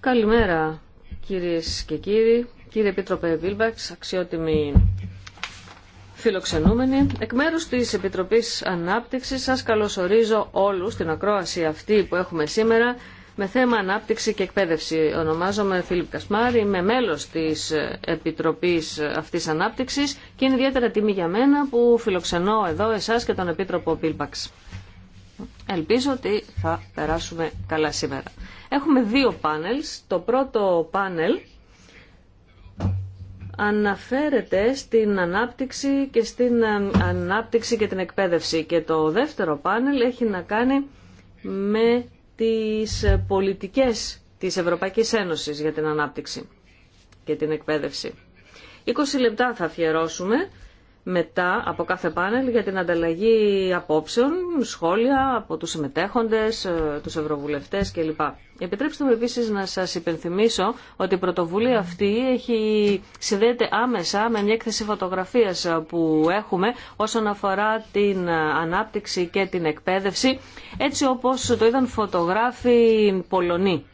Καλημέρα κυρίες και κύριοι, κύριε Επίτροπε Βίλμπαξ, αξιότιμοι φιλοξενούμενοι. Εκ μέρους της Επιτροπής Ανάπτυξης σας καλωσορίζω όλους στην ακρόαση αυτή που έχουμε σήμερα με θέμα ανάπτυξη και εκπαίδευση. Ονομάζομαι Φίλιπ Κασμάρη, είμαι μέλος της Επιτροπής αυτής Ανάπτυξης και είναι ιδιαίτερα τιμή για μένα που φιλοξενώ εδώ εσάς και τον Επίτροπο Πίλπαξ. Ελπίζω ότι θα περάσουμε καλά σήμερα. Έχουμε δύο πάνελ. Το πρώτο πάνελ αναφέρεται στην ανάπτυξη και στην ε, ανάπτυξη και την εκπαίδευση και το δεύτερο πάνελ έχει να κάνει με τις πολιτικές της Ευρωπαϊκής Ένωσης για την ανάπτυξη και την εκπαίδευση. 20 λεπτά θα αφιερώσουμε μετά από κάθε πάνελ για την ανταλλαγή απόψεων, σχόλια από τους συμμετέχοντες, ε, τους ευρωβουλευτές κλπ. Επιτρέψτε μου επίσης να σας υπενθυμίσω ότι η πρωτοβουλία αυτή έχει, συνδέεται άμεσα με μια έκθεση φωτογραφίας που έχουμε όσον αφορά την ανάπτυξη και την εκπαίδευση, έτσι όπως το είδαν φωτογράφοι Πολωνοί.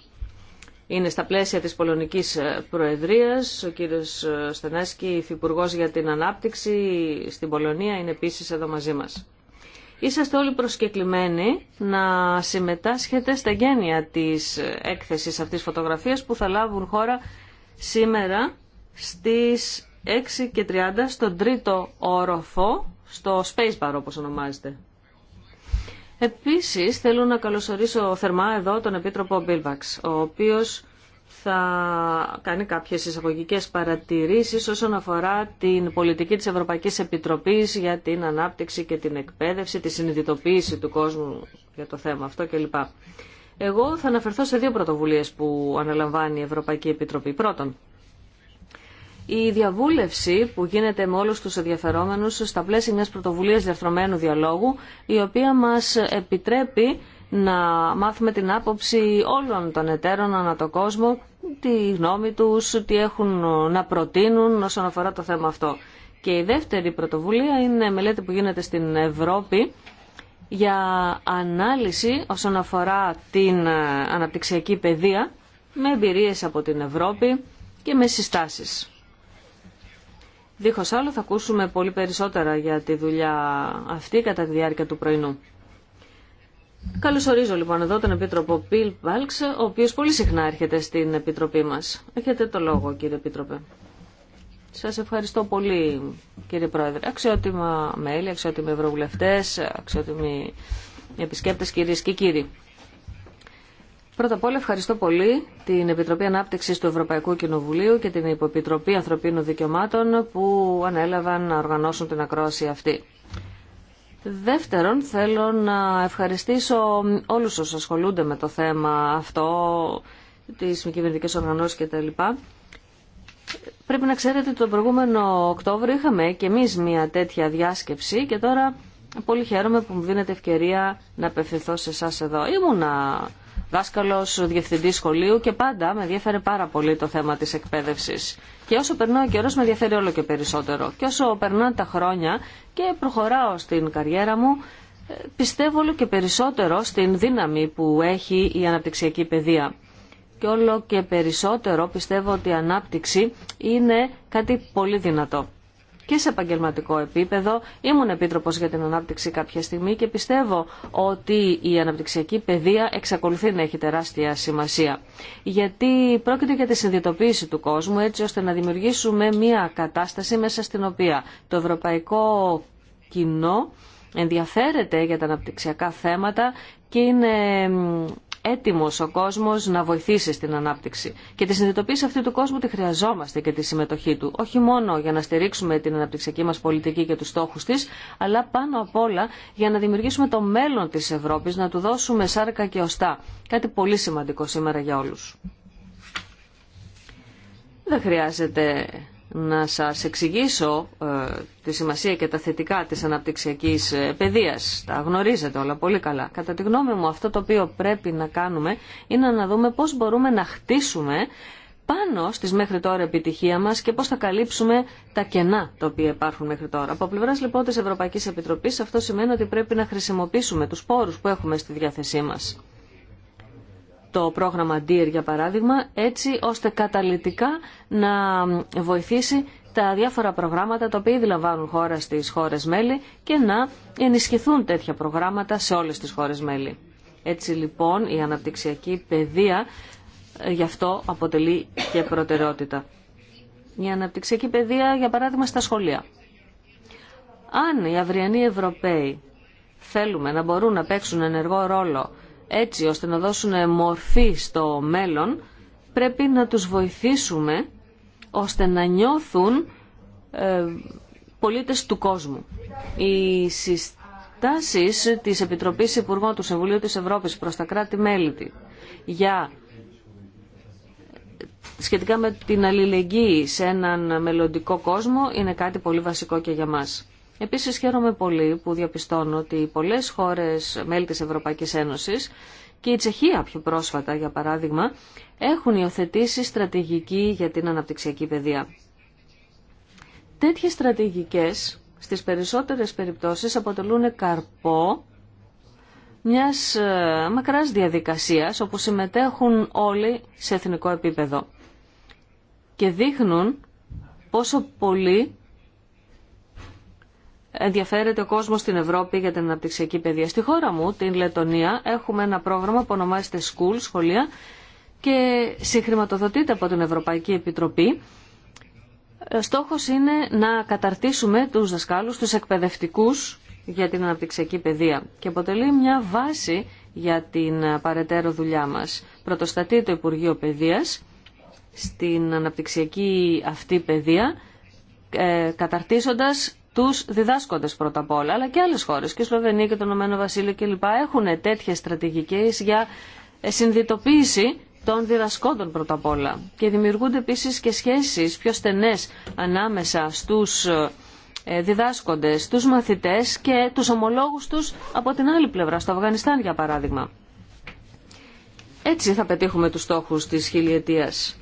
Είναι στα πλαίσια της Πολωνικής ε, Προεδρίας. Ο κύριος ε, Στενέσκη, υφυπουργό για την Ανάπτυξη στην Πολωνία, είναι επίσης εδώ μαζί μας. Είσαστε όλοι προσκεκλημένοι να συμμετάσχετε στα γένεια της ε, έκθεσης αυτής φωτογραφίας που θα λάβουν χώρα σήμερα στις 6.30 στον τρίτο όροφο, στο Space Bar όπως ονομάζεται. Επίσης θέλω να καλωσορίσω θερμά εδώ τον Επίτροπο Μπίλβαξ, ο οποίος θα κάνει κάποιες εισαγωγικέ παρατηρήσεις όσον αφορά την πολιτική της Ευρωπαϊκής Επιτροπής για την ανάπτυξη και την εκπαίδευση, τη συνειδητοποίηση του κόσμου για το θέμα αυτό κλπ. Εγώ θα αναφερθώ σε δύο πρωτοβουλίες που αναλαμβάνει η Ευρωπαϊκή Επιτροπή. Πρώτον, η διαβούλευση που γίνεται με όλους τους ενδιαφερόμενους στα πλαίσια μιας πρωτοβουλίας διαρθρωμένου διαλόγου, η οποία μας επιτρέπει να μάθουμε την άποψη όλων των εταίρων ανά τον κόσμο, τη γνώμη τους, τι έχουν να προτείνουν όσον αφορά το θέμα αυτό. Και η δεύτερη πρωτοβουλία είναι μελέτη που γίνεται στην Ευρώπη για ανάλυση όσον αφορά την αναπτυξιακή παιδεία με εμπειρίες από την Ευρώπη και με συστάσεις. Δίχως άλλο θα ακούσουμε πολύ περισσότερα για τη δουλειά αυτή κατά τη διάρκεια του πρωινού. Καλωσορίζω λοιπόν εδώ τον Επίτροπο Πιλ Βάλξ, ο οποίος πολύ συχνά έρχεται στην Επιτροπή μας. Έχετε το λόγο κύριε Επίτροπε. Σας ευχαριστώ πολύ κύριε Πρόεδρε. Αξιότιμα μέλη, αξιότιμοι ευρωβουλευτές, αξιότιμοι επισκέπτες κυρίες και κύριοι. Πρώτα απ' όλα ευχαριστώ πολύ την Επιτροπή Ανάπτυξης του Ευρωπαϊκού Κοινοβουλίου και την Υποπιτροπή Ανθρωπίνων Δικαιωμάτων που ανέλαβαν να οργανώσουν την ακρόαση αυτή. Δεύτερον, θέλω να ευχαριστήσω όλους όσους ασχολούνται με το θέμα αυτό, τις μη κυβερνητικές οργανώσεις κτλ. Πρέπει να ξέρετε ότι τον προηγούμενο Οκτώβριο είχαμε και εμείς μια τέτοια διάσκεψη και τώρα πολύ χαίρομαι που μου δίνετε ευκαιρία να απευθυνθώ σε εσά εδώ. Ήμουνα δάσκαλος, διευθυντή σχολείου και πάντα με ενδιαφέρε πάρα πολύ το θέμα της εκπαίδευση. Και όσο περνάει ο καιρός με ενδιαφέρει όλο και περισσότερο. Και όσο περνάνε τα χρόνια και προχωράω στην καριέρα μου, ε, πιστεύω όλο και περισσότερο στην δύναμη που έχει η αναπτυξιακή παιδεία. Και όλο και περισσότερο πιστεύω ότι η ανάπτυξη είναι κάτι πολύ δυνατό και σε επαγγελματικό επίπεδο. Ήμουν επίτροπο για την ανάπτυξη κάποια στιγμή και πιστεύω ότι η αναπτυξιακή παιδεία εξακολουθεί να έχει τεράστια σημασία. Γιατί πρόκειται για τη συνειδητοποίηση του κόσμου έτσι ώστε να δημιουργήσουμε μια κατάσταση μέσα στην οποία το ευρωπαϊκό κοινό ενδιαφέρεται για τα αναπτυξιακά θέματα και είναι Έτοιμο ο κόσμος να βοηθήσει στην ανάπτυξη. Και τη συνειδητοποίηση αυτή του κόσμου τη χρειαζόμαστε και τη συμμετοχή του. Όχι μόνο για να στηρίξουμε την αναπτυξιακή μα πολιτική και τους στόχους της, αλλά πάνω απ' όλα για να δημιουργήσουμε το μέλλον τη Ευρώπης, να του δώσουμε σάρκα και οστά. Κάτι πολύ σημαντικό σήμερα για όλου. Δεν χρειάζεται να σας εξηγήσω ε, τη σημασία και τα θετικά της αναπτυξιακής ε, παιδείας. Τα γνωρίζετε όλα πολύ καλά. Κατά τη γνώμη μου αυτό το οποίο πρέπει να κάνουμε είναι να δούμε πώς μπορούμε να χτίσουμε πάνω στις μέχρι τώρα επιτυχία μας και πώς θα καλύψουμε τα κενά τα οποία υπάρχουν μέχρι τώρα. Από πλευράς λοιπόν της Ευρωπαϊκής Επιτροπής αυτό σημαίνει ότι πρέπει να χρησιμοποιήσουμε τους πόρους που έχουμε στη διάθεσή μας το πρόγραμμα DEAR για παράδειγμα, έτσι ώστε καταλητικά να βοηθήσει τα διάφορα προγράμματα τα οποία ήδη λαμβάνουν χώρα στις χώρες μέλη και να ενισχυθούν τέτοια προγράμματα σε όλες τις χώρες μέλη. Έτσι λοιπόν η αναπτυξιακή παιδεία ε, γι' αυτό αποτελεί και προτεραιότητα. Η αναπτυξιακή παιδεία για παράδειγμα στα σχολεία. Αν οι αυριανοί Ευρωπαίοι θέλουμε να μπορούν να παίξουν ενεργό ρόλο έτσι ώστε να δώσουν μορφή στο μέλλον, πρέπει να τους βοηθήσουμε ώστε να νιώθουν ε, πολίτες του κόσμου. Οι συστάσεις της Επιτροπής Υπουργών του Συμβουλίου της Ευρώπης προς τα κράτη-μέλη για σχετικά με την αλληλεγγύη σε έναν μελλοντικό κόσμο είναι κάτι πολύ βασικό και για μας. Επίσης χαίρομαι πολύ που διαπιστώνω ότι πολλές χώρες μέλη τη Ευρωπαϊκής Ένωσης και η Τσεχία πιο πρόσφατα για παράδειγμα έχουν υιοθετήσει στρατηγική για την αναπτυξιακή παιδεία. Τέτοιες στρατηγικές στις περισσότερες περιπτώσεις αποτελούν καρπό μιας ε, μακράς διαδικασίας όπου συμμετέχουν όλοι σε εθνικό επίπεδο και δείχνουν πόσο πολύ ενδιαφέρεται ο κόσμος στην Ευρώπη για την αναπτυξιακή παιδεία. Στη χώρα μου, την Λετωνία, έχουμε ένα πρόγραμμα που ονομάζεται School, σχολεία, και συγχρηματοδοτείται από την Ευρωπαϊκή Επιτροπή. Ε, στόχος είναι να καταρτήσουμε τους δασκάλους, τους εκπαιδευτικούς για την αναπτυξιακή παιδεία και αποτελεί μια βάση για την ε, παρετέρω δουλειά μας. Πρωτοστατεί το Υπουργείο Παιδείας στην αναπτυξιακή αυτή παιδεία ε, καταρτίζοντας τους διδάσκοντες πρώτα απ' όλα, αλλά και άλλες χώρες, και η Σλοβενία και το Ηνωμένο Βασίλειο κλπ. έχουν τέτοιες στρατηγικές για ε, συνδυτοποίηση των διδασκόντων πρώτα απ' όλα. Και δημιουργούνται επίσης και σχέσεις πιο στενές ανάμεσα στους ε, ε, διδάσκοντες, τους μαθητές και τους ομολόγους τους από την άλλη πλευρά, στο Αφγανιστάν για παράδειγμα. Έτσι θα πετύχουμε τους στόχους της χιλιετίας.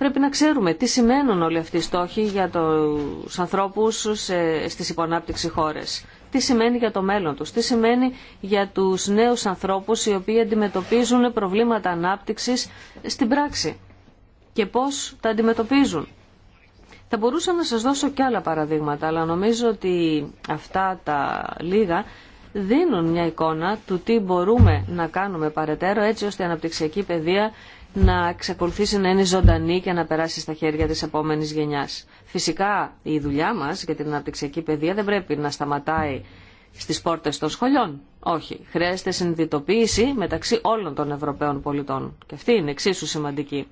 Πρέπει να ξέρουμε τι σημαίνουν όλοι αυτοί οι στόχοι για τους ανθρώπους σε, στις υπονάπτυξη χώρες. Τι σημαίνει για το μέλλον τους, τι σημαίνει για τους νέους ανθρώπους οι οποίοι αντιμετωπίζουν προβλήματα ανάπτυξης στην πράξη και πώς τα αντιμετωπίζουν. Θα μπορούσα να σας δώσω και άλλα παραδείγματα, αλλά νομίζω ότι αυτά τα λίγα δίνουν μια εικόνα του τι μπορούμε να κάνουμε παρετέρω έτσι ώστε η αναπτυξιακή παιδεία να εξακολουθήσει να είναι ζωντανή και να περάσει στα χέρια της επόμενης γενιάς. Φυσικά η δουλειά μας για την αναπτυξιακή παιδεία δεν πρέπει να σταματάει στις πόρτες των σχολιών. Όχι. Χρειάζεται συνειδητοποίηση μεταξύ όλων των Ευρωπαίων πολιτών. Και αυτή είναι εξίσου σημαντική.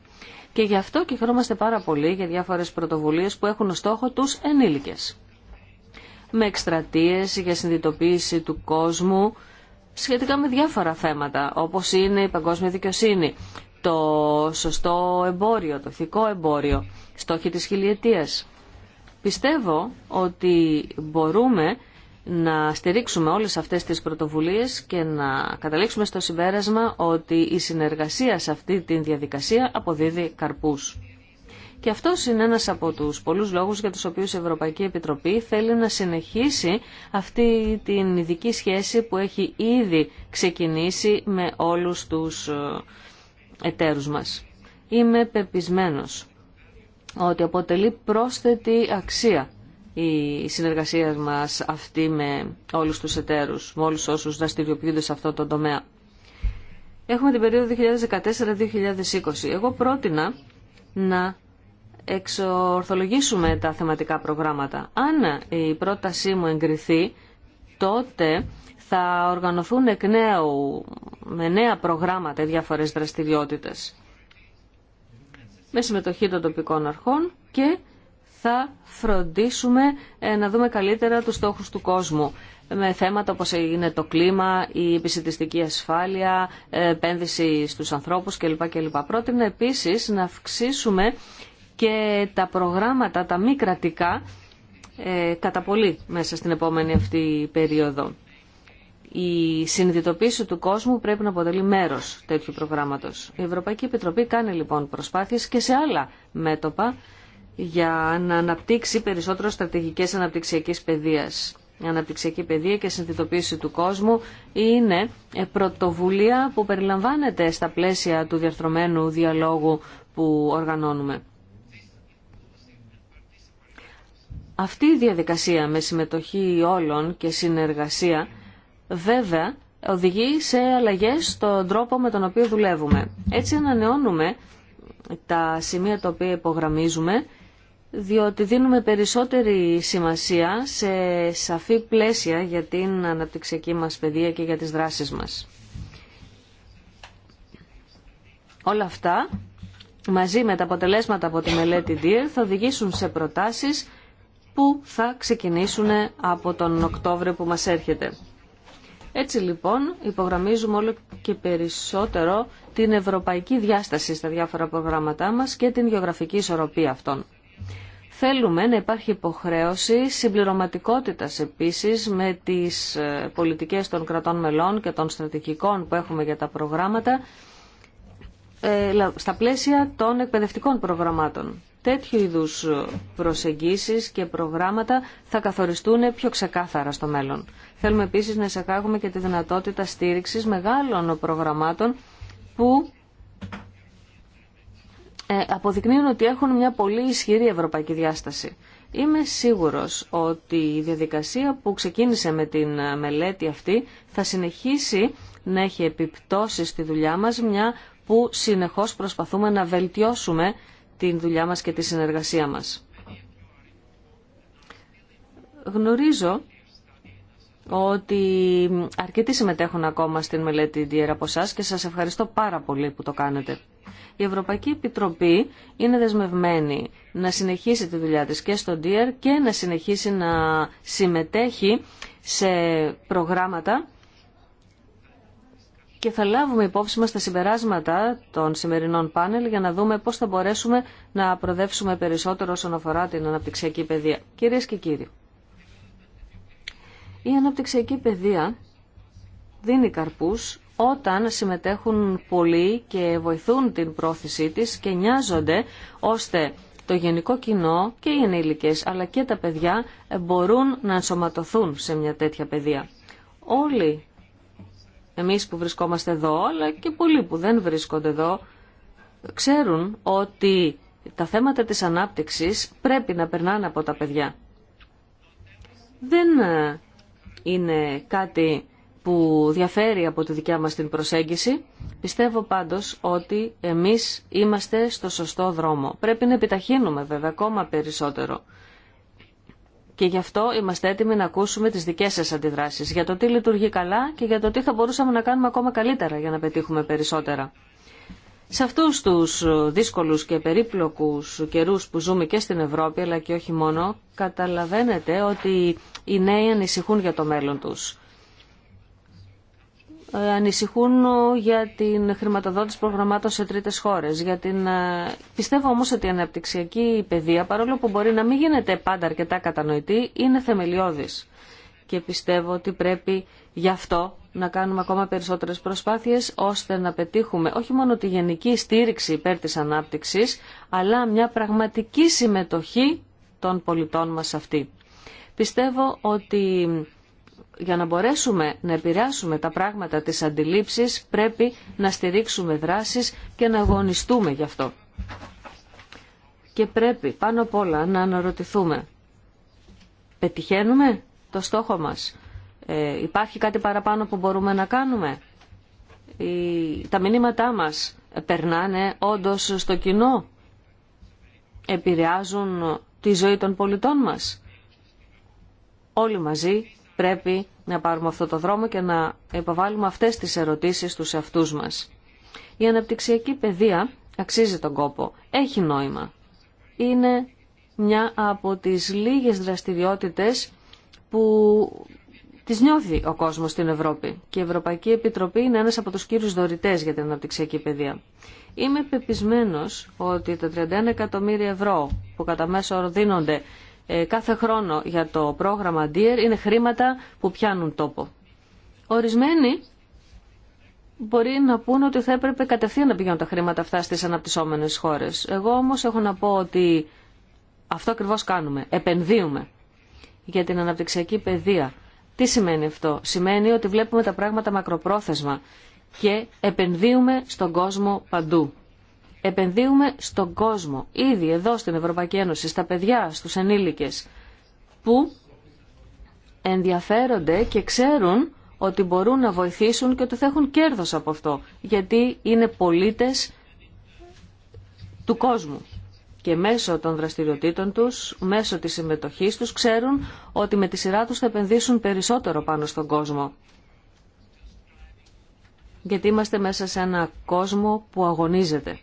Και γι' αυτό και χρώμαστε πάρα πολύ για διάφορες πρωτοβουλίες που έχουν στόχο τους ενήλικες. Με εκστρατείες για συνειδητοποίηση του κόσμου σχετικά με διάφορα θέματα, όπως είναι η παγκόσμια δικαιοσύνη, το σωστό εμπόριο, το ηθικό εμπόριο, στόχοι της χιλιετίας. Πιστεύω ότι μπορούμε να στηρίξουμε όλες αυτές τις πρωτοβουλίες και να καταλήξουμε στο συμπέρασμα ότι η συνεργασία σε αυτή τη διαδικασία αποδίδει καρπούς. Και αυτό είναι ένας από τους πολλούς λόγους για τους οποίους η Ευρωπαϊκή Επιτροπή θέλει να συνεχίσει αυτή την ειδική σχέση που έχει ήδη ξεκινήσει με όλους τους ε, εταίρους μας. Είμαι πεπισμένος ότι αποτελεί πρόσθετη αξία η συνεργασία μας αυτή με όλους τους εταίρους, με όλους όσους δραστηριοποιούνται σε αυτό το τομέα. Έχουμε την περίοδο 2014-2020. Εγώ πρότεινα να εξορθολογήσουμε τα θεματικά προγράμματα. Αν η πρότασή μου εγκριθεί, τότε θα οργανωθούν εκ νέου με νέα προγράμματα διάφορες δραστηριότητες με συμμετοχή των τοπικών αρχών και θα φροντίσουμε ε, να δούμε καλύτερα τους στόχους του κόσμου με θέματα όπως είναι το κλίμα, η επισητιστική ασφάλεια, ε, επένδυση στους ανθρώπους κλπ. κλπ. Πρότεινα επίσης να αυξήσουμε και τα προγράμματα, τα μη κρατικά, ε, κατά πολύ μέσα στην επόμενη αυτή περίοδο. Η συνειδητοποίηση του κόσμου πρέπει να αποτελεί μέρος τέτοιου προγράμματος. Η Ευρωπαϊκή Επιτροπή κάνει λοιπόν προσπάθειες και σε άλλα μέτωπα για να αναπτύξει περισσότερο στρατηγικές αναπτυξιακής παιδείας. Η αναπτυξιακή παιδεία και συνειδητοποίηση του κόσμου είναι πρωτοβουλία που περιλαμβάνεται στα πλαίσια του διαρθρωμένου διαλόγου που οργανώνουμε. Αυτή η διαδικασία με συμμετοχή όλων και συνεργασία βέβαια οδηγεί σε αλλαγές στον τρόπο με τον οποίο δουλεύουμε. Έτσι ανανεώνουμε τα σημεία τα οποία υπογραμμίζουμε, διότι δίνουμε περισσότερη σημασία σε σαφή πλαίσια για την αναπτυξιακή μας παιδεία και για τις δράσεις μας. Όλα αυτά, μαζί με τα αποτελέσματα από τη μελέτη DIR, θα οδηγήσουν σε προτάσεις που θα ξεκινήσουν από τον Οκτώβριο που μας έρχεται. Έτσι λοιπόν υπογραμμίζουμε όλο και περισσότερο την ευρωπαϊκή διάσταση στα διάφορα προγράμματά μας και την γεωγραφική ισορροπία αυτών. Θέλουμε να υπάρχει υποχρέωση συμπληρωματικότητας επίσης με τις ε, πολιτικές των κρατών μελών και των στρατηγικών που έχουμε για τα προγράμματα ε, στα πλαίσια των εκπαιδευτικών προγραμμάτων τέτοιου είδους προσεγγίσεις και προγράμματα θα καθοριστούν πιο ξεκάθαρα στο μέλλον. Θέλουμε επίσης να εισακάγουμε και τη δυνατότητα στήριξης μεγάλων προγραμμάτων που ε, αποδεικνύουν ότι έχουν μια πολύ ισχυρή ευρωπαϊκή διάσταση. Είμαι σίγουρος ότι η διαδικασία που ξεκίνησε με την μελέτη αυτή θα συνεχίσει να έχει επιπτώσει στη δουλειά μας μια που συνεχώς προσπαθούμε να βελτιώσουμε την δουλειά μας και τη συνεργασία μας. Γνωρίζω ότι αρκετοί συμμετέχουν ακόμα στην μελέτη DIR από εσά και σας ευχαριστώ πάρα πολύ που το κάνετε. Η Ευρωπαϊκή Επιτροπή είναι δεσμευμένη να συνεχίσει τη δουλειά της και στο DIR και να συνεχίσει να συμμετέχει σε προγράμματα και θα λάβουμε υπόψη μας τα συμπεράσματα των σημερινών πάνελ για να δούμε πώς θα μπορέσουμε να προδεύσουμε περισσότερο όσον αφορά την αναπτυξιακή παιδεία. Κυρίες και κύριοι, η αναπτυξιακή παιδεία δίνει καρπούς όταν συμμετέχουν πολλοί και βοηθούν την πρόθεσή της και νοιάζονται ώστε το γενικό κοινό και οι ενήλικες αλλά και τα παιδιά μπορούν να ενσωματωθούν σε μια τέτοια παιδεία. Όλοι εμείς που βρισκόμαστε εδώ, αλλά και πολλοί που δεν βρίσκονται εδώ, ξέρουν ότι τα θέματα της ανάπτυξης πρέπει να περνάνε από τα παιδιά. Δεν ε, είναι κάτι που διαφέρει από τη δικιά μας την προσέγγιση. Πιστεύω πάντως ότι εμείς είμαστε στο σωστό δρόμο. Πρέπει να επιταχύνουμε βέβαια ακόμα περισσότερο. Και γι' αυτό είμαστε έτοιμοι να ακούσουμε τις δικές σας αντιδράσεις για το τι λειτουργεί καλά και για το τι θα μπορούσαμε να κάνουμε ακόμα καλύτερα για να πετύχουμε περισσότερα. Σε αυτούς τους δύσκολους και περίπλοκους καιρούς που ζούμε και στην Ευρώπη αλλά και όχι μόνο, καταλαβαίνετε ότι οι νέοι ανησυχούν για το μέλλον τους. Ε, ανησυχούν για την χρηματοδότηση προγραμμάτων σε τρίτες χώρες. την... Ε, πιστεύω όμως ότι η αναπτυξιακή παιδεία, παρόλο που μπορεί να μην γίνεται πάντα αρκετά κατανοητή, είναι θεμελιώδης. Και πιστεύω ότι πρέπει γι' αυτό να κάνουμε ακόμα περισσότερες προσπάθειες ώστε να πετύχουμε όχι μόνο τη γενική στήριξη υπέρ της ανάπτυξης, αλλά μια πραγματική συμμετοχή των πολιτών μας αυτή. Πιστεύω ότι για να μπορέσουμε να επηρεάσουμε τα πράγματα της αντιλήψης πρέπει να στηρίξουμε δράσεις και να αγωνιστούμε γι' αυτό. Και πρέπει πάνω απ' όλα να αναρωτηθούμε. Πετυχαίνουμε το στόχο μας. Ε, υπάρχει κάτι παραπάνω που μπορούμε να κάνουμε. Η, τα μηνύματά μας περνάνε όντως στο κοινό. Επηρεάζουν τη ζωή των πολιτών μας. Όλοι μαζί πρέπει να πάρουμε αυτό το δρόμο και να υποβάλουμε αυτές τις ερωτήσεις στους εαυτούς μας. Η αναπτυξιακή παιδεία αξίζει τον κόπο. Έχει νόημα. Είναι μια από τις λίγες δραστηριότητες που τις νιώθει ο κόσμος στην Ευρώπη. Και η Ευρωπαϊκή Επιτροπή είναι ένας από τους κύριους δωρητές για την αναπτυξιακή παιδεία. Είμαι πεπισμένος ότι τα 31 εκατομμύρια ευρώ που κατά μέσο όρο δίνονται ε, κάθε χρόνο για το πρόγραμμα DEAR είναι χρήματα που πιάνουν τόπο. Ορισμένοι μπορεί να πούν ότι θα έπρεπε κατευθείαν να πηγαίνουν τα χρήματα αυτά στις αναπτυσσόμενες χώρες. Εγώ όμως έχω να πω ότι αυτό ακριβώς κάνουμε. Επενδύουμε για την αναπτυξιακή παιδεία. Τι σημαίνει αυτό. Σημαίνει ότι βλέπουμε τα πράγματα μακροπρόθεσμα και επενδύουμε στον κόσμο παντού επενδύουμε στον κόσμο, ήδη εδώ στην Ευρωπαϊκή Ένωση, στα παιδιά, στους ενήλικες, που ενδιαφέρονται και ξέρουν ότι μπορούν να βοηθήσουν και ότι θα έχουν κέρδος από αυτό, γιατί είναι πολίτες του κόσμου. Και μέσω των δραστηριοτήτων τους, μέσω της συμμετοχής τους, ξέρουν ότι με τη σειρά τους θα επενδύσουν περισσότερο πάνω στον κόσμο. Γιατί είμαστε μέσα σε ένα κόσμο που αγωνίζεται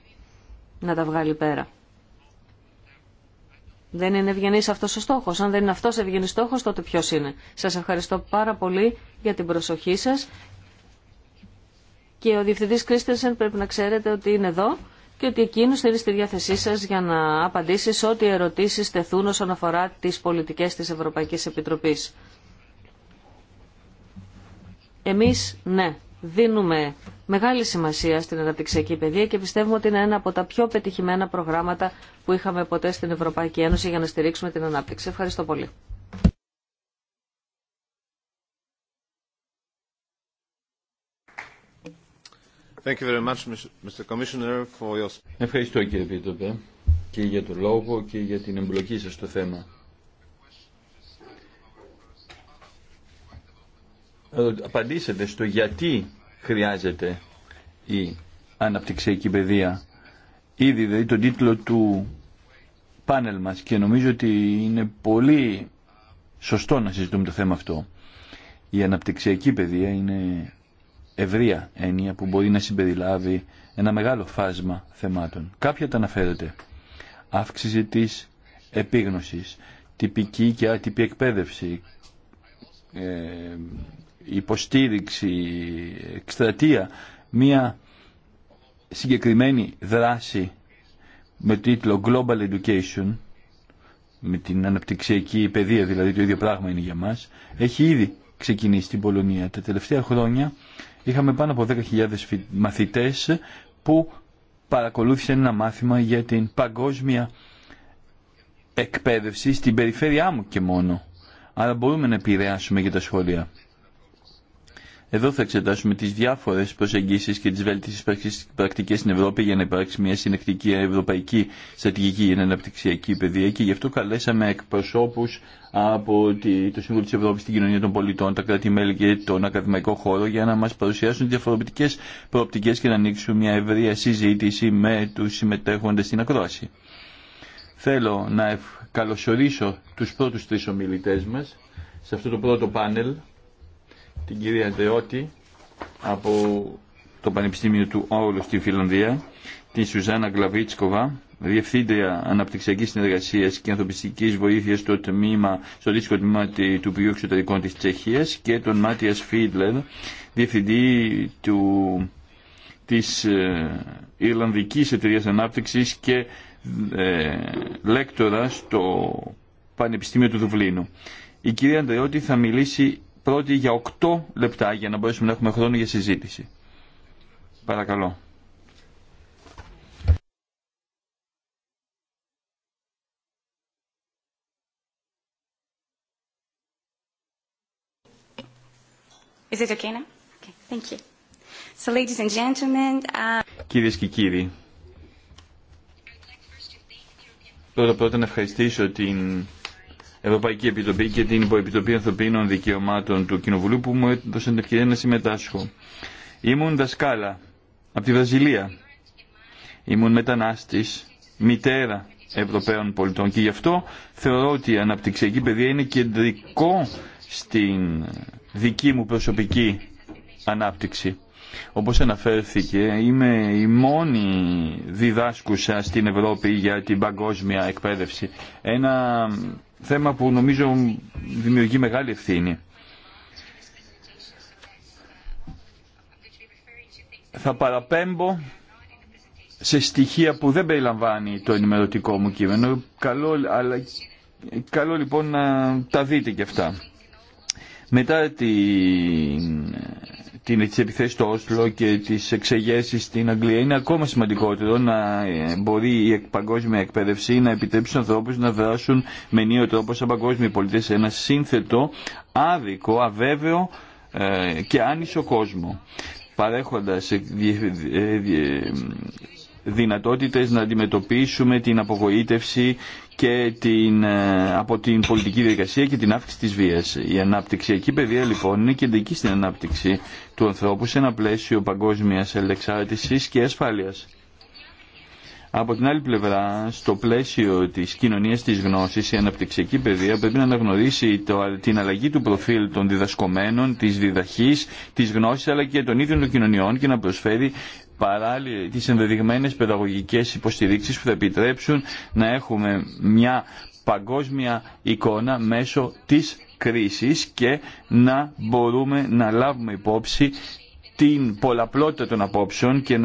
να τα βγάλει πέρα. Δεν είναι ευγενή αυτό ο στόχο. Αν δεν είναι αυτό ευγενή στόχο, τότε ποιο είναι. Σα ευχαριστώ πάρα πολύ για την προσοχή σα. Και ο Διευθυντή Κρίστερσεν πρέπει να ξέρετε ότι είναι εδώ και ότι εκείνο είναι στη διάθεσή σα για να απαντήσει σε ό,τι ερωτήσει τεθούν όσον αφορά τι πολιτικέ τη Ευρωπαϊκή Επιτροπή. Εμεί ναι, δίνουμε μεγάλη σημασία στην αναπτυξιακή παιδεία και πιστεύουμε ότι είναι ένα από τα πιο πετυχημένα προγράμματα που είχαμε ποτέ στην Ευρωπαϊκή Ένωση για να στηρίξουμε την ανάπτυξη. Ευχαριστώ πολύ. Thank you very much, Mr. Commissioner, for your... Ευχαριστώ κύριε Πίτροπε και για τον λόγο και για την εμπλοκή σας στο θέμα. Ε, απαντήσετε στο γιατί χρειάζεται η αναπτυξιακή παιδεία. Ήδη δηλαδή τον τίτλο του πάνελ μας και νομίζω ότι είναι πολύ σωστό να συζητούμε το θέμα αυτό. Η αναπτυξιακή παιδεία είναι ευρεία έννοια που μπορεί να συμπεριλάβει ένα μεγάλο φάσμα θεμάτων. Κάποια τα αναφέρεται. Αύξηση της επίγνωσης, τυπική και άτυπη εκπαίδευση, ε, υποστήριξη, εκστρατεία, μια συγκεκριμένη δράση με τίτλο Global Education, με την αναπτυξιακή παιδεία δηλαδή το ίδιο πράγμα είναι για μας, έχει ήδη ξεκινήσει στην Πολωνία. Τα τελευταία χρόνια είχαμε πάνω από 10.000 μαθητές που παρακολούθησαν ένα μάθημα για την παγκόσμια εκπαίδευση στην περιφέρειά μου και μόνο. Άρα μπορούμε να επηρεάσουμε για τα σχολεία. Εδώ θα εξετάσουμε τις διάφορες προσεγγίσεις και τις βέλτιστες πρακτικές στην Ευρώπη για να υπάρξει μια συνεκτική ευρωπαϊκή στρατηγική για την αναπτυξιακή παιδεία και γι' αυτό καλέσαμε εκπροσώπους από το Σύμβουλο της Ευρώπης, την Κοινωνία των Πολιτών, τα κράτη-μέλη και τον ακαδημαϊκό χώρο για να μας παρουσιάσουν διαφορετικέ προοπτικές και να ανοίξουν μια ευρεία συζήτηση με τους συμμετέχοντες στην ακρόαση. Θέλω να καλωσορίσω του πρώτου τρει ομιλητέ μα σε αυτό το πρώτο πάνελ την κυρία Ντεώτη από το Πανεπιστήμιο του Όλου στη Φιλανδία, την Σουζάνα Γκλαβίτσκοβα, Διευθύντρια Αναπτυξιακή συνεργασία και Ανθρωπιστική βοήθεια στο, τμήμα, στο δύσκολο τμήμα του Υπουργείου Εξωτερικών τη Τσεχία και τον Μάτια Φίτλερ, Διευθυντή του, της ε, Ιρλανδικής Εταιρείας Ανάπτυξης και ε, λέκτορα στο Πανεπιστήμιο του Δουβλίνου. Η κυρία Ανδρεώτη θα μιλήσει πρώτη για 8 λεπτά για να μπορέσουμε να έχουμε χρόνο για συζήτηση. Παρακαλώ. Is it okay now? Okay, thank you. So, ladies and gentlemen, uh... Κυρίες και κύριοι, πρώτα πρώτα να ευχαριστήσω την Ευρωπαϊκή Επιτροπή και την Υποεπιτροπή Ανθρωπίνων Δικαιωμάτων του Κοινοβουλίου που μου έδωσαν την ευκαιρία να συμμετάσχω. Ήμουν δασκάλα από τη Βραζιλία. Ήμουν μετανάστης, μητέρα Ευρωπαίων πολιτών και γι' αυτό θεωρώ ότι η αναπτυξιακή παιδεία είναι κεντρικό στην δική μου προσωπική ανάπτυξη. Όπως αναφέρθηκε, είμαι η μόνη διδάσκουσα στην Ευρώπη για την παγκόσμια εκπαίδευση. Ένα θέμα που νομίζω δημιουργεί μεγάλη ευθύνη. Θα παραπέμπω σε στοιχεία που δεν περιλαμβάνει το ενημερωτικό μου κείμενο. Καλό, αλλά, καλό λοιπόν να τα δείτε και αυτά. Μετά την τις επιθέσεις στο Όσλο και τις εξεγέρσεις στην Αγγλία είναι ακόμα σημαντικότερο να ε, μπορεί η παγκόσμια εκπαίδευση να επιτρέψει στους ανθρώπους να δράσουν με νέο τρόπο σαν παγκόσμιοι πολιτές σε ένα σύνθετο, άδικο, αβέβαιο ε, και άνισο κόσμο παρέχοντας ε, δυνατότητες να αντιμετωπίσουμε την απογοήτευση και την, ε, από την πολιτική διαδικασία και την αύξηση της βίας. Η αναπτυξιακή παιδεία λοιπόν είναι κεντρική στην ανάπτυξη του ανθρώπου σε ένα πλαίσιο παγκόσμιας ελεξάρτησης και ασφάλειας. Από την άλλη πλευρά, στο πλαίσιο της κοινωνίας της γνώσης, η αναπτυξιακή παιδεία πρέπει να αναγνωρίσει το, την αλλαγή του προφίλ των διδασκομένων, της διδαχής, της γνώσης, αλλά και των ίδιων των κοινωνιών και να προσφέρει παράλληλα τις ενδεδειγμένες παιδαγωγικές υποστηρίξεις που θα επιτρέψουν να έχουμε μια παγκόσμια εικόνα μέσω της κρίσης και να μπορούμε να λάβουμε υπόψη την πολλαπλότητα των απόψεων και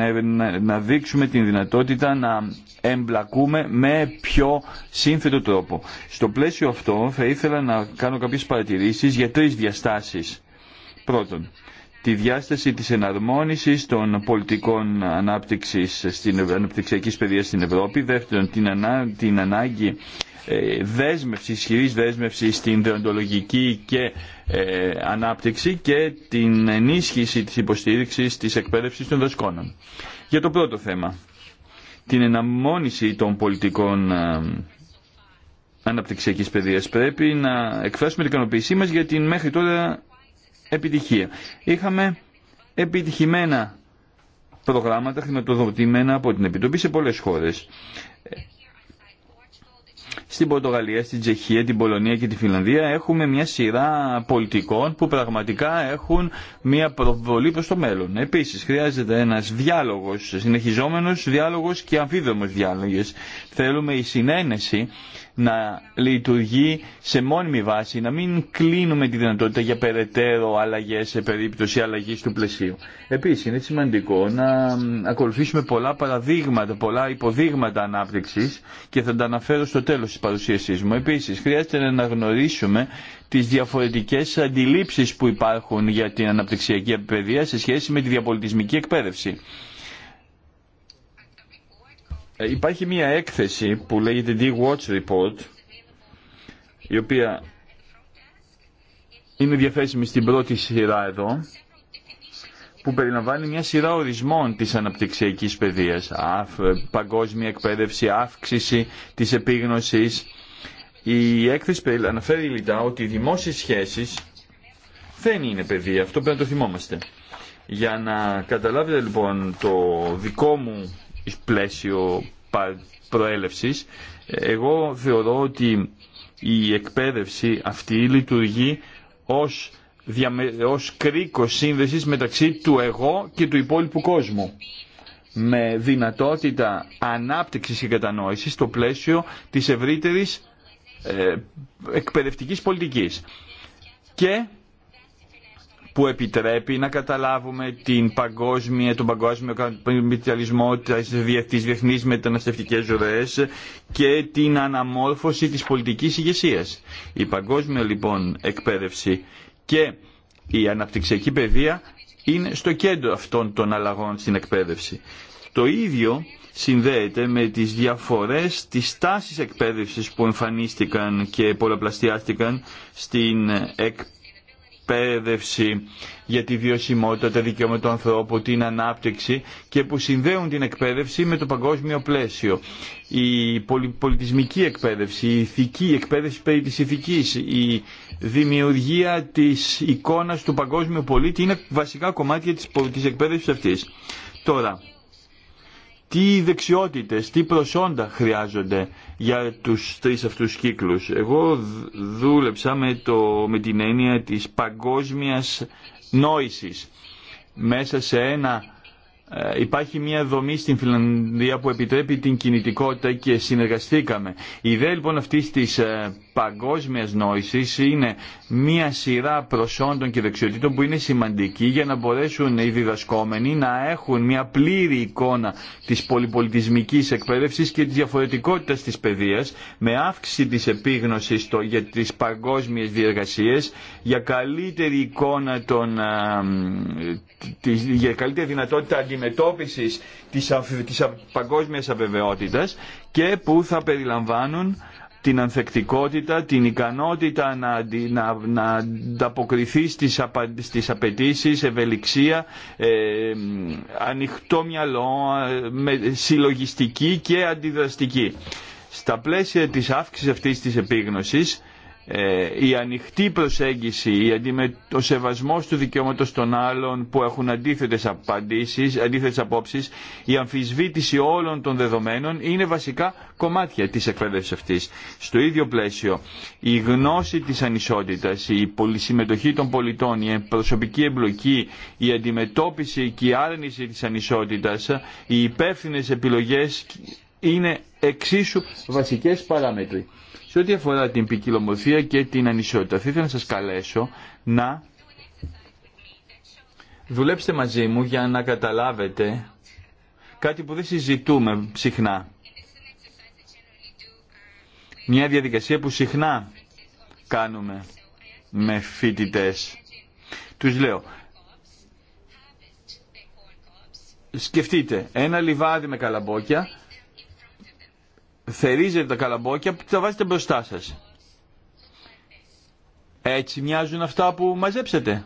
να, δείξουμε την δυνατότητα να εμπλακούμε με πιο σύνθετο τρόπο. Στο πλαίσιο αυτό θα ήθελα να κάνω κάποιες παρατηρήσεις για τρεις διαστάσεις. Πρώτον, τη διάσταση της εναρμόνισης των πολιτικών ανάπτυξης στην αναπτυξιακής παιδείας στην Ευρώπη, δεύτερον την, ανά, την ανάγκη ε, δέσμευση, ισχυρή δέσμευση στην δεοντολογική και ε, ανάπτυξη και την ενίσχυση της υποστήριξης της εκπαίδευσης των δασκόνων. Για το πρώτο θέμα, την εναρμόνιση των πολιτικών ε, αναπτυξιακής παιδείας πρέπει να εκφράσουμε την ικανοποίησή μας για την μέχρι τώρα επιτυχία. Είχαμε επιτυχημένα προγράμματα χρηματοδοτημένα από την Επιτροπή σε πολλές χώρες. Στην Πορτογαλία, στην Τσεχία, την Πολωνία και τη Φιλανδία έχουμε μια σειρά πολιτικών που πραγματικά έχουν μια προβολή προς το μέλλον. Επίσης χρειάζεται ένας διάλογος, συνεχιζόμενος διάλογος και αμφίδρομος διάλογες. Θέλουμε η συνένεση να λειτουργεί σε μόνιμη βάση, να μην κλείνουμε τη δυνατότητα για περαιτέρω αλλαγέ σε περίπτωση αλλαγή του πλαισίου. Επίση, είναι σημαντικό να ακολουθήσουμε πολλά παραδείγματα, πολλά υποδείγματα ανάπτυξη και θα τα αναφέρω στο τέλο τη παρουσίασή μου. Επίση, χρειάζεται να γνωρίσουμε τις διαφορετικέ αντιλήψει που υπάρχουν για την αναπτυξιακή παιδεία σε σχέση με τη διαπολιτισμική εκπαίδευση. Ε, υπάρχει μια έκθεση που λέγεται D-Watch Report η οποία είναι διαθέσιμη στην πρώτη σειρά εδώ που περιλαμβάνει μια σειρά ορισμών της αναπτυξιακής παιδείας ε, παγκόσμια εκπαίδευση, αύξηση της επίγνωσης η έκθεση αναφέρει λιτά ότι οι δημόσιες σχέσεις δεν είναι παιδεία, αυτό πρέπει να το θυμόμαστε για να καταλάβετε λοιπόν το δικό μου πλαίσιο προέλευσης. Εγώ θεωρώ ότι η εκπαίδευση αυτή λειτουργεί ως, διαμε... ως κρίκο σύνδεσης μεταξύ του εγώ και του υπόλοιπου κόσμου με δυνατότητα ανάπτυξης και κατανόησης στο πλαίσιο της ευρύτερης ε, εκπαιδευτικής πολιτικής. Και που επιτρέπει να καταλάβουμε την παγκόσμια, τον παγκόσμιο καπιταλισμό, τις διεθνής μεταναστευτικές ζωές και την αναμόρφωση της πολιτικής ηγεσία. Η παγκόσμια λοιπόν εκπαίδευση και η αναπτυξιακή παιδεία είναι στο κέντρο αυτών των αλλαγών στην εκπαίδευση. Το ίδιο συνδέεται με τις διαφορές της τάσης εκπαίδευσης που εμφανίστηκαν και πολλαπλασιάστηκαν στην εκπαίδευση εκπαίδευση για τη βιωσιμότητα, τα δικαιώματα του ανθρώπου, την ανάπτυξη και που συνδέουν την εκπαίδευση με το παγκόσμιο πλαίσιο. Η πολιτισμική εκπαίδευση, η ηθική εκπαίδευση περί της η δημιουργία της εικόνας του παγκόσμιου πολίτη είναι βασικά κομμάτια της, της εκπαίδευσης αυτής. Τώρα, τι δεξιότητες, τι προσόντα χρειάζονται για τους τρεις αυτούς κύκλους. Εγώ δούλεψα με, το, με την έννοια της παγκόσμιας νόησης. Μέσα σε ένα ε, υπάρχει μια δομή στην Φιλανδία που επιτρέπει την κινητικότητα και συνεργαστήκαμε. Η ιδέα λοιπόν αυτής της ε, παγκόσμιας νόησης είναι μία σειρά προσόντων και δεξιοτήτων που είναι σημαντική για να μπορέσουν οι διδασκόμενοι να έχουν μία πλήρη εικόνα της πολυπολιτισμικής εκπαίδευσης και της διαφορετικότητας της παιδείας με αύξηση της επίγνωση για τις παγκόσμιες διεργασίες για καλύτερη εικόνα των, για καλύτερη δυνατότητα αντιμετώπισης της, της παγκόσμιας και που θα περιλαμβάνουν την ανθεκτικότητα, την ικανότητα να, να, ανταποκριθεί στις, απα, στις απαιτήσεις, ευελιξία, ε, ανοιχτό μυαλό, με, συλλογιστική και αντιδραστική. Στα πλαίσια της αύξησης αυτής της επίγνωσης, ε, η ανοιχτή προσέγγιση, η αντιμε... ο σεβασμός του δικαιώματος των άλλων που έχουν αντίθετες απαντήσεις, αντίθετες απόψεις, η αμφισβήτηση όλων των δεδομένων είναι βασικά κομμάτια της εκπαίδευσης αυτής. Στο ίδιο πλαίσιο, η γνώση της ανισότητας, η πολυσυμμετοχή των πολιτών, η προσωπική εμπλοκή, η αντιμετώπιση και η άρνηση της ανισότητας, οι υπεύθυνε επιλογές είναι εξίσου βασικές παράμετροι. Σε ό,τι αφορά την ποικιλομορφία και την ανισότητα, θα ήθελα να σας καλέσω να δουλέψετε μαζί μου για να καταλάβετε κάτι που δεν συζητούμε συχνά. Μια διαδικασία που συχνά κάνουμε με φοιτητέ. Τους λέω, σκεφτείτε ένα λιβάδι με καλαμπόκια θερίζετε τα καλαμπόκια που τα βάζετε μπροστά σας. Έτσι μοιάζουν αυτά που μαζέψετε.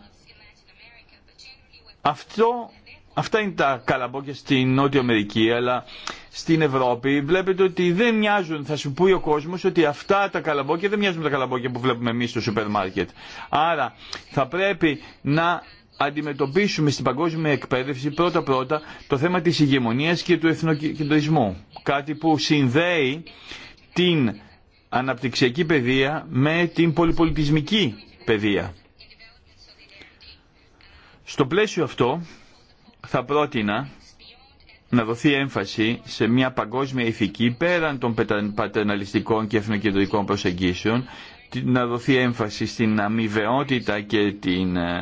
Αυτό, αυτά είναι τα καλαμπόκια στην Νότια Αμερική, αλλά στην Ευρώπη βλέπετε ότι δεν μοιάζουν. Θα σου πούει ο κόσμος ότι αυτά τα καλαμπόκια δεν μοιάζουν με τα καλαμπόκια που βλέπουμε εμείς στο σούπερ μάρκετ. Άρα θα πρέπει να αντιμετωπίσουμε στην παγκόσμια εκπαίδευση πρώτα-πρώτα το θέμα της ηγεμονίας και του εθνοκεντρισμού. Κάτι που συνδέει την αναπτυξιακή παιδεία με την πολυπολιτισμική παιδεία. Στο πλαίσιο αυτό θα πρότεινα να δοθεί έμφαση σε μια παγκόσμια ηθική πέραν των πατερναλιστικών και εθνοκεντρικών προσεγγίσεων να δοθεί έμφαση στην αμοιβαιότητα και την ε,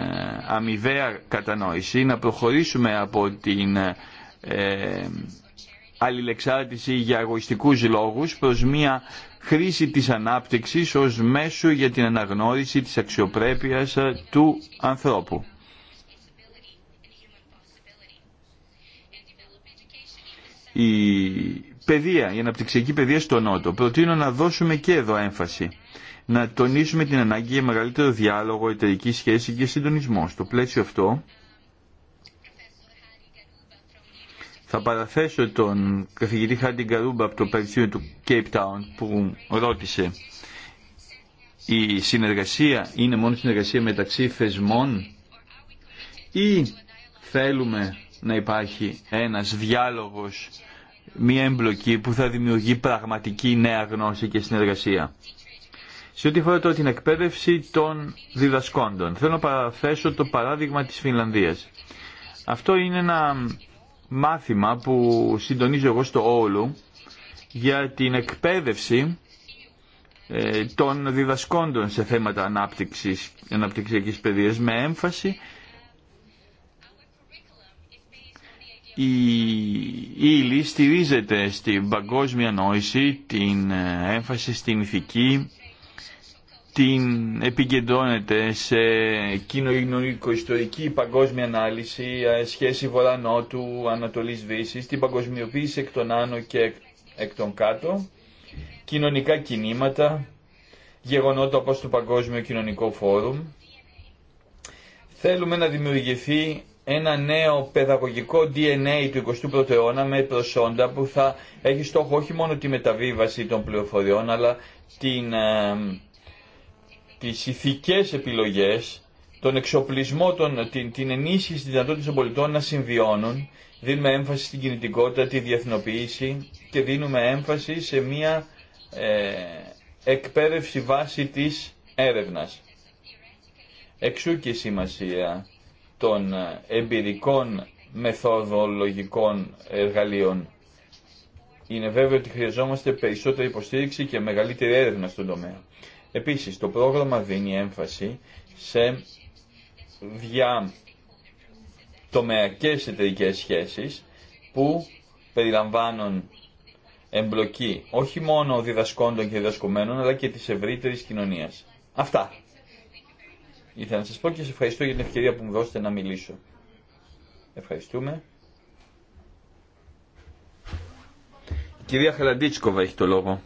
αμοιβαία κατανόηση, να προχωρήσουμε από την ε, αλληλεξάρτηση για αγωιστικούς λόγους προς μια χρήση της ανάπτυξης ως μέσο για την αναγνώριση της αξιοπρέπειας ε, του ανθρώπου. Η παιδεία, η αναπτυξιακή παιδεία στο Νότο. Προτείνω να δώσουμε και εδώ έμφαση να τονίσουμε την ανάγκη για μεγαλύτερο διάλογο, εταιρική σχέση και συντονισμό. Στο πλαίσιο αυτό θα παραθέσω τον καθηγητή Χάρντιν Καρούμπα από το του Cape Town που ρώτησε η συνεργασία είναι μόνο συνεργασία μεταξύ θεσμών ή θέλουμε να υπάρχει ένας διάλογος, μία εμπλοκή που θα δημιουργεί πραγματική νέα γνώση και συνεργασία σε ό,τι αφορά τώρα την εκπαίδευση των διδασκόντων. Θέλω να παραθέσω το παράδειγμα της Φινλανδίας. Αυτό είναι ένα μάθημα που συντονίζω εγώ στο Όλου για την εκπαίδευση ε, των διδασκόντων σε θέματα ανάπτυξης, αναπτυξιακής παιδείας με έμφαση η ύλη στηρίζεται στην παγκόσμια νόηση, την ε, έμφαση στην ηθική, την επικεντρώνεται σε κοινωνικο-ιστορική παγκόσμια ανάλυση, ε, σχέση βορρά-νότου, ανατολή-δύση, την παγκοσμιοποίηση εκ των άνω και εκ των κάτω, κοινωνικά κινήματα, γεγονότα όπως το Παγκόσμιο Κοινωνικό Φόρουμ. Θέλουμε να δημιουργηθεί ένα νέο παιδαγωγικό DNA του 21ου αιώνα με προσόντα που θα έχει στόχο όχι μόνο τη μεταβίβαση των πληροφοριών αλλά την ε, τις ηθικές επιλογές, τον εξοπλισμό, τον, την, την ενίσχυση της δυνατότητας των πολιτών να συμβιώνουν, δίνουμε έμφαση στην κινητικότητα, τη διεθνοποίηση και δίνουμε έμφαση σε μια ε, εκπαίδευση βάση της έρευνας. Εξού και η σημασία των ε, εμπειρικών μεθοδολογικών εργαλείων. Είναι βέβαιο ότι χρειαζόμαστε περισσότερη υποστήριξη και μεγαλύτερη έρευνα στον τομέα. Επίσης, το πρόγραμμα δίνει έμφαση σε δια εταιρικέ σχέσεις που περιλαμβάνουν εμπλοκή όχι μόνο διδασκόντων και διδασκομένων αλλά και της ευρύτερη κοινωνίας. Αυτά. Ήθελα να σας πω και σας ευχαριστώ για την ευκαιρία που μου δώσετε να μιλήσω. Ευχαριστούμε. Η κυρία Χαλαντίτσκοβα έχει το λόγο.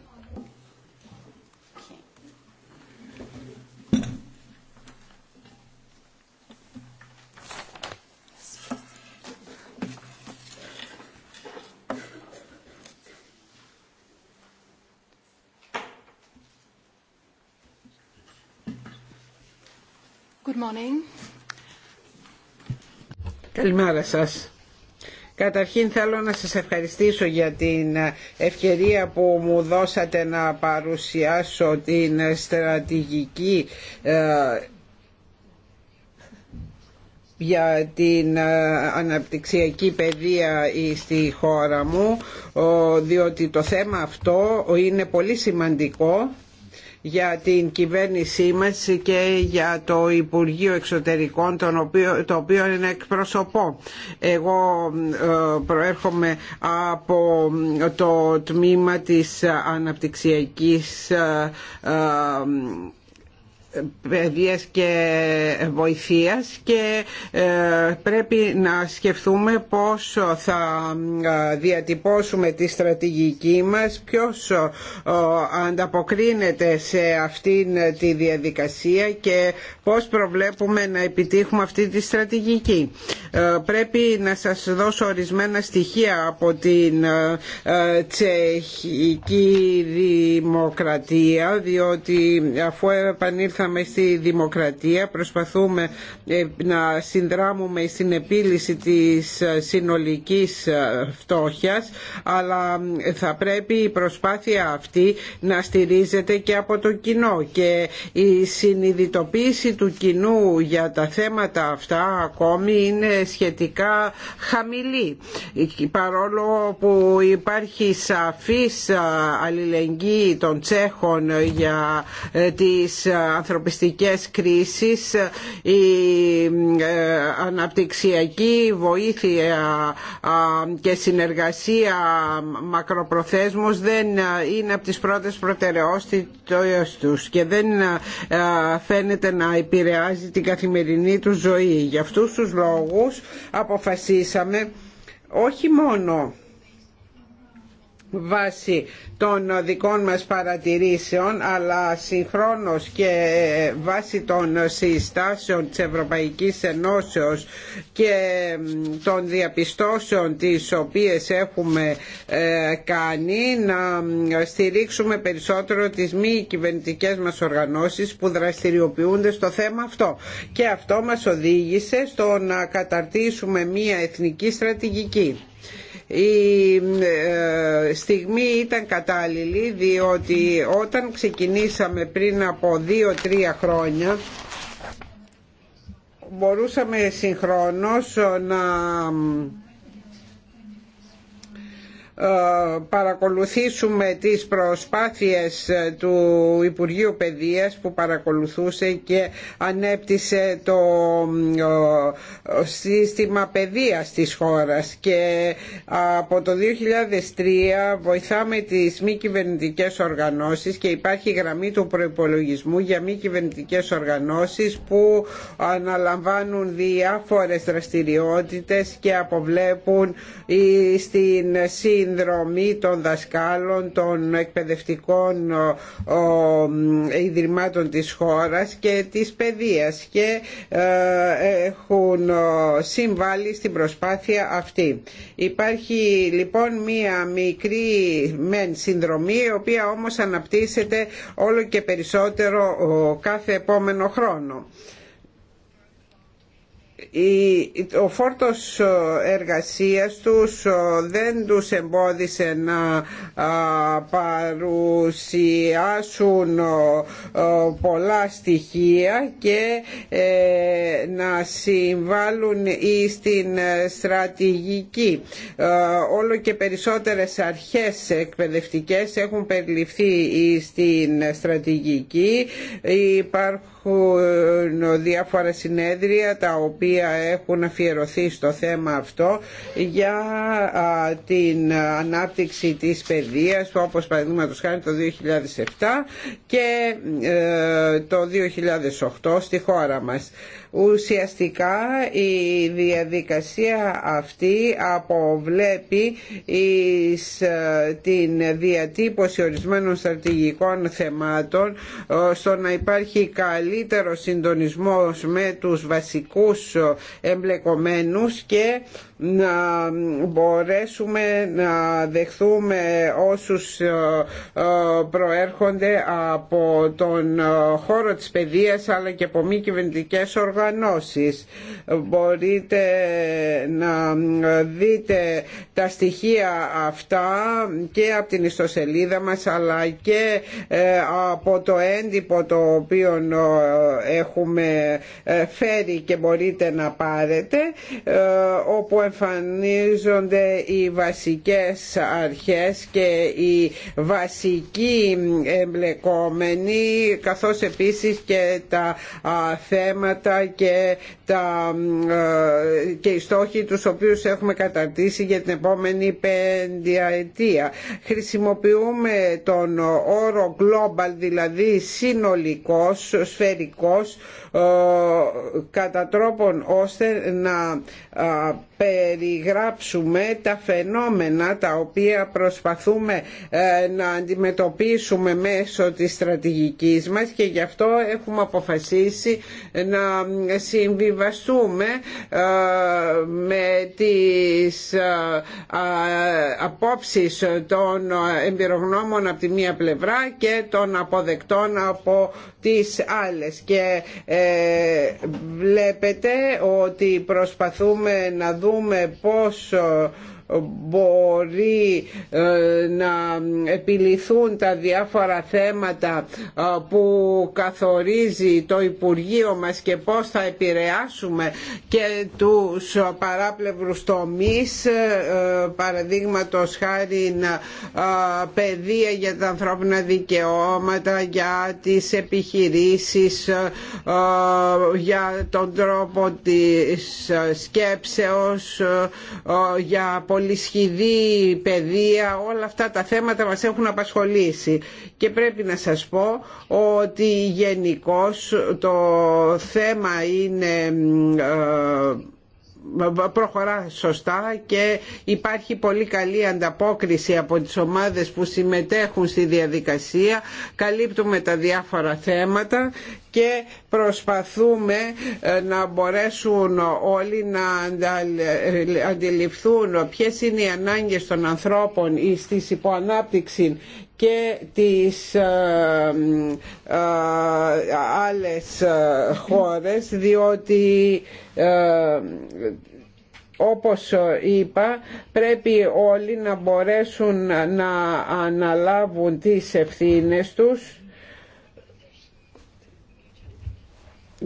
morning. Καλημέρα σας. Καταρχήν θέλω να σας ευχαριστήσω για την ευκαιρία που μου δώσατε να παρουσιάσω την στρατηγική ε, για την ε, αναπτυξιακή παιδεία στη χώρα μου διότι το θέμα αυτό είναι πολύ σημαντικό για την κυβέρνησή μας και για το Υπουργείο Εξωτερικών τον οποίο, το οποίο είναι εκπροσωπό. Εγώ ε, προέρχομαι από το τμήμα της αναπτυξιακής ε, ε, παιδείας και βοηθείας και ε, πρέπει να σκεφτούμε πώς θα ε, διατυπώσουμε τη στρατηγική μας, ποιος ε, ανταποκρίνεται σε αυτήν τη διαδικασία και πώς προβλέπουμε να επιτύχουμε αυτή τη στρατηγική. Πρέπει να σας δώσω ορισμένα στοιχεία από την τσεχική δημοκρατία διότι αφού επανήλθαν στη δημοκρατία, προσπαθούμε ε, να συνδράμουμε στην επίλυση της ε, συνολικής ε, φτώχειας, αλλά θα πρέπει η προσπάθεια αυτή να στηρίζεται και από το κοινό και η συνειδητοποίηση του κοινού για τα θέματα αυτά ακόμη είναι σχετικά χαμηλή παρόλο που υπάρχει σαφής αλληλεγγύη των Τσέχων για τις ανθρωπιστικές κρίσεις, η ε, αναπτυξιακή βοήθεια και συνεργασία μακροπροθέσμως δεν είναι από τις πρώτες προτεραιότητες τους και δεν ε, φαίνεται να επηρεάζει την καθημερινή τους ζωή. Για αυτούς τους λόγους αποφασίσαμε όχι μόνο βάσει των δικών μας παρατηρήσεων αλλά συγχρόνως και βάσει των συστάσεων της Ευρωπαϊκής Ενώσεως και των διαπιστώσεων τις οποίες έχουμε ε, κάνει να στηρίξουμε περισσότερο τις μη κυβερνητικέ μας οργανώσεις που δραστηριοποιούνται στο θέμα αυτό και αυτό μας οδήγησε στο να καταρτήσουμε μία εθνική στρατηγική η ε, στιγμή ήταν κατάλληλη διότι όταν ξεκινήσαμε πριν από δύο-τρία χρόνια μπορούσαμε συγχρόνως να ε, παρακολουθήσουμε τις προσπάθειες ε, του Υπουργείου Παιδείας που παρακολουθούσε και ανέπτυσε το ε, σύστημα παιδείας της χώρας και από το 2003 βοηθάμε τις μη κυβερνητικέ οργανώσεις και υπάρχει γραμμή του προϋπολογισμού για μη κυβερνητικέ οργανώσεις που αναλαμβάνουν διάφορες δραστηριότητες και αποβλέπουν στην σύνδεση συνδρομή των δασκάλων, των εκπαιδευτικών ιδρυμάτων της χώρας και της παιδείας και ε, έχουν συμβάλει στην προσπάθεια αυτή. Υπάρχει λοιπόν μία μικρή μεν συνδρομή η οποία όμως αναπτύσσεται όλο και περισσότερο κάθε επόμενο χρόνο ο φόρτος εργασίας τους δεν τους εμπόδισε να παρουσιάσουν πολλά στοιχεία και ε, να συμβάλλουν στην ε, στρατηγική. Ε, όλο και περισσότερες αρχές εκπαιδευτικές έχουν περιληφθεί στην στρατηγική. Υπάρχουν ε, διάφορα συνέδρια τα οποία έχουν αφιερωθεί στο θέμα αυτό για την ανάπτυξη της παιδείας όπως παραδείγματο χάρη το 2007 και ε, το 2008 στη χώρα μας. Ουσιαστικά η διαδικασία αυτή αποβλέπει ε, την διατύπωση ορισμένων στρατηγικών θεμάτων ε, στο να υπάρχει καλύτερο συντονισμός με τους βασικούς ε, εμπλεκομένους και να μπορέσουμε να δεχθούμε όσους ε, ε, προέρχονται από τον ε, χώρο της παιδείας αλλά και από μη κυβερνητικέ οργανώσεις. Μπορείτε να δείτε τα στοιχεία αυτά και από την ιστοσελίδα μας αλλά και από το έντυπο το οποίο έχουμε φέρει και μπορείτε να πάρετε όπου εμφανίζονται οι βασικές αρχές και οι βασικοί εμπλεκόμενοι καθώς επίσης και τα θέματα και, τα, και οι στόχοι τους οποίους έχουμε καταρτήσει για την επόμενη πενταετία. Χρησιμοποιούμε τον όρο global δηλαδή συνολικός, σφαιρικός κατά τρόπον ώστε να περιγράψουμε τα φαινόμενα τα οποία προσπαθούμε ε, να αντιμετωπίσουμε μέσω της στρατηγικής μας και γι' αυτό έχουμε αποφασίσει να συμβιβαστούμε ε, με τις ε, απόψεις των εμπειρογνώμων από τη μία πλευρά και των αποδεκτών από τις άλλες και βλέπετε ότι προσπαθούμε να δούμε δούμε πόσο μπορεί ε, να επιληθούν τα διάφορα θέματα ε, που καθορίζει το Υπουργείο μας και πώς θα επηρεάσουμε και τους παράπλευρους τομείς ε, παραδείγματος χάρη παιδεία για τα ανθρώπινα δικαιώματα για τις επιχειρήσεις για τον τρόπο της σκέψεως για πολυσχηδή παιδεία, όλα αυτά τα θέματα μας έχουν απασχολήσει. Και πρέπει να σας πω ότι γενικώ το θέμα είναι ε, προχωρά σωστά και υπάρχει πολύ καλή ανταπόκριση από τις ομάδες που συμμετέχουν στη διαδικασία καλύπτουμε τα διάφορα θέματα και προσπαθούμε ε, να μπορέσουν όλοι να αντιληφθούν ποιες είναι οι ανάγκες των ανθρώπων στις υποανάπτυξη και τις ε, ε, άλλες ε, χώρες διότι όπως είπα πρέπει όλοι να μπορέσουν να αναλάβουν τις ευθύνες τους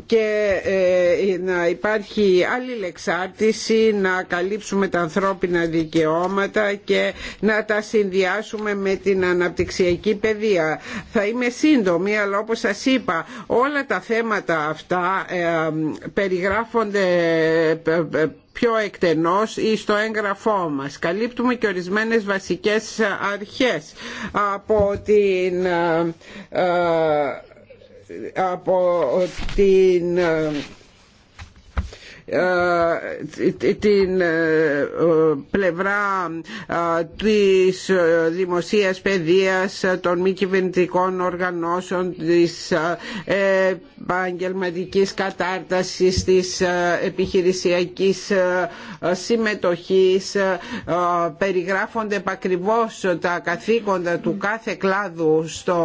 και ε, να υπάρχει άλλη λεξάρτηση, να καλύψουμε τα ανθρώπινα δικαιώματα και να τα συνδυάσουμε με την αναπτυξιακή παιδεία. Θα είμαι σύντομη, αλλά όπως σας είπα, όλα τα θέματα αυτά ε, περιγράφονται ε, πιο εκτενώς ή στο έγγραφό μας. Καλύπτουμε και ορισμένες βασικές αρχές από την από την ε, ε, την ε, πλευρά ε, της δημοσίας παιδείας των μη κυβερνητικών οργανώσεων της επαγγελματική κατάρτασης της επιχειρησιακής συμμετοχής περιγράφονται επακριβώς τα καθήκοντα του κάθε κλάδου στο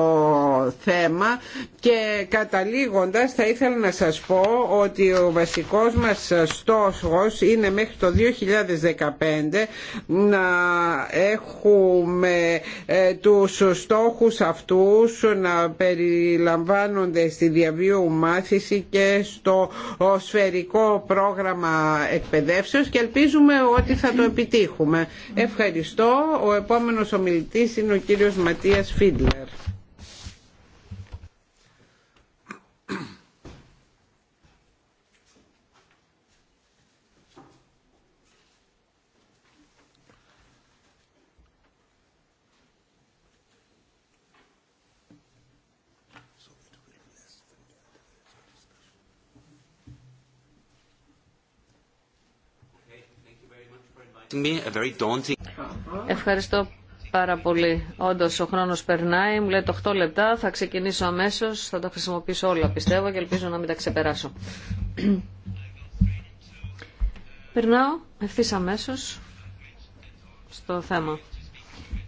θέμα και καταλήγοντας θα ήθελα να σας πω ότι ο βασικός μας μας ε, στόχος είναι μέχρι το 2015 να έχουμε ε, τους στόχους αυτούς να περιλαμβάνονται στη διαβίου μάθηση και στο σφαιρικό πρόγραμμα εκπαιδεύσεως και ελπίζουμε ότι θα το επιτύχουμε. Ευχαριστώ. Ο επόμενος ομιλητής είναι ο κύριος Ματίας Φίντλερ. Ευχαριστώ πάρα πολύ. Όντως ο χρόνος περνάει, μου λέει 8 λεπτά, θα ξεκινήσω αμέσω, θα τα χρησιμοποιήσω όλα πιστεύω και ελπίζω να μην τα ξεπεράσω. Περνάω ευθύ αμέσω στο θέμα.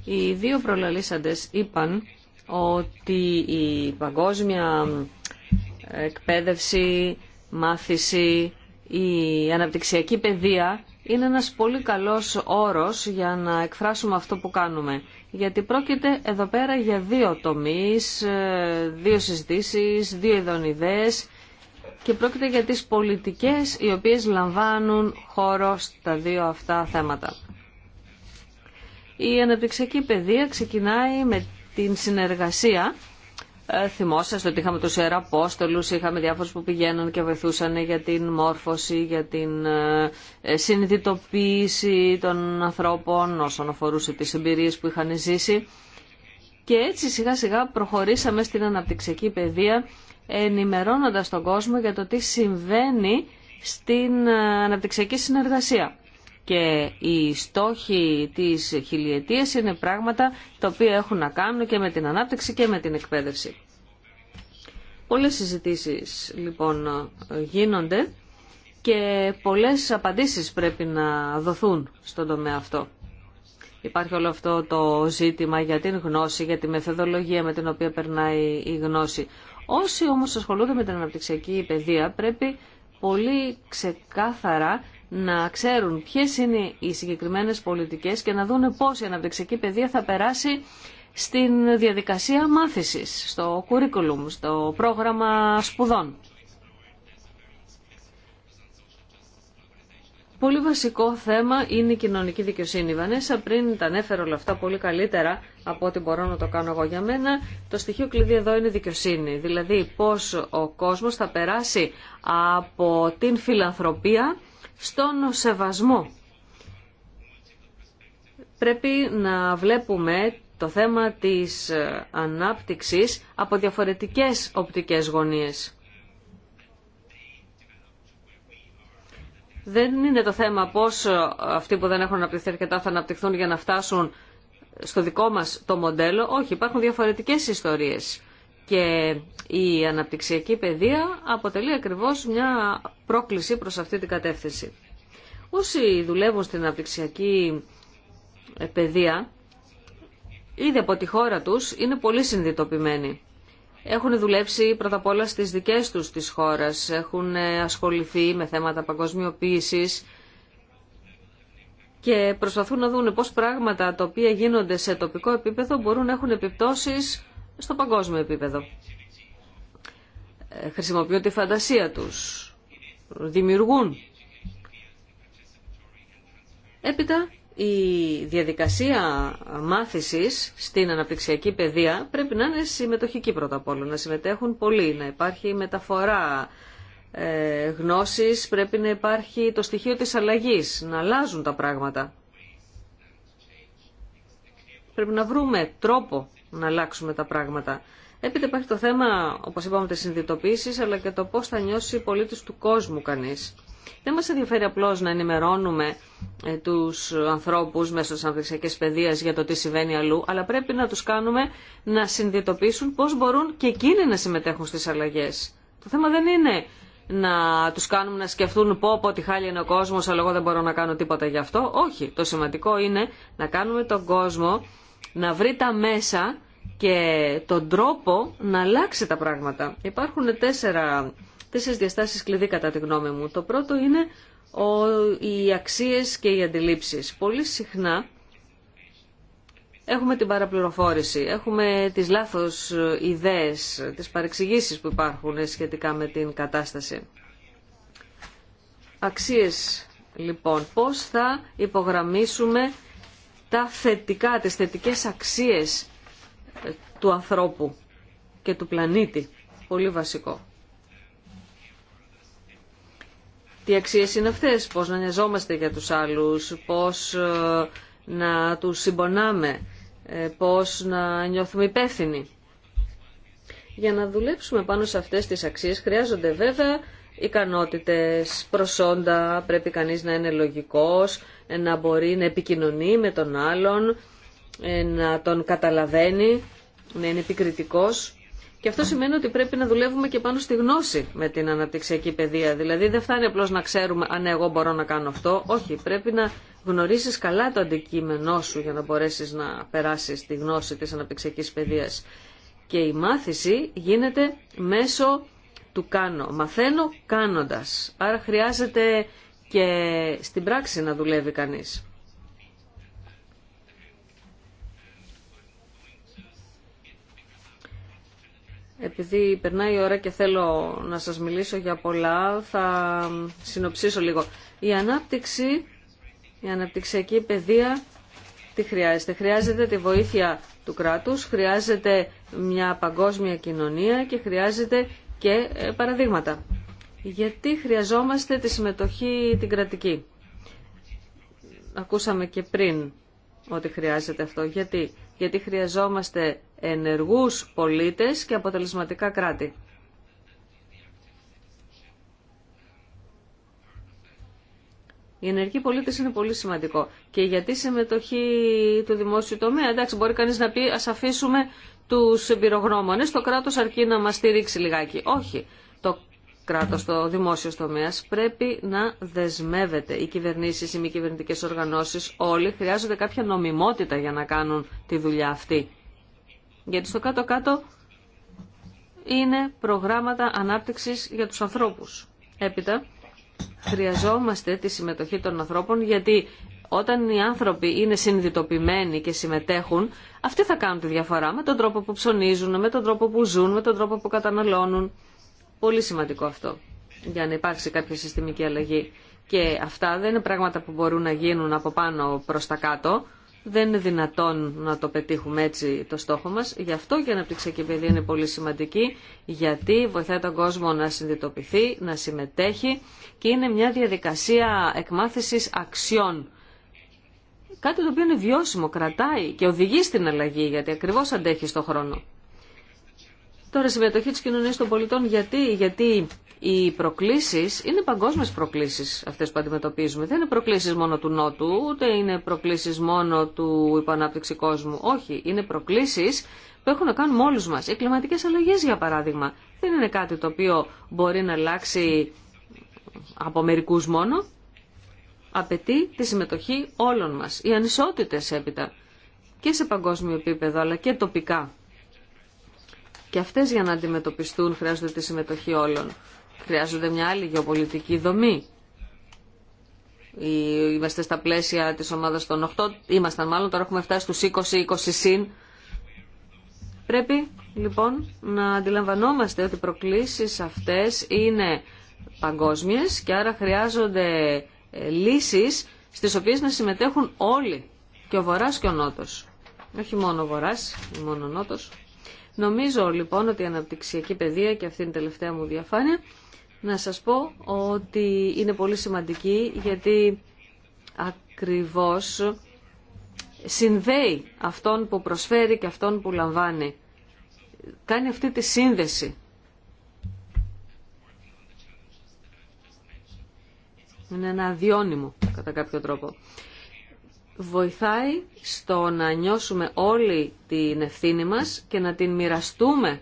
Οι δύο προλαλήσαντες είπαν ότι η παγκόσμια εκπαίδευση, μάθηση, η αναπτυξιακή παιδεία είναι ένας πολύ καλός όρος για να εκφράσουμε αυτό που κάνουμε. Γιατί πρόκειται εδώ πέρα για δύο τομείς, ε, δύο συζητήσεις, δύο ειδονιδές και πρόκειται για τις πολιτικές οι οποίες λαμβάνουν χώρο στα δύο αυτά θέματα. Η αναπτυξιακή παιδεία ξεκινάει με την συνεργασία ε, θυμόσαστε ότι είχαμε τους ιεραπόστολους, είχαμε διάφορους που πηγαίνουν και βοηθούσαν για την μόρφωση, για την ε, συνειδητοποίηση των ανθρώπων όσον αφορούσε τις εμπειρίες που είχαν ζήσει. Και έτσι σιγά σιγά προχωρήσαμε στην αναπτυξιακή παιδεία ενημερώνοντας τον κόσμο για το τι συμβαίνει στην ε, αναπτυξιακή συνεργασία και οι στόχοι της χιλιετίας είναι πράγματα τα οποία έχουν να κάνουν και με την ανάπτυξη και με την εκπαίδευση. Πολλές συζητήσεις λοιπόν γίνονται και πολλές απαντήσεις πρέπει να δοθούν στον τομέα αυτό. Υπάρχει όλο αυτό το ζήτημα για την γνώση, για τη μεθοδολογία με την οποία περνάει η γνώση. Όσοι όμως ασχολούνται με την αναπτυξιακή παιδεία πρέπει πολύ ξεκάθαρα να ξέρουν ποιε είναι οι συγκεκριμένες πολιτικές και να δουν πώς η αναπτυξιακή παιδεία θα περάσει στην διαδικασία μάθησης, στο curriculum, στο πρόγραμμα σπουδών. Πολύ βασικό θέμα είναι η κοινωνική δικαιοσύνη. Βανέσα πριν τα ανέφερε όλα αυτά πολύ καλύτερα από ό,τι μπορώ να το κάνω εγώ για μένα. Το στοιχείο κλειδί εδώ είναι η δικαιοσύνη. Δηλαδή πώς ο κόσμος θα περάσει από την φιλανθρωπία στον σεβασμό. Πρέπει να βλέπουμε το θέμα της ε, ανάπτυξης από διαφορετικές οπτικές γωνίες. Δεν είναι το θέμα πώς ε, αυτοί που δεν έχουν αναπτυχθεί αρκετά θα αναπτυχθούν για να φτάσουν στο δικό μας το μοντέλο. Όχι, υπάρχουν διαφορετικές ιστορίες. Και η αναπτυξιακή παιδεία αποτελεί ακριβώς μια πρόκληση προς αυτή την κατεύθυνση. Όσοι δουλεύουν στην αναπτυξιακή ε, παιδεία, ήδη από τη χώρα τους είναι πολύ συνδυτοποιημένοι. Έχουν δουλέψει πρώτα απ' όλα στις δικές τους της χώρας, έχουν ε, ασχοληθεί με θέματα παγκοσμιοποίησης και προσπαθούν να δουν πώς πράγματα τα οποία γίνονται σε τοπικό επίπεδο μπορούν να έχουν επιπτώσεις στο παγκόσμιο επίπεδο. Ε, χρησιμοποιούν τη φαντασία τους, δημιουργούν. Έπειτα, η διαδικασία μάθησης στην αναπτυξιακή παιδεία πρέπει να είναι συμμετοχική πρώτα απ' όλο, να συμμετέχουν πολλοί, να υπάρχει μεταφορά ε, γνώσης, πρέπει να υπάρχει το στοιχείο της αλλαγής, να αλλάζουν τα πράγματα. Πρέπει να βρούμε τρόπο να αλλάξουμε τα πράγματα. Έπειτα υπάρχει το θέμα, όπως είπαμε, της συνδυτοποίησης, αλλά και το πώς θα νιώσει οι πολίτε του κόσμου κανείς. Δεν μας ενδιαφέρει απλώς να ενημερώνουμε ε, τους ανθρώπους μέσω της ανθρωπιστικής παιδείας για το τι συμβαίνει αλλού, αλλά πρέπει να τους κάνουμε να συνδυτοποιήσουν πώς μπορούν και εκείνοι να συμμετέχουν στις αλλαγές. Το θέμα δεν είναι να τους κάνουμε να σκεφτούν πω πω τη χάλι είναι ο κόσμος, αλλά εγώ δεν μπορώ να κάνω τίποτα γι' αυτό. Όχι, το σημαντικό είναι να κάνουμε τον κόσμο να βρει τα μέσα και τον τρόπο να αλλάξει τα πράγματα. Υπάρχουν τέσσερα, τέσσερις διαστάσεις κλειδί κατά τη γνώμη μου. Το πρώτο είναι ο, οι αξίες και οι αντιλήψεις. Πολύ συχνά έχουμε την παραπληροφόρηση, έχουμε τις λάθος ιδέες, τις παρεξηγήσεις που υπάρχουν σχετικά με την κατάσταση. Αξίες λοιπόν, πώς θα υπογραμμίσουμε τα θετικά, τις θετικές αξίες ε, του ανθρώπου και του πλανήτη. Πολύ βασικό. Τι αξίες είναι αυτές, πώς να νοιαζόμαστε για τους άλλους, πώς ε, να τους συμπονάμε, ε, πώς να νιώθουμε υπεύθυνοι. Για να δουλέψουμε πάνω σε αυτές τις αξίες χρειάζονται βέβαια ικανότητες, προσόντα, πρέπει κανείς να είναι λογικός, να μπορεί να επικοινωνεί με τον άλλον, ε, να τον καταλαβαίνει, να είναι επικριτικός. Και αυτό σημαίνει ότι πρέπει να δουλεύουμε και πάνω στη γνώση με την αναπτυξιακή παιδεία. Δηλαδή δεν φτάνει απλώς να ξέρουμε αν ναι, εγώ μπορώ να κάνω αυτό. Όχι, πρέπει να γνωρίσεις καλά το αντικείμενό σου για να μπορέσεις να περάσεις τη γνώση της αναπτυξιακής παιδείας. Και η μάθηση γίνεται μέσω του κάνω. Μαθαίνω κάνοντας. Άρα χρειάζεται και στην πράξη να δουλεύει κανείς. Επειδή περνάει η ώρα και θέλω να σας μιλήσω για πολλά, θα συνοψίσω λίγο. Η ανάπτυξη, η αναπτυξιακή παιδεία, τι χρειάζεται. Χρειάζεται τη βοήθεια του κράτους, χρειάζεται μια παγκόσμια κοινωνία και χρειάζεται και ε, παραδείγματα γιατί χρειαζόμαστε τη συμμετοχή την κρατική. Ακούσαμε και πριν ότι χρειάζεται αυτό. Γιατί, γιατί χρειαζόμαστε ενεργούς πολίτες και αποτελεσματικά κράτη. Η ενεργοί πολίτες είναι πολύ σημαντικό. Και γιατί συμμετοχή του δημόσιου τομέα. Εντάξει, μπορεί κανείς να πει ας αφήσουμε τους εμπειρογνώμονες, το κράτος αρκεί να μας στηρίξει λιγάκι. Όχι κράτος, το δημόσιο τομέα, πρέπει να δεσμεύεται. Οι κυβερνήσεις, οι μη κυβερνητικέ οργανώσεις, όλοι χρειάζονται κάποια νομιμότητα για να κάνουν τη δουλειά αυτή. Γιατί στο κάτω-κάτω είναι προγράμματα ανάπτυξης για τους ανθρώπους. Έπειτα, χρειαζόμαστε τη συμμετοχή των ανθρώπων, γιατί όταν οι άνθρωποι είναι συνειδητοποιημένοι και συμμετέχουν, αυτοί θα κάνουν τη διαφορά με τον τρόπο που ψωνίζουν, με τον τρόπο που ζουν, με τον τρόπο που καταναλώνουν. Πολύ σημαντικό αυτό για να υπάρξει κάποια συστημική αλλαγή. Και αυτά δεν είναι πράγματα που μπορούν να γίνουν από πάνω προς τα κάτω. Δεν είναι δυνατόν να το πετύχουμε έτσι το στόχο μας. Γι' αυτό και η αναπτυξιακή παιδεία είναι πολύ σημαντική, γιατί βοηθάει τον κόσμο να συνειδητοποιηθεί, να συμμετέχει και είναι μια διαδικασία εκμάθησης αξιών. Κάτι το οποίο είναι βιώσιμο, κρατάει και οδηγεί στην αλλαγή, γιατί ακριβώς αντέχει στον χρόνο. Τώρα συμμετοχή της κοινωνία των πολιτών γιατί, γιατί οι προκλήσεις είναι παγκόσμιες προκλήσεις αυτές που αντιμετωπίζουμε. Δεν είναι προκλήσεις μόνο του Νότου, ούτε είναι προκλήσεις μόνο του υποανάπτυξη κόσμου. Όχι, είναι προκλήσεις που έχουν να κάνουν με όλους μας. Οι κλιματικές αλλαγές για παράδειγμα δεν είναι κάτι το οποίο μπορεί να αλλάξει από μερικού μόνο. Απαιτεί τη συμμετοχή όλων μας. Οι ανισότητες έπειτα και σε παγκόσμιο επίπεδο αλλά και τοπικά. Και αυτέ για να αντιμετωπιστούν χρειάζονται τη συμμετοχή όλων. Χρειάζονται μια άλλη γεωπολιτική δομή. Είμαστε στα πλαίσια της ομάδας των 8, ήμασταν μάλλον, τώρα έχουμε φτάσει στους 20-20 συν. Πρέπει λοιπόν να αντιλαμβανόμαστε ότι οι προκλήσεις αυτές είναι παγκόσμιες και άρα χρειάζονται ε, λύσεις στις οποίες να συμμετέχουν όλοι και ο Βορράς και ο Νότος. Όχι μόνο ο Βορράς, μόνο ο Νότος. Νομίζω λοιπόν ότι η αναπτυξιακή παιδεία, και αυτή είναι η τελευταία μου διαφάνεια, να σας πω ότι είναι πολύ σημαντική γιατί ακριβώς συνδέει αυτόν που προσφέρει και αυτόν που λαμβάνει. Κάνει αυτή τη σύνδεση. Είναι ένα αδιώνυμο κατά κάποιο τρόπο βοηθάει στο να νιώσουμε όλη την ευθύνη μας και να την μοιραστούμε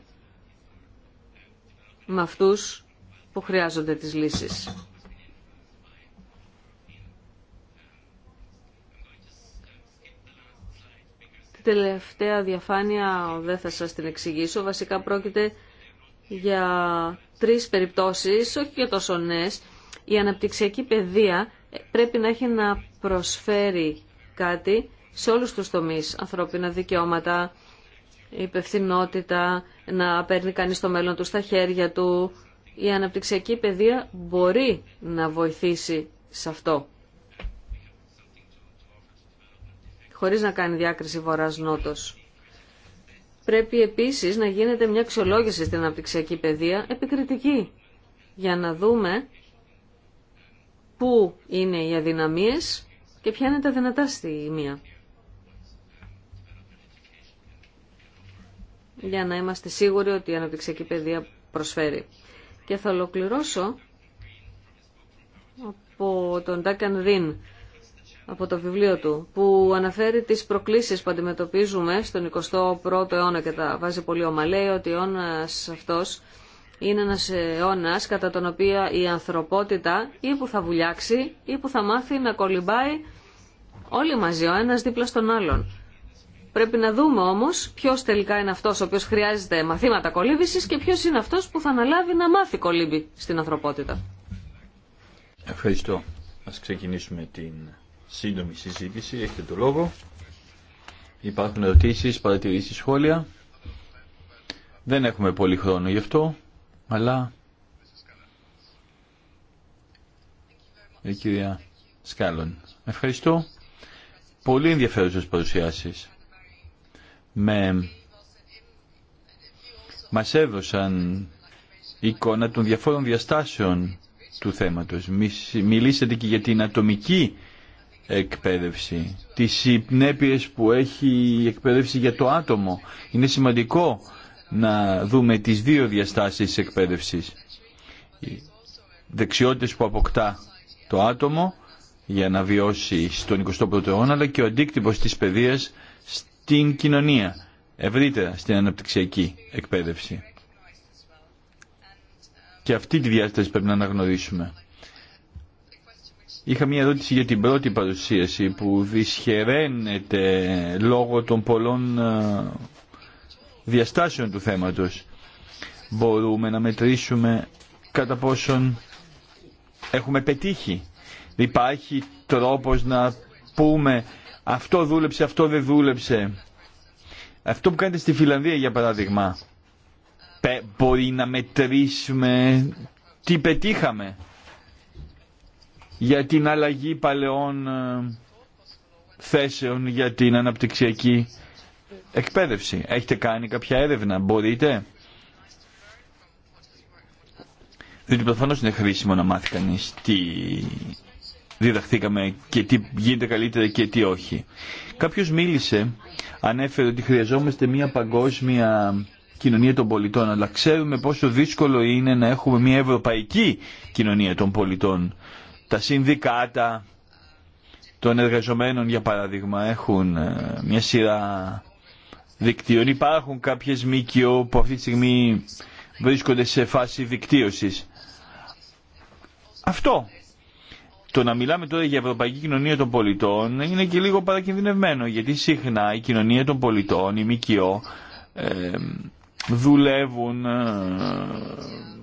με αυτούς που χρειάζονται τις λύσεις. Την τελευταία διαφάνεια δεν θα σας την εξηγήσω. Βασικά πρόκειται για τρεις περιπτώσεις, όχι για τόσο νέες. Η αναπτυξιακή παιδεία πρέπει να έχει να προσφέρει κάτι σε όλους τους τομείς. Ανθρώπινα δικαιώματα, υπευθυνότητα, να παίρνει κανείς το μέλλον του στα χέρια του. Η αναπτυξιακή παιδεία μπορεί να βοηθήσει σε αυτό. Χωρίς να κάνει διάκριση βορράς-νότος. Πρέπει επίσης να γίνεται μια αξιολόγηση στην αναπτυξιακή παιδεία επικριτική για να δούμε πού είναι οι αδυναμίες και ποια είναι τα δυνατά στη μία. Για να είμαστε σίγουροι ότι η αναπτυξιακή παιδεία προσφέρει. Και θα ολοκληρώσω από τον Τάκαν Ρίν, από το βιβλίο του, που αναφέρει τις προκλήσεις που αντιμετωπίζουμε στον 21ο αιώνα και τα βάζει πολύ ομαλέ, ότι ο αιώνας αυτός είναι ένας αιώνα κατά τον οποίο η ανθρωπότητα ή που θα βουλιάξει ή που θα μάθει να κολυμπάει Όλοι μαζί, ο ένας δίπλα στον άλλον. Πρέπει να δούμε όμως ποιος τελικά είναι αυτός ο οποίος χρειάζεται μαθήματα κολύμπησης και ποιος είναι αυτός που θα αναλάβει να μάθει κολύμβη στην ανθρωπότητα. Ευχαριστώ. Ας ξεκινήσουμε την σύντομη συζήτηση. Έχετε το λόγο. Υπάρχουν ερωτήσεις, παρατηρήσεις, σχόλια. Δεν έχουμε πολύ χρόνο γι' αυτό, αλλά... Η κυρία Σκάλλον. Ευχαριστώ πολύ ενδιαφέρουσες παρουσιάσεις. Με... Μας έδωσαν εικόνα των διαφόρων διαστάσεων του θέματος. Μιλήσατε και για την ατομική εκπαίδευση, τις υπνέπειες που έχει η εκπαίδευση για το άτομο. Είναι σημαντικό να δούμε τις δύο διαστάσεις της εκπαίδευσης. Οι δεξιότητες που αποκτά το άτομο για να βιώσει στον 21ο αιώνα, αλλά και ο αντίκτυπο τη παιδεία στην κοινωνία, ευρύτερα στην αναπτυξιακή εκπαίδευση. Και αυτή τη διάσταση πρέπει να αναγνωρίσουμε. Είχα μια ερώτηση για την πρώτη παρουσίαση που δυσχεραίνεται λόγω των πολλών ε, διαστάσεων του θέματος. Μπορούμε να μετρήσουμε κατά πόσον έχουμε πετύχει Υπάρχει τρόπος να πούμε αυτό δούλεψε, αυτό δεν δούλεψε. Αυτό που κάνετε στη Φιλανδία για παράδειγμα. Μπορεί να μετρήσουμε τι πετύχαμε για την αλλαγή παλαιών ε, θέσεων για την αναπτυξιακή εκπαίδευση. Έχετε κάνει κάποια έρευνα, μπορείτε. Διότι προφανώ είναι χρήσιμο να μάθει κανεί τι διδαχθήκαμε και τι γίνεται καλύτερα και τι όχι. Κάποιος μίλησε, ανέφερε ότι χρειαζόμαστε μια παγκόσμια κοινωνία των πολιτών, αλλά ξέρουμε πόσο δύσκολο είναι να έχουμε μια ευρωπαϊκή κοινωνία των πολιτών. Τα συνδικάτα των εργαζομένων, για παράδειγμα, έχουν ε, μια σειρά δικτύων. Υπάρχουν κάποιες ΜΚΟ που αυτή τη στιγμή βρίσκονται σε φάση δικτύωσης. Αυτό το να μιλάμε τώρα για Ευρωπαϊκή Κοινωνία των Πολιτών είναι και λίγο παρακινδυνευμένο γιατί συχνά η κοινωνία των πολιτών, η ΜΚΟ, δουλεύουν ε,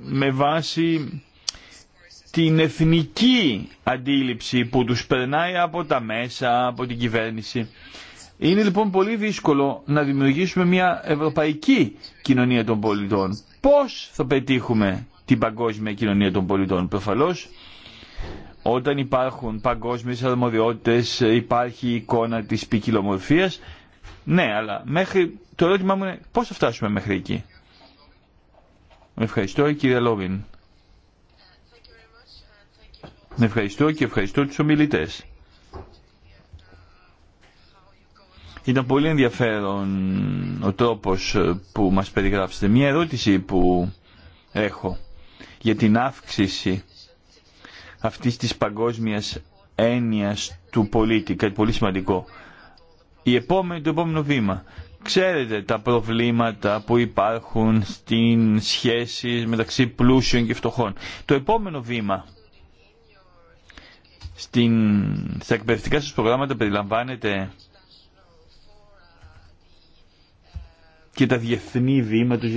με βάση την εθνική αντίληψη που τους περνάει από τα μέσα, από την κυβέρνηση. Είναι λοιπόν πολύ δύσκολο να δημιουργήσουμε μια ευρωπαϊκή κοινωνία των πολιτών. Πώς θα πετύχουμε την παγκόσμια κοινωνία των πολιτών. Προφανώς όταν υπάρχουν παγκόσμιες αρμοδιότητες, υπάρχει η εικόνα της ποικιλομορφία. Ναι, αλλά μέχρι... το ερώτημά μου είναι πώς θα φτάσουμε μέχρι εκεί. Ευχαριστώ κύριε Λόβιν. Ευχαριστώ και ευχαριστώ τους ομιλητές. Ήταν πολύ ενδιαφέρον ο τρόπος που μας περιγράψετε. Μια ερώτηση που έχω για την αύξηση αυτή της παγκόσμια έννοια του πολίτη, κάτι πολύ σημαντικό. Η επόμενη, το επόμενο βήμα. Ξέρετε τα προβλήματα που υπάρχουν στην σχέση μεταξύ πλούσιων και φτωχών. Το επόμενο βήμα στην, στα εκπαιδευτικά σας προγράμματα περιλαμβάνεται και τα διεθνή βήματα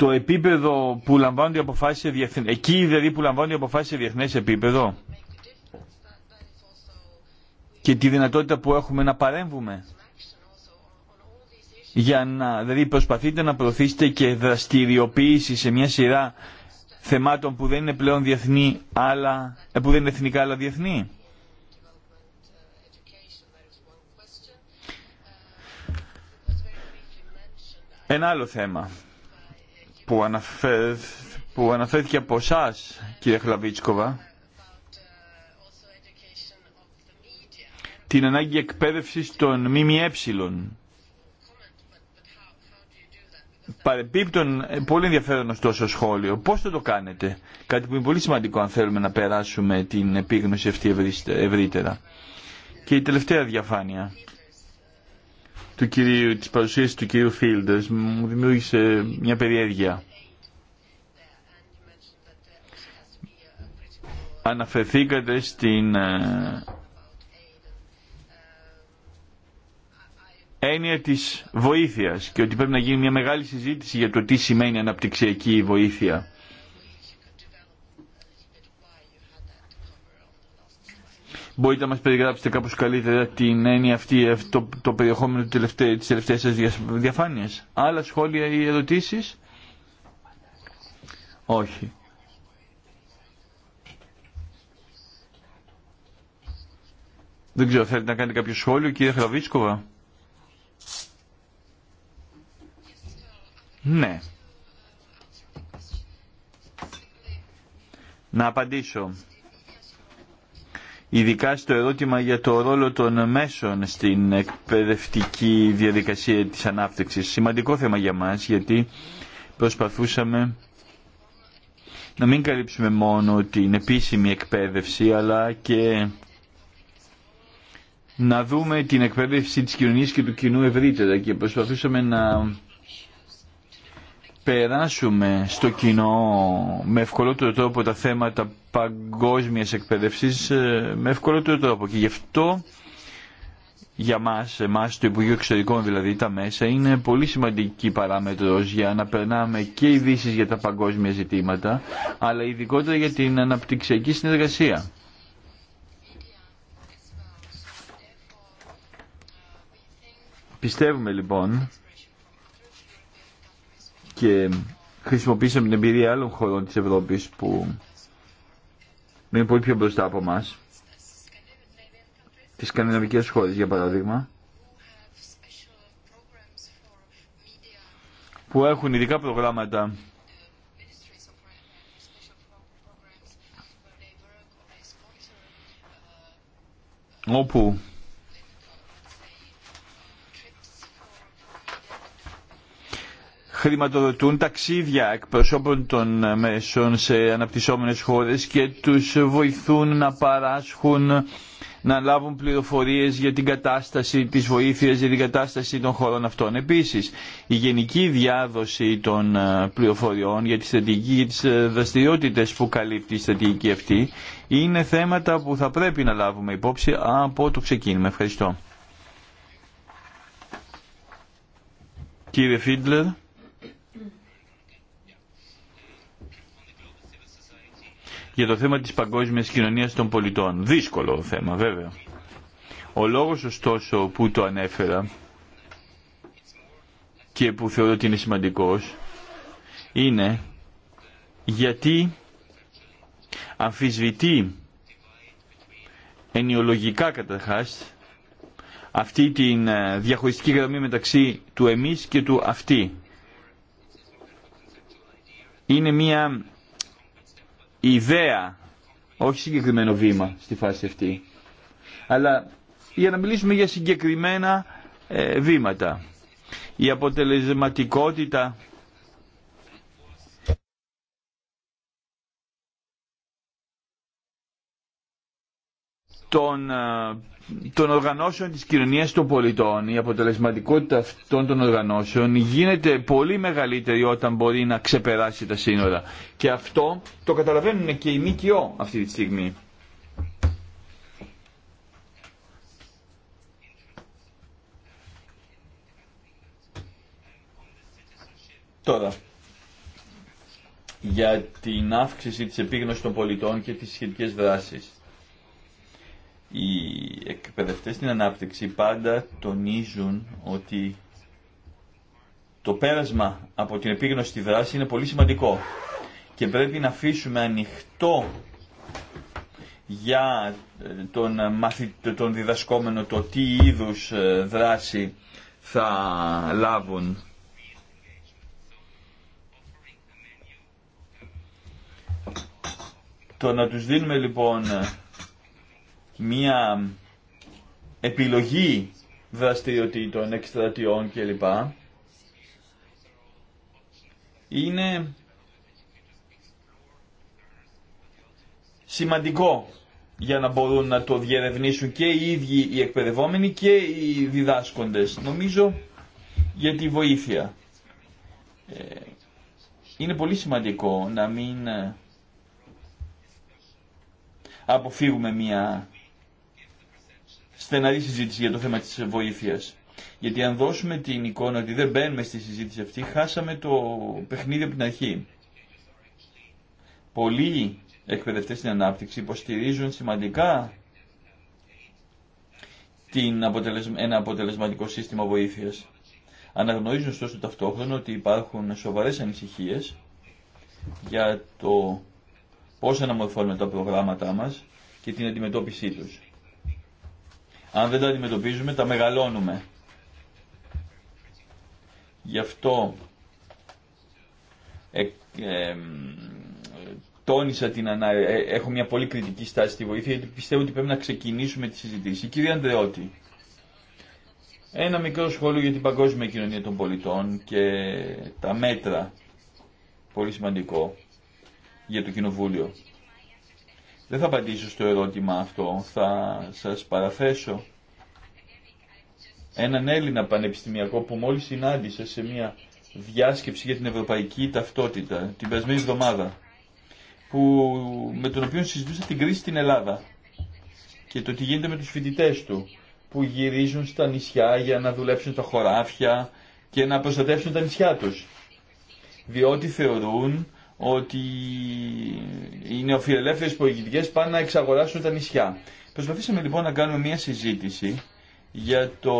το επίπεδο που λαμβάνονται οι αποφάσεις σε εκεί δηλαδή που λαμβάνουν οι αποφάσεις διεθνές επίπεδο και τη δυνατότητα που έχουμε να παρέμβουμε για να, δηλαδή προσπαθείτε να προωθήσετε και δραστηριοποίηση σε μια σειρά θεμάτων που δεν είναι πλέον διεθνή αλλά, ε, που δεν είναι εθνικά αλλά διεθνή. Ένα άλλο θέμα που, που αναφέρθηκε από εσά, κύριε Χλαβίτσκοβα, την ανάγκη εκπαίδευσης των ΜΜΕ. Παρεπίπτων, πολύ ενδιαφέρον ωστόσο σχόλιο. Πώς θα το κάνετε, κάτι που είναι πολύ σημαντικό αν θέλουμε να περάσουμε την επίγνωση αυτή ευρύτερα. Και η τελευταία διαφάνεια του κυρίου, της παρουσίασης του κυρίου Φίλντες μου δημιούργησε μια περιέργεια. Αναφερθήκατε στην ε, έννοια της βοήθειας και ότι πρέπει να γίνει μια μεγάλη συζήτηση για το τι σημαίνει αναπτυξιακή βοήθεια. Μπορείτε να μα περιγράψετε κάπως καλύτερα την έννοια αυτή, το, το περιεχόμενο τη τελευταία της τελευταίας Άλλα σχόλια ή ερωτήσει. Όχι. Δεν ξέρω, θέλετε να κάνετε κάποιο σχόλιο, κύριε Χραβίσκοβα. Ναι. Να απαντήσω ειδικά στο ερώτημα για το ρόλο των μέσων στην εκπαιδευτική διαδικασία της ανάπτυξης. Σημαντικό θέμα για μας γιατί προσπαθούσαμε να μην καλύψουμε μόνο την επίσημη εκπαίδευση αλλά και να δούμε την εκπαίδευση της κοινωνίας και του κοινού ευρύτερα και προσπαθούσαμε να περάσουμε στο κοινό με ευκολότερο τρόπο τα θέματα παγκόσμιας εκπαίδευσης ε, με ευκολότερο τρόπο και γι' αυτό για μας, εμάς το Υπουργείο Εξωτερικών δηλαδή τα μέσα είναι πολύ σημαντική παράμετρος για να περνάμε και ειδήσει για τα παγκόσμια ζητήματα αλλά ειδικότερα για την αναπτυξιακή συνεργασία. Πιστεύουμε λοιπόν και χρησιμοποίησαμε την εμπειρία άλλων χωρών της Ευρώπης που είναι πολύ πιο μπροστά από μας τις σκανδιναβικές χώρες για παράδειγμα που έχουν ειδικά προγράμματα όπου χρηματοδοτούν ταξίδια εκπροσώπων των μέσων σε αναπτυσσόμενες χώρες και τους βοηθούν να παράσχουν, να λάβουν πληροφορίες για την κατάσταση της βοήθειας, για την κατάσταση των χωρών αυτών. Επίσης, η γενική διάδοση των ε, πληροφοριών για τη στρατηγική, τις ε, που καλύπτει η στρατηγική αυτή, είναι θέματα που θα πρέπει να λάβουμε υπόψη από το ξεκίνημα. Ευχαριστώ. Κύριε Φίτλερ. για το θέμα της παγκόσμιας κοινωνίας των πολιτών. Δύσκολο θέμα βέβαια. Ο λόγος ωστόσο που το ανέφερα και που θεωρώ ότι είναι σημαντικός είναι γιατί αμφισβητεί ενιολογικά καταρχάς αυτή τη ε, διαχωριστική γραμμή μεταξύ του εμείς και του αυτή. Είναι μια ιδέα, όχι συγκεκριμένο βήμα στη φάση αυτή. Αλλά για να μιλήσουμε για συγκεκριμένα ε, βήματα. Η αποτελεσματικότητα των, ε, των οργανώσεων της κοινωνίας των πολιτών, η αποτελεσματικότητα αυτών των οργανώσεων γίνεται πολύ μεγαλύτερη όταν μπορεί να ξεπεράσει τα σύνορα. Και αυτό το καταλαβαίνουν και οι ΜΚΟ αυτή τη στιγμή. Τώρα, για την αύξηση της επίγνωσης των πολιτών και τις σχετικές δράσεις. Οι εκπαιδευτές στην ανάπτυξη πάντα τονίζουν ότι το πέρασμα από την επίγνωση στη δράση είναι πολύ σημαντικό και πρέπει να αφήσουμε ανοιχτό για τον, τον διδασκόμενο το τι είδους ε, δράση θα λάβουν. Το να τους δίνουμε λοιπόν μία επιλογή δραστηριοτήτων, εκστρατιών κλπ. Είναι σημαντικό για να μπορούν να το διερευνήσουν και οι ίδιοι οι εκπαιδευόμενοι και οι διδάσκοντες. Νομίζω για τη βοήθεια. Ε, είναι πολύ σημαντικό να μην ε, αποφύγουμε μια στεναρή συζήτηση για το θέμα της βοήθειας. Γιατί αν δώσουμε την εικόνα ότι δεν μπαίνουμε στη συζήτηση αυτή, χάσαμε το παιχνίδι από την αρχή. Πολλοί εκπαιδευτές στην ανάπτυξη υποστηρίζουν σημαντικά την ένα αποτελεσματικό σύστημα βοήθειας. Αναγνωρίζουν ωστόσο ταυτόχρονα ότι υπάρχουν σοβαρές ανησυχίες για το πώς αναμορφώνουμε τα προγράμματά μας και την αντιμετώπιση τους. Αν δεν τα αντιμετωπίζουμε, τα μεγαλώνουμε. Γι' αυτό ε, τόνισα την ανα... Ε, έχω μια πολύ κριτική στάση στη βοήθεια, γιατί πιστεύω ότι πρέπει να ξεκινήσουμε τη συζήτηση. Κύριε Ανδρεώτη, ένα μικρό σχόλιο για την παγκόσμια κοινωνία των πολιτών και τα μέτρα, πολύ σημαντικό, για το Κοινοβούλιο. Δεν θα απαντήσω στο ερώτημα αυτό, θα σας παραθέσω έναν Έλληνα πανεπιστημιακό που μόλις συνάντησα σε μια διάσκεψη για την ευρωπαϊκή ταυτότητα την περασμένη εβδομάδα που, με τον οποίο συζητούσα την κρίση στην Ελλάδα και το τι γίνεται με τους φοιτητέ του που γυρίζουν στα νησιά για να δουλέψουν τα χωράφια και να προστατεύσουν τα νησιά τους διότι θεωρούν ότι οι νεοφιλελεύθερες πολιτικές πάνε να εξαγοράσουν τα νησιά. Προσπαθήσαμε λοιπόν να κάνουμε μια συζήτηση για το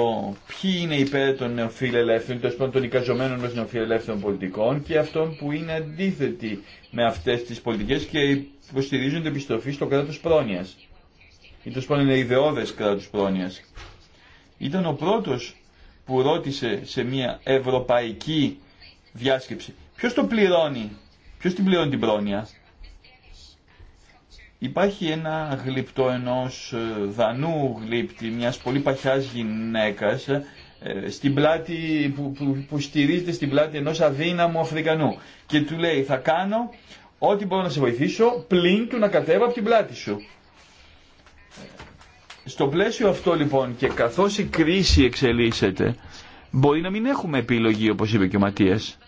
ποιοι είναι υπέρ των νεοφιλελεύθερων, τόσο των εικαζομένων ως νεοφιλελεύθερων πολιτικών και αυτών που είναι αντίθετοι με αυτές τις πολιτικές και υποστηρίζουν την επιστροφή στο κράτος πρόνοιας. Ή τόσο είναι ιδεώδες κράτος πρόνοιας. Ήταν ο πρώτος που ρώτησε σε μια ευρωπαϊκή διάσκεψη ποιος το πληρώνει Ποιος την πληρώνει την πρόνοια. Υπάρχει ένα γλυπτό ενός ε, δανού γλύπτη, μιας πολύ παχιάς γυναίκας, ε, στην πλάτη, που, που, στηρίζεται στην πλάτη ενός αδύναμου Αφρικανού και του λέει θα κάνω ό,τι μπορώ να σε βοηθήσω πλην του να κατέβα από την πλάτη σου. Στο πλαίσιο αυτό λοιπόν και καθώς η κρίση εξελίσσεται μπορεί να μην έχουμε επιλογή όπως είπε και ο Ματίας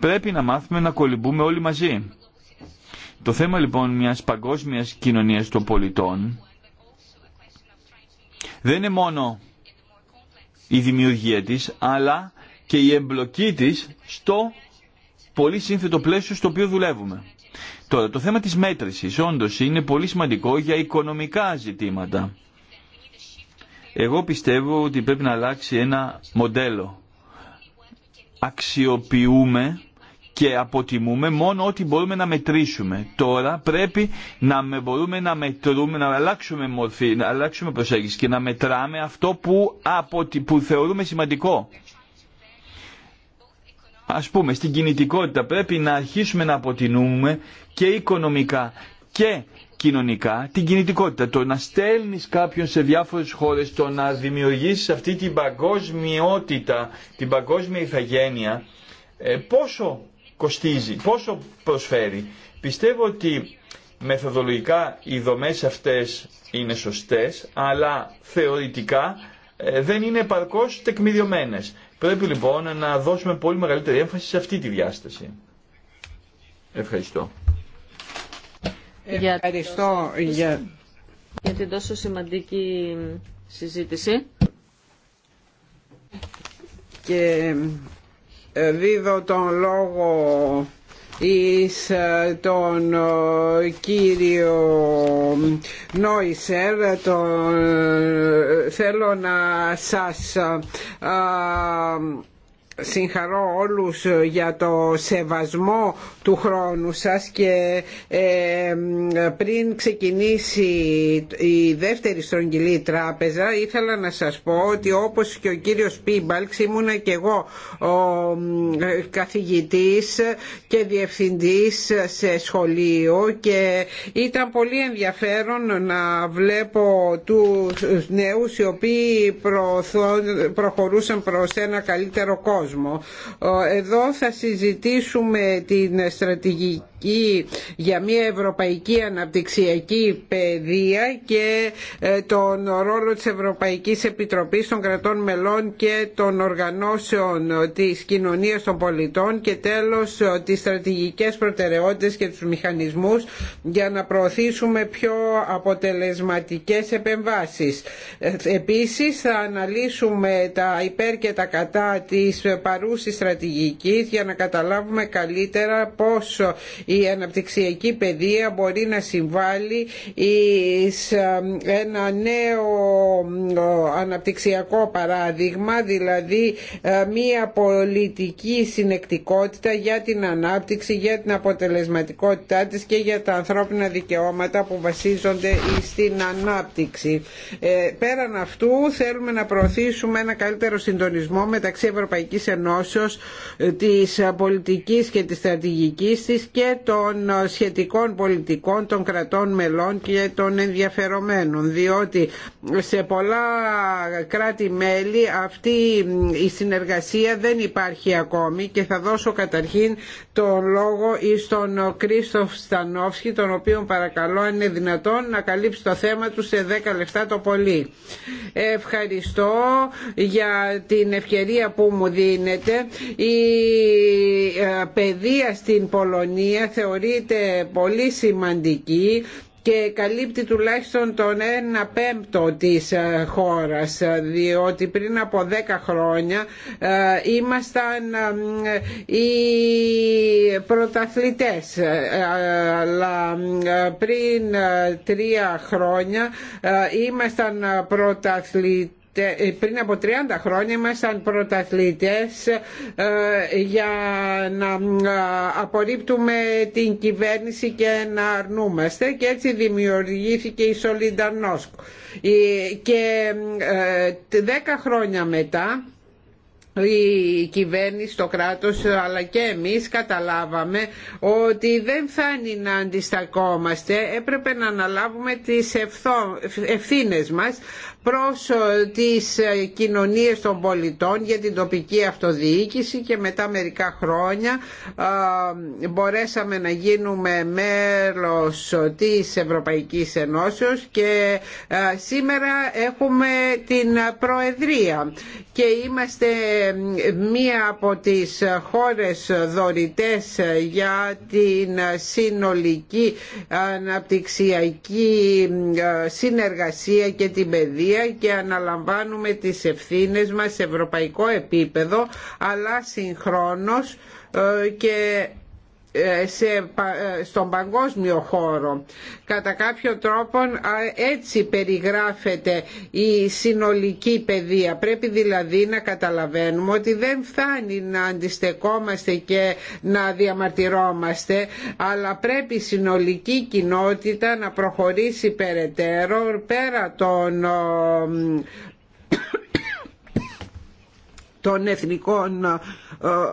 πρέπει να μάθουμε να κολυμπούμε όλοι μαζί. Το θέμα λοιπόν μιας παγκόσμιας κοινωνίας των πολιτών δεν είναι μόνο η δημιουργία της, αλλά και η εμπλοκή της στο πολύ σύνθετο πλαίσιο στο οποίο δουλεύουμε. Τώρα, το θέμα της μέτρησης όντως είναι πολύ σημαντικό για οικονομικά ζητήματα. Εγώ πιστεύω ότι πρέπει να αλλάξει ένα μοντέλο. Αξιοποιούμε και αποτιμούμε μόνο ό,τι μπορούμε να μετρήσουμε. Τώρα πρέπει να μπορούμε να μετρούμε, να αλλάξουμε μορφή, να αλλάξουμε προσέγγιση και να μετράμε αυτό που, αποτι... που θεωρούμε σημαντικό. Ας πούμε, στην κινητικότητα πρέπει να αρχίσουμε να αποτινούμε και οικονομικά και κοινωνικά την κινητικότητα. Το να στέλνεις κάποιον σε διάφορες χώρες, το να δημιουργήσεις αυτή την παγκόσμιότητα, την παγκόσμια ηθαγένεια, ε, πόσο κοστίζει, πόσο προσφέρει. Πιστεύω ότι μεθοδολογικά οι δομές αυτές είναι σωστές, αλλά θεωρητικά ε, δεν είναι επαρκώς τεκμηριωμένες. Πρέπει λοιπόν να δώσουμε πολύ μεγαλύτερη έμφαση σε αυτή τη διάσταση. Ευχαριστώ. Ευχαριστώ για, για την τόσο σημαντική συζήτηση. Και ε, δίδω τον λόγο εις ε, τον ε, κύριο Νόισερ τον, θέλω να σας α, συγχαρώ όλους ε, για το σεβασμό του χρόνου σας και ε, πριν ξεκινήσει η δεύτερη στρογγυλή τράπεζα ήθελα να σας πω ότι όπως και ο κύριος Πίμπαλξ ήμουνα και εγώ ο ε, καθηγητής και διευθυντής σε σχολείο και ήταν πολύ ενδιαφέρον να βλέπω τους νέους οι οποίοι προχωρούσαν προς ένα καλύτερο κόσμο εδώ θα συζητήσουμε την στρατηγική για μια ευρωπαϊκή αναπτυξιακή παιδεία και ε, τον ρόλο της Ευρωπαϊκής Επιτροπής των κρατών μελών και των οργανώσεων της κοινωνίας των πολιτών και τέλος ε, τις στρατηγικές προτεραιότητες και τους μηχανισμούς για να προωθήσουμε πιο αποτελεσματικές επεμβάσεις. Ε, επίσης θα αναλύσουμε τα υπέρ και τα κατά της παρούση στρατηγική για να καταλάβουμε καλύτερα πόσο η αναπτυξιακή παιδεία μπορεί να συμβάλλει σε ένα νέο ε, αναπτυξιακό παράδειγμα, δηλαδή ε, μία πολιτική συνεκτικότητα για την ανάπτυξη, για την αποτελεσματικότητά της και για τα ανθρώπινα δικαιώματα που βασίζονται στην ανάπτυξη. Ε, πέραν αυτού θέλουμε να προωθήσουμε ένα καλύτερο συντονισμό μεταξύ Ευρωπαϊκής Ενώσεως της πολιτικής και της στρατηγικής της και των σχετικών πολιτικών των κρατών μελών και των ενδιαφερομένων διότι σε πολλά κράτη-μέλη αυτή η συνεργασία δεν υπάρχει ακόμη και θα δώσω καταρχήν τον λόγο τον Κρίστοφ Στανόφσκι τον οποίον παρακαλώ αν είναι δυνατόν να καλύψει το θέμα του σε 10 λεπτά το πολύ. Ευχαριστώ για την ευκαιρία που μου δίνει γίνεται. Η ε, παιδεία στην Πολωνία θεωρείται πολύ σημαντική και καλύπτει τουλάχιστον τον 1 πέμπτο της ε, χώρας ε, διότι πριν από 10 χρόνια ήμασταν οι πρωταθλητές αλλά πριν 3 χρόνια ήμασταν πρωταθλητές ε, πριν από 30 χρόνια ήμασταν πρωταθλητές ε, για να ε, απορρίπτουμε την κυβέρνηση και να αρνούμαστε και έτσι δημιουργήθηκε η Σολιντανόσκ. Και 10 χρόνια μετά η κυβέρνηση, το κράτος αλλά και εμείς καταλάβαμε ότι δεν φτάνει να αντιστακόμαστε έπρεπε να αναλάβουμε τις ευθύνες μας προς ε, τις ε, κοινωνίες των πολιτών για την τοπική αυτοδιοίκηση και μετά μερικά χρόνια ε, μπορέσαμε να γίνουμε μέλος της Ευρωπαϊκής Ενώσεως και σήμερα έχουμε την Προεδρία και είμαστε μία από τις χώρες δωρητές για την συνολική αναπτυξιακή συνεργασία και την παιδεία και αναλαμβάνουμε τις ευθύνες μας σε ευρωπαϊκό επίπεδο αλλά συγχρόνως ε, και ε, ε, στον παγκόσμιο χώρο. Κατά κάποιο τρόπο έτσι περιγράφεται η συνολική παιδεία. Πρέπει δηλαδή να καταλαβαίνουμε ότι δεν φτάνει να αντιστεκόμαστε και να διαμαρτυρόμαστε αλλά πρέπει η συνολική κοινότητα να προχωρήσει περαιτέρω πέρα των των εθνικών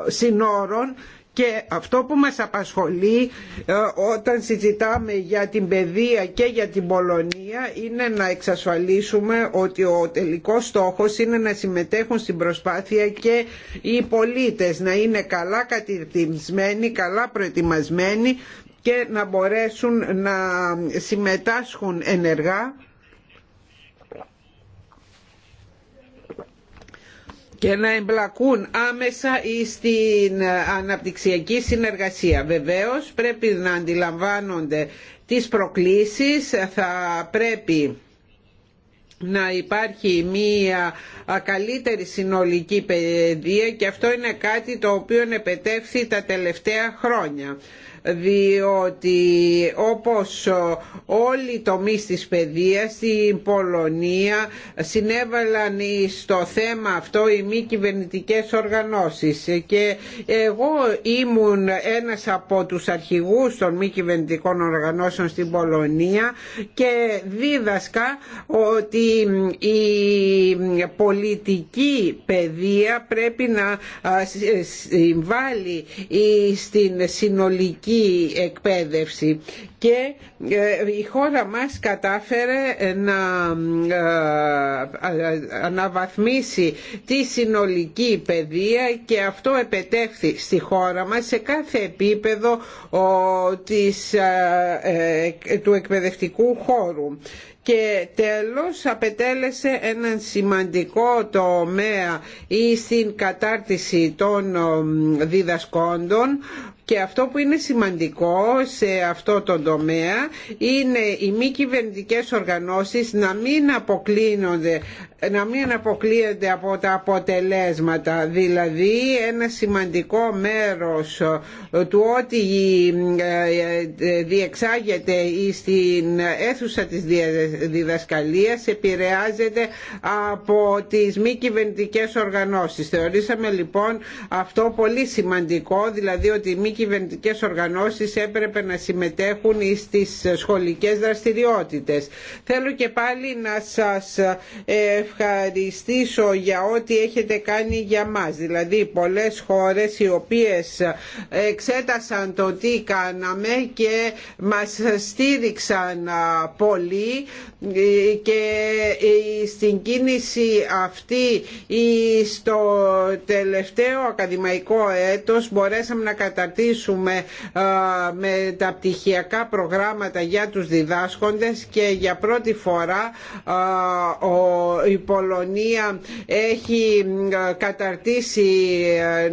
συνόρων και αυτό που μας απασχολεί ε, όταν συζητάμε για την παιδεία και για την Πολωνία είναι να εξασφαλίσουμε ότι ο τελικός στόχος είναι να συμμετέχουν στην προσπάθεια και οι πολίτες να είναι καλά κατηρτισμένοι, καλά προετοιμασμένοι και να μπορέσουν να συμμετάσχουν ενεργά και να εμπλακούν άμεσα στην αναπτυξιακή συνεργασία. Βεβαίως πρέπει να αντιλαμβάνονται τις προκλήσεις, θα πρέπει να υπάρχει μία καλύτερη συνολική παιδεία και αυτό είναι κάτι το οποίο επετεύχθη τα τελευταία χρόνια διότι όπως όλοι οι τομείς της παιδείας στην Πολωνία συνέβαλαν στο θέμα αυτό οι μη κυβερνητικέ οργανώσεις και εγώ ήμουν ένας από τους αρχηγούς των μη κυβερνητικών οργανώσεων στην Πολωνία και δίδασκα ότι η πολιτική παιδεία πρέπει να συμβάλλει στην συνολική η εκπαίδευση και ε, η χώρα μας κατάφερε να ε, ε, αναβαθμίσει τη συνολική παιδεία και αυτό επετεύχθη στη χώρα μας σε κάθε επίπεδο της, του εκπαιδευτικού χώρου και τέλος απετέλεσε έναν σημαντικό τομέα ή στην κατάρτιση των διδασκόντων και αυτό που είναι σημαντικό σε αυτό το τομέα είναι οι μη κυβερνητικέ οργανώσεις να μην αποκλίνονται να μην αποκλείονται από τα αποτελέσματα δηλαδή ένα σημαντικό μέρος του ότι ε, ε, διεξάγεται στην αίθουσα της διδασκαλίας επηρεάζεται από τις μη κυβερνητικέ οργανώσεις. Θεωρήσαμε λοιπόν αυτό πολύ σημαντικό δηλαδή ότι οι κυβερνητικές οργανώσεις έπρεπε να συμμετέχουν στις σχολικές δραστηριότητες. Θέλω και πάλι να σας ευχαριστήσω για ό,τι έχετε κάνει για μας. Δηλαδή πολλές χώρες οι οποίες εξέτασαν το τι κάναμε και μας στήριξαν πολύ και στην κίνηση αυτή στο τελευταίο ακαδημαϊκό έτος μπορέσαμε να καταρτήσουμε με τα πτυχιακά προγράμματα για τους διδάσκοντες και για πρώτη φορά η Πολωνία έχει καταρτήσει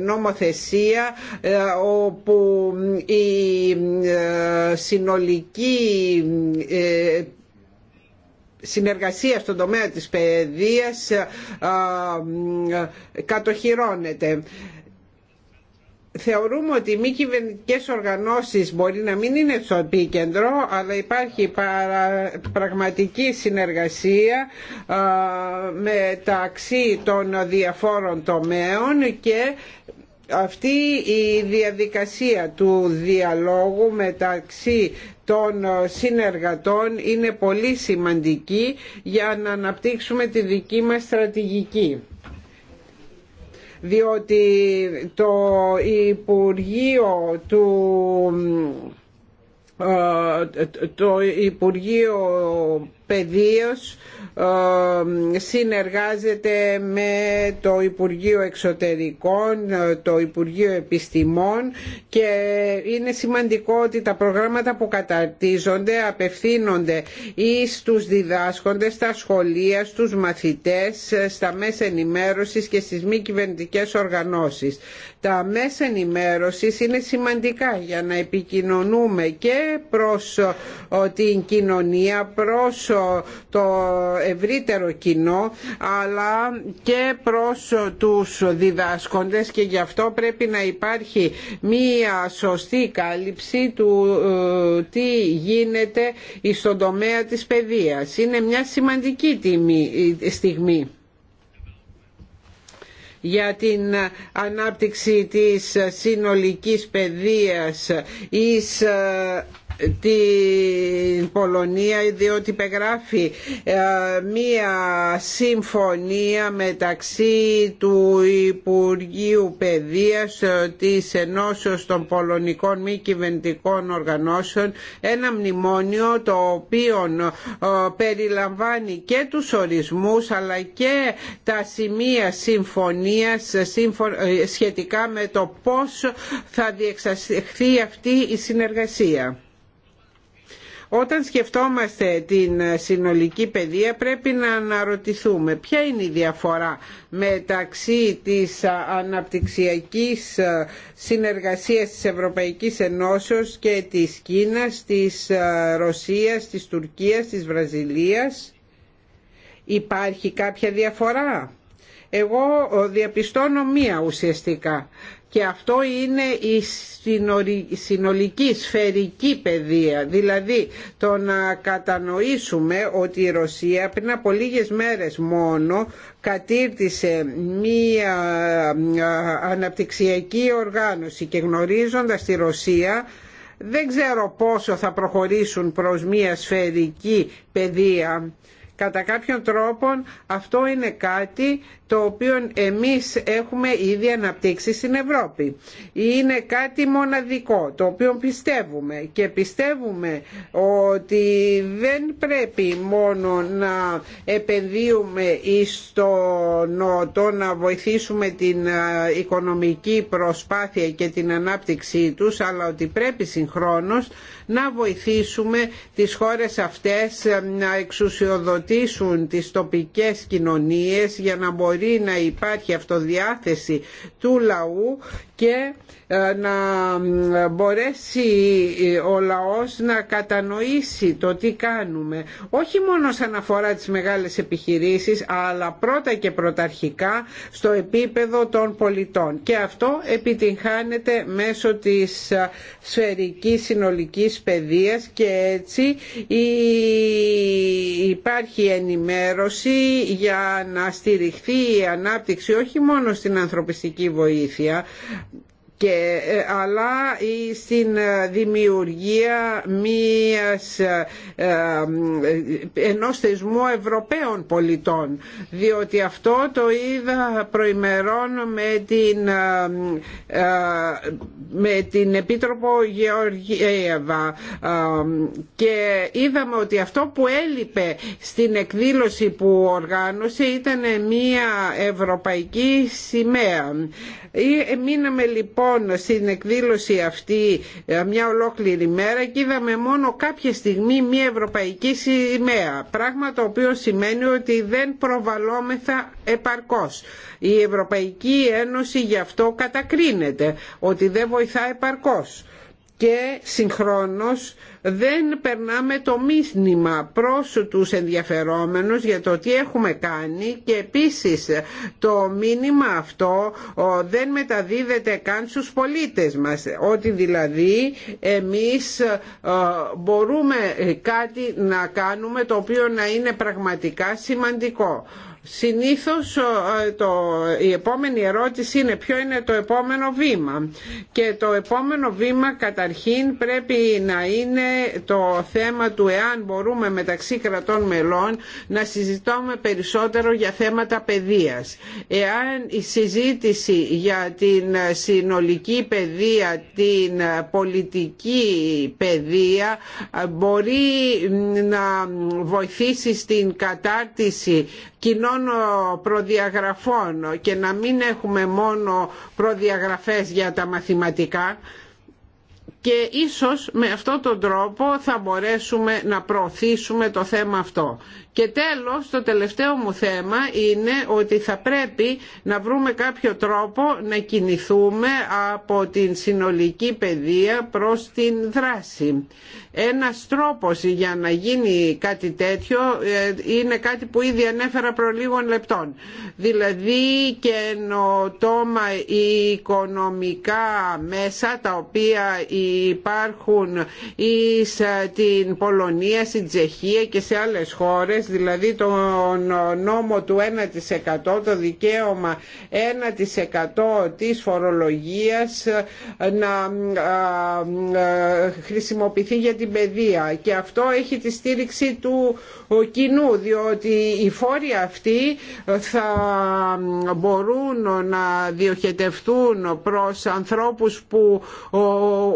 νομοθεσία ε, όπου η ε, συνολική ε, συνεργασία στον τομέα της παιδείας κατοχυρώνεται. Θεωρούμε ότι οι μη κυβερνητικέ οργανώσεις μπορεί να μην είναι στο επίκεντρο, αλλά υπάρχει πραγματική συνεργασία μεταξύ των διαφόρων τομέων και αυτή η διαδικασία του διαλόγου μεταξύ των συνεργατών είναι πολύ σημαντική για να αναπτύξουμε τη δική μας στρατηγική διότι το Υπουργείο του ε, το Υπουργείο ε, συνεργάζεται με το Υπουργείο Εξωτερικών, ε, το Υπουργείο Επιστημών και είναι σημαντικό ότι τα προγράμματα που καταρτίζονται απευθύνονται ή στους διδάσκοντες, στα σχολεία, στους μαθητές, ε, στα μέσα ενημέρωσης και στις μη κυβερνητικέ οργανώσεις. Τα μέσα ενημέρωσης είναι σημαντικά για να επικοινωνούμε και προς ε, την κοινωνία, προς το ευρύτερο κοινό αλλά και προς τους διδάσκοντες και γι' αυτό πρέπει να υπάρχει μία σωστή κάλυψη του ε, τι γίνεται στον τομέα της παιδείας. Είναι μια σημαντική ε, στιγμή για την ανάπτυξη της συνολικής παιδείας εις ε, την Πολωνία διότι υπεγράφει ε, μία συμφωνία μεταξύ του Υπουργείου Παιδείας ε, της Ενώσεως των Πολωνικών Μη Κυβερνητικών Οργανώσεων ένα μνημόνιο το οποίο ε, περιλαμβάνει και τους ορισμούς αλλά και τα σημεία συμφωνίας σχετικά με το πώς θα διεξαχθεί αυτή η συνεργασία. Όταν σκεφτόμαστε την συνολική παιδεία πρέπει να αναρωτηθούμε ποια είναι η διαφορά μεταξύ της αναπτυξιακής συνεργασίας της Ευρωπαϊκής Ενώσεως και της Κίνας, της Ρωσίας, της Τουρκίας, της Βραζιλίας. Υπάρχει κάποια διαφορά. Εγώ διαπιστώνω μία ουσιαστικά και αυτό είναι η συνολική σφαιρική παιδεία. Δηλαδή το να κατανοήσουμε ότι η Ρωσία πριν από λίγες μέρες μόνο κατήρτισε μία αναπτυξιακή οργάνωση και γνωρίζοντας τη Ρωσία δεν ξέρω πόσο θα προχωρήσουν προς μία σφαιρική παιδεία. Κατά κάποιον τρόπο αυτό είναι κάτι το οποίο εμείς έχουμε ήδη αναπτύξει στην Ευρώπη. Είναι κάτι μοναδικό το οποίο πιστεύουμε και πιστεύουμε ότι δεν πρέπει μόνο να επενδύουμε στο νότο να βοηθήσουμε την οικονομική προσπάθεια και την ανάπτυξή τους αλλά ότι πρέπει συγχρόνως να βοηθήσουμε τις χώρες αυτές να εξουσιοδοτήσουν τις τοπικές κοινωνίες για να μπορεί να υπάρχει αυτοδιάθεση του λαού και ε, να ε, μπορέσει ε, ο λαός να κατανοήσει το τι κάνουμε όχι μόνο σαν αφορά τις μεγάλες επιχειρήσεις αλλά πρώτα και πρωταρχικά στο επίπεδο των πολιτών και αυτό επιτυγχάνεται μέσω της σφαιρικής συνολικής παιδείας και έτσι υπάρχει ενημέρωση για να στηριχθεί η ανάπτυξη όχι μόνο στην ανθρωπιστική βοήθεια και, ε, αλλά στην ε, δημιουργία μιας, ε, ενός θεσμού Ευρωπαίων πολιτών διότι αυτό το είδα προημερών με την, με την Επίτροπο Γεωργίευα και είδαμε ότι αυτό που έλειπε στην εκδήλωση που οργάνωσε ήταν μια ευρωπαϊκή σημαία. Μείναμε λοιπόν λοιπόν στην εκδήλωση αυτή ε, μια ολόκληρη μέρα και είδαμε μόνο κάποια στιγμή μια ευρωπαϊκή σημαία πράγμα το οποίο σημαίνει ότι δεν προβαλόμεθα επαρκώς. Η Ευρωπαϊκή Ένωση γι' αυτό κατακρίνεται ότι δεν βοηθά επαρκώς και συγχρόνως δεν περνάμε το μήνυμα προς τους ενδιαφερόμενους για το τι έχουμε κάνει και επίσης το μήνυμα αυτό δεν μεταδίδεται καν στους πολίτες μας ότι δηλαδή εμείς μπορούμε κάτι να κάνουμε το οποίο να είναι πραγματικά σημαντικό. Συνήθως το, η επόμενη ερώτηση είναι ποιο είναι το επόμενο βήμα και το επόμενο βήμα καταρχήν πρέπει να είναι το θέμα του εάν μπορούμε μεταξύ κρατών μελών να συζητάμε περισσότερο για θέματα παιδείας. Εάν η συζήτηση για την συνολική παιδεία, την πολιτική παιδεία μπορεί να βοηθήσει στην κατάρτιση κοινών προδιαγραφών και να μην έχουμε μόνο προδιαγραφές για τα μαθηματικά και ίσως με αυτόν τον τρόπο θα μπορέσουμε να προωθήσουμε το θέμα αυτό. Και τέλος, το τελευταίο μου θέμα είναι ότι θα πρέπει να βρούμε κάποιο τρόπο να κινηθούμε από την συνολική παιδεία προς την δράση. Ένας τρόπος για να γίνει κάτι τέτοιο ε, είναι κάτι που ήδη ανέφερα προ λίγων λεπτών. Δηλαδή καινοτόμα οικονομικά μέσα τα οποία οι υπάρχουν ή ε, την Πολωνία, στην Τσεχία και σε άλλες χώρες, δηλαδή τον νόμο του 1%, το δικαίωμα 1% της φορολογίας ε, να ε, χρησιμοποιηθεί για την παιδεία και αυτό έχει τη στήριξη του κοινού διότι οι φόροι αυτοί θα μπορούν να διοχετευτούν προς ανθρώπους που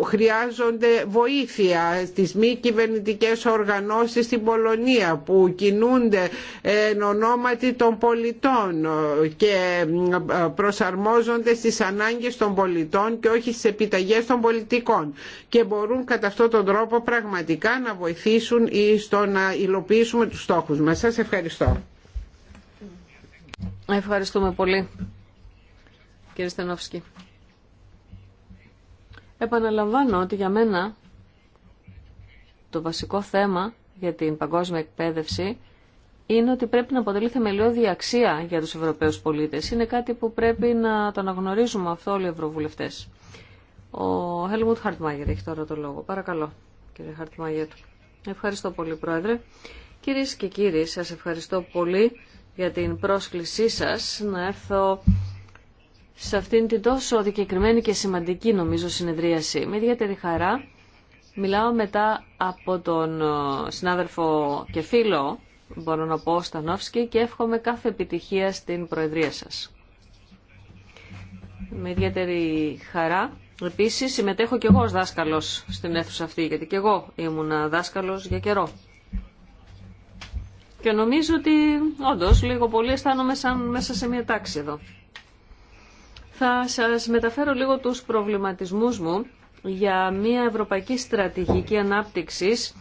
χρειάζονται χρειάζονται βοήθεια στις μη κυβερνητικέ οργανώσεις στην Πολωνία που κινούνται εν ονόματι των πολιτών και προσαρμόζονται στις ανάγκες των πολιτών και όχι στις επιταγές των πολιτικών και μπορούν κατά αυτόν τον τρόπο πραγματικά να βοηθήσουν ή στο να υλοποιήσουμε τους στόχους μας. Σας ευχαριστώ. Ευχαριστούμε πολύ. Κύριε Στενόφσκι. Επαναλαμβάνω ότι για μένα το βασικό θέμα για την παγκόσμια εκπαίδευση είναι ότι πρέπει να αποτελεί θεμελιώδη αξία για τους Ευρωπαίους πολίτες. Είναι κάτι που πρέπει να το αναγνωρίζουμε αυτό όλοι οι Ευρωβουλευτές. Ο Helmut Χαρτμάγερ έχει τώρα το λόγο. Παρακαλώ, κύριε Χαρτμάγερ. Ευχαριστώ πολύ, Πρόεδρε. Κυρίε και κύριοι, σας ευχαριστώ πολύ για την πρόσκλησή σας να έρθω σε αυτήν την τόσο δικαικριμένη και σημαντική νομίζω συνεδρίαση. Με ιδιαίτερη χαρά μιλάω μετά από τον ε, συνάδελφο και φίλο, μπορώ να πω, Στανόφσκι και εύχομαι κάθε επιτυχία στην Προεδρία σας. Με ιδιαίτερη χαρά. Επίσης συμμετέχω και εγώ ως δάσκαλος στην αίθουσα αυτή, γιατί και εγώ ήμουν δάσκαλος για καιρό. Και νομίζω ότι όντως λίγο πολύ αισθάνομαι σαν μέσα σε μια τάξη εδώ. Θα σας μεταφέρω λίγο τους προβληματισμούς μου για μια ευρωπαϊκή στρατηγική ανάπτυξης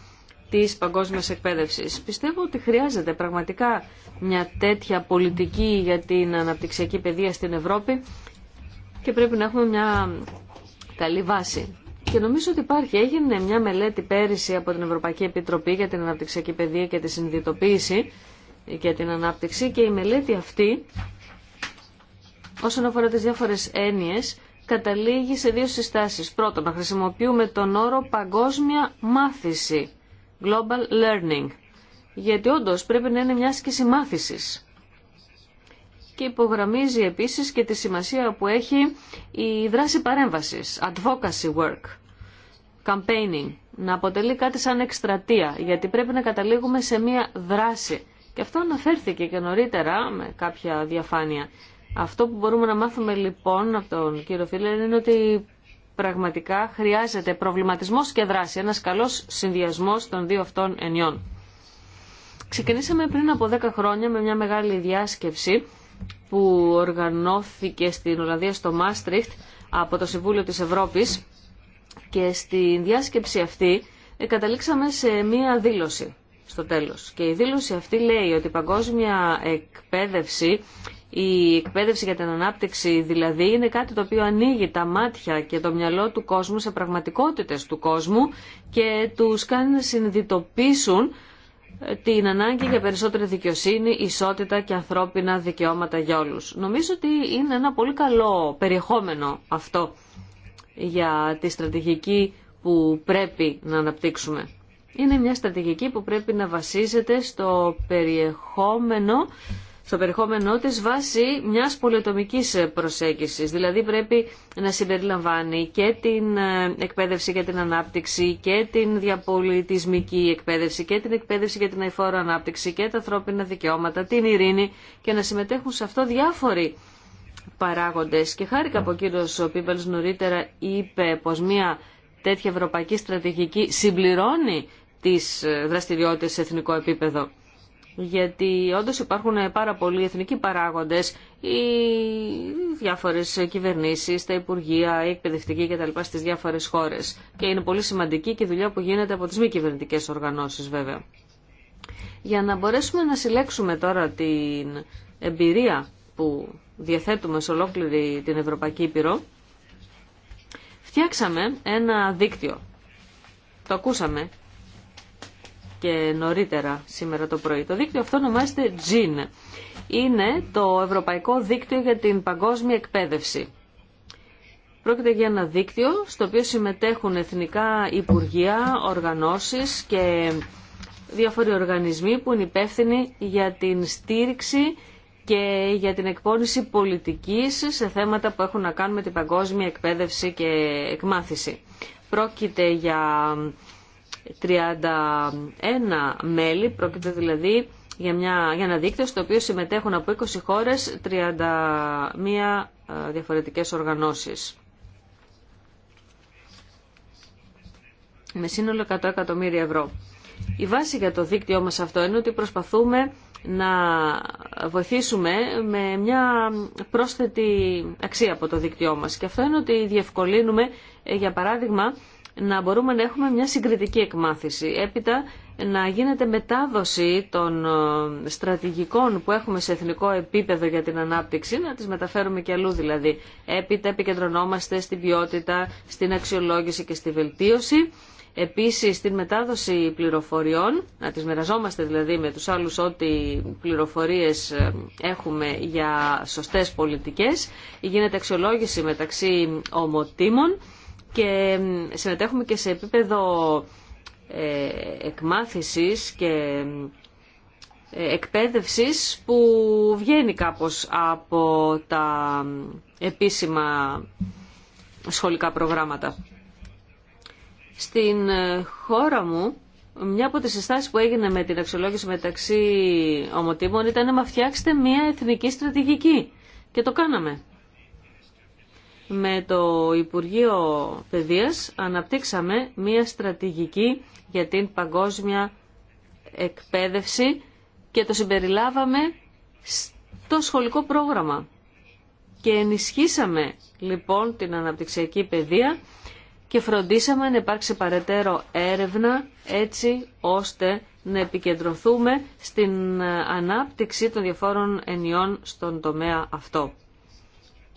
της παγκόσμιας εκπαίδευσης. Πιστεύω ότι χρειάζεται πραγματικά μια τέτοια πολιτική για την αναπτυξιακή παιδεία στην Ευρώπη και πρέπει να έχουμε μια καλή βάση. Και νομίζω ότι υπάρχει. Έγινε μια μελέτη πέρυσι από την Ευρωπαϊκή Επιτροπή για την Αναπτυξιακή Παιδεία και τη συνειδητοποίηση και την Ανάπτυξη και η μελέτη αυτή όσον αφορά τις διάφορες έννοιες, καταλήγει σε δύο συστάσεις. Πρώτον, να χρησιμοποιούμε τον όρο παγκόσμια μάθηση, global learning, γιατί όντως πρέπει να είναι μια άσκηση μάθησης. Και υπογραμμίζει επίσης και τη σημασία που έχει η δράση παρέμβασης, advocacy work, campaigning, να αποτελεί κάτι σαν εκστρατεία, γιατί πρέπει να καταλήγουμε σε μια δράση. Και αυτό αναφέρθηκε και νωρίτερα με κάποια διαφάνεια. Αυτό που μπορούμε να μάθουμε λοιπόν από τον κύριο Φίλερ είναι ότι πραγματικά χρειάζεται προβληματισμός και δράση, ένας καλός συνδυασμός των δύο αυτών ενιών. Ξεκινήσαμε πριν από 10 χρόνια με μια μεγάλη διάσκεψη που οργανώθηκε στην Ολλανδία στο Μάστριχτ από το Συμβούλιο της Ευρώπης και στη διάσκεψη αυτή ε, καταλήξαμε σε μία δήλωση στο τέλος. Και η δήλωση αυτή λέει ότι η παγκόσμια εκπαίδευση η εκπαίδευση για την ανάπτυξη δηλαδή είναι κάτι το οποίο ανοίγει τα μάτια και το μυαλό του κόσμου σε πραγματικότητες του κόσμου και τους κάνει να συνειδητοποιήσουν ε, την ανάγκη για περισσότερη δικαιοσύνη, ισότητα και ανθρώπινα δικαιώματα για όλους. Νομίζω ότι είναι ένα πολύ καλό περιεχόμενο αυτό για τη στρατηγική που πρέπει να αναπτύξουμε. Είναι μια στρατηγική που πρέπει να βασίζεται στο περιεχόμενο στο περιεχόμενό της βάσει μιας πολυατομικής προσέγγισης. Δηλαδή πρέπει να συμπεριλαμβάνει και την ε, εκπαίδευση για την ανάπτυξη και την διαπολιτισμική εκπαίδευση και την εκπαίδευση για την αηφόρο ανάπτυξη και τα ανθρώπινα δικαιώματα, την ειρήνη και να συμμετέχουν σε αυτό διάφοροι παράγοντες. Και χάρηκα από ο κύριος Πίπελς νωρίτερα είπε πως μια τέτοια ευρωπαϊκή στρατηγική συμπληρώνει τις ε, δραστηριότητες σε εθνικό επίπεδο γιατί όντως υπάρχουν πάρα πολλοί εθνικοί παράγοντες, οι διάφορες κυβερνήσεις, τα Υπουργεία, η εκπαιδευτική κτλ. στι διάφορες χώρες. Και είναι πολύ σημαντική και η δουλειά που γίνεται από τις μη κυβερνητικέ οργανώσεις βέβαια. Για να μπορέσουμε να συλλέξουμε τώρα την εμπειρία που διαθέτουμε σε ολόκληρη την Ευρωπαϊκή Ήπειρο, φτιάξαμε ένα δίκτυο. Το ακούσαμε και νωρίτερα σήμερα το πρωί. Το δίκτυο αυτό ονομάζεται GIN. Είναι το Ευρωπαϊκό Δίκτυο για την Παγκόσμια Εκπαίδευση. Πρόκειται για ένα δίκτυο στο οποίο συμμετέχουν εθνικά υπουργεία, οργανώσεις και διάφοροι οργανισμοί που είναι υπεύθυνοι για την στήριξη και για την εκπόνηση πολιτικής σε θέματα που έχουν να κάνουν με την παγκόσμια εκπαίδευση και εκμάθηση. Πρόκειται για 31 μέλη, πρόκειται δηλαδή για, μια, για ένα δίκτυο στο οποίο συμμετέχουν από 20 χώρες 31 ε, διαφορετικές οργανώσεις. Με σύνολο 100 εκατομμύρια ευρώ. Η βάση για το δίκτυό μας αυτό είναι ότι προσπαθούμε να βοηθήσουμε με μια πρόσθετη αξία από το δίκτυό μας. Και αυτό είναι ότι διευκολύνουμε, ε, για παράδειγμα, να μπορούμε να έχουμε μια συγκριτική εκμάθηση. Έπειτα να γίνεται μετάδοση των ε, στρατηγικών που έχουμε σε εθνικό επίπεδο για την ανάπτυξη, να τις μεταφέρουμε και αλλού δηλαδή. Έπειτα επικεντρωνόμαστε στην ποιότητα, στην αξιολόγηση και στη βελτίωση. Επίσης στην μετάδοση πληροφοριών, να τις μοιραζόμαστε δηλαδή με τους άλλους ό,τι πληροφορίες ε, έχουμε για σωστές πολιτικές. Γίνεται αξιολόγηση μεταξύ ομοτήμων και συμμετέχουμε και σε επίπεδο ε, εκμάθησης και ε, εκπαίδευσης που βγαίνει κάπως από τα επίσημα σχολικά προγράμματα. Στην ε, χώρα μου, μια από τις συστάσεις που έγινε με την αξιολόγηση μεταξύ ομοτήμων ήταν να φτιάξετε μια εθνική στρατηγική. Και το κάναμε με το Υπουργείο Παιδείας αναπτύξαμε μία στρατηγική για την παγκόσμια εκπαίδευση και το συμπεριλάβαμε στο σχολικό πρόγραμμα. Και ενισχύσαμε λοιπόν την αναπτυξιακή παιδεία και φροντίσαμε να υπάρξει παρετέρω έρευνα έτσι ώστε να επικεντρωθούμε στην ανάπτυξη των διαφόρων ενιών στον τομέα αυτό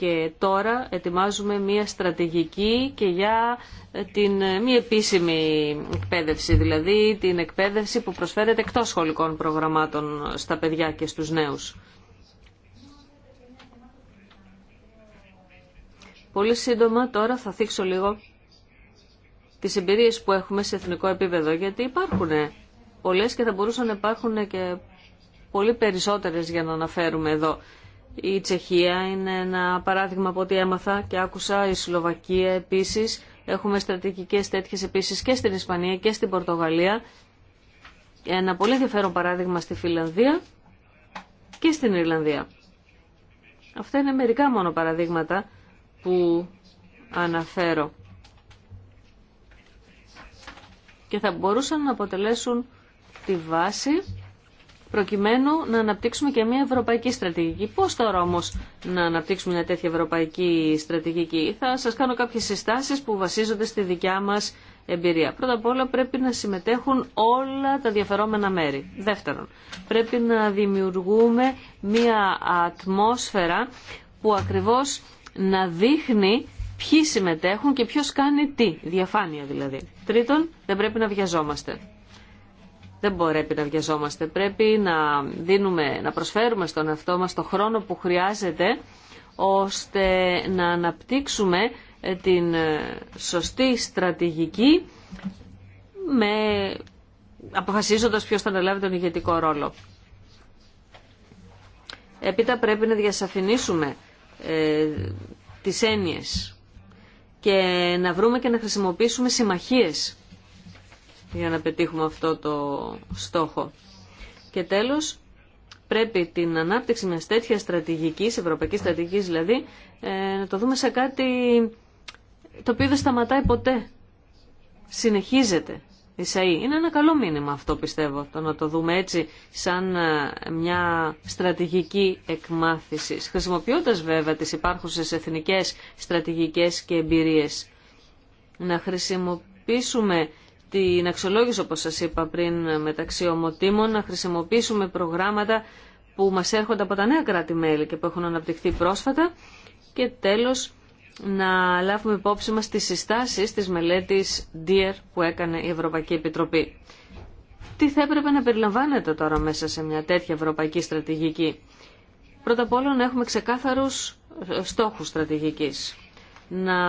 και τώρα ετοιμάζουμε μία στρατηγική και για ε, την ε, μη επίσημη εκπαίδευση, δηλαδή την εκπαίδευση που προσφέρεται εκτός σχολικών προγραμμάτων στα παιδιά και στους νέους. Πολύ σύντομα τώρα θα θίξω λίγο τις εμπειρίες που έχουμε σε εθνικό επίπεδο, γιατί υπάρχουν πολλές και θα μπορούσαν να υπάρχουν και πολύ περισσότερες για να αναφέρουμε εδώ. Η Τσεχία είναι ένα παράδειγμα από ό,τι έμαθα και άκουσα, η Σλοβακία επίσης. Έχουμε στρατηγικές τέτοιες επίσης και στην Ισπανία και στην Πορτογαλία. Ένα πολύ ενδιαφέρον παράδειγμα στη Φιλανδία και στην Ιρλανδία. Αυτά είναι μερικά μόνο παραδείγματα που αναφέρω. Και θα μπορούσαν να αποτελέσουν τη βάση προκειμένου να αναπτύξουμε και μια ευρωπαϊκή στρατηγική. Πώς τώρα όμω να αναπτύξουμε μια τέτοια ευρωπαϊκή στρατηγική. Θα σας κάνω κάποιες συστάσει που βασίζονται στη δικιά μας εμπειρία. Πρώτα απ' όλα πρέπει να συμμετέχουν όλα τα διαφερόμενα μέρη. Δεύτερον, πρέπει να δημιουργούμε μια ατμόσφαιρα που ακριβώς να δείχνει ποιοι συμμετέχουν και ποιος κάνει τι, διαφάνεια δηλαδή. Τρίτον, δεν πρέπει να βιαζόμαστε. Δεν πρέπει να βιαζόμαστε. Πρέπει να, δίνουμε, να προσφέρουμε στον εαυτό μας το χρόνο που χρειάζεται ώστε να αναπτύξουμε ε, την ε, σωστή στρατηγική με αποφασίζοντας ποιος θα αναλάβει τον ηγετικό ρόλο. Έπειτα πρέπει να διασαφηνίσουμε ε, τις έννοιες και να βρούμε και να χρησιμοποιήσουμε συμμαχίες για να πετύχουμε αυτό το στόχο. Και τέλος, πρέπει την ανάπτυξη μιας τέτοια στρατηγικής, ευρωπαϊκής στρατηγικής δηλαδή, ε, να το δούμε σε κάτι το οποίο δεν σταματάει ποτέ. Συνεχίζεται. Ισαΐ. Είναι ένα καλό μήνυμα αυτό πιστεύω, το να το δούμε έτσι σαν ε, μια στρατηγική εκμάθηση, χρησιμοποιώντας βέβαια τις υπάρχουσες εθνικές στρατηγικές και εμπειρίες. Να χρησιμοποιήσουμε την αξιολόγηση, όπως σας είπα πριν, μεταξύ ομοτήμων, να χρησιμοποιήσουμε προγράμματα που μας έρχονται από τα νέα κράτη-μέλη και που έχουν αναπτυχθεί πρόσφατα και τέλος να λάβουμε υπόψη μας τις συστάσεις της μελέτης DEAR που έκανε η Ευρωπαϊκή Επιτροπή. Τι θα έπρεπε να περιλαμβάνεται τώρα μέσα σε μια τέτοια ευρωπαϊκή στρατηγική. Πρώτα απ' όλα να έχουμε ξεκάθαρους ε, στόχους στρατηγικής να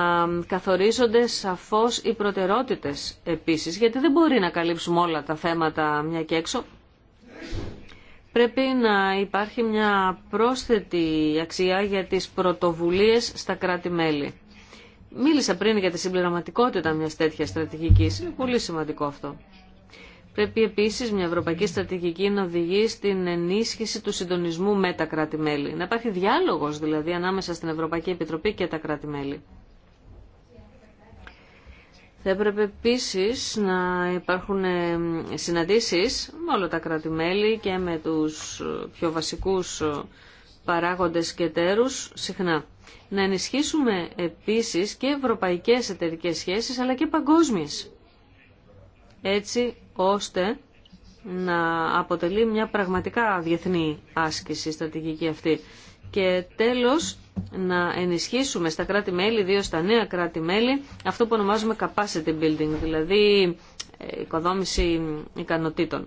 καθορίζονται σαφώς οι προτερότητες επίσης, γιατί δεν μπορεί να καλύψουμε όλα τα θέματα μια και έξω. Πρέπει να υπάρχει μια πρόσθετη αξία για τις πρωτοβουλίες στα κράτη-μέλη. Μίλησα πριν για τη συμπληρωματικότητα μιας τέτοιας στρατηγικής. Είναι πολύ σημαντικό αυτό. Πρέπει επίσης μια ευρωπαϊκή στρατηγική να οδηγεί στην ενίσχυση του συντονισμού με τα κράτη-μέλη. Να υπάρχει διάλογος δηλαδή ανάμεσα στην Ευρωπαϊκή Επιτροπή και τα κράτη-μέλη. Θα έπρεπε επίσης να υπάρχουν ε, συναντήσεις με όλα τα κράτη-μέλη και με τους πιο βασικούς ε, παράγοντες και τέρους συχνά. Να ενισχύσουμε επίσης και ευρωπαϊκές εταιρικές σχέσεις αλλά και παγκόσμιες έτσι ώστε να αποτελεί μια πραγματικά διεθνή άσκηση η στρατηγική αυτή. Και τέλος, να ενισχύσουμε στα κράτη-μέλη, δύο στα νέα κράτη-μέλη, αυτό που ονομάζουμε capacity building, δηλαδή ε, οικοδόμηση ικανοτήτων.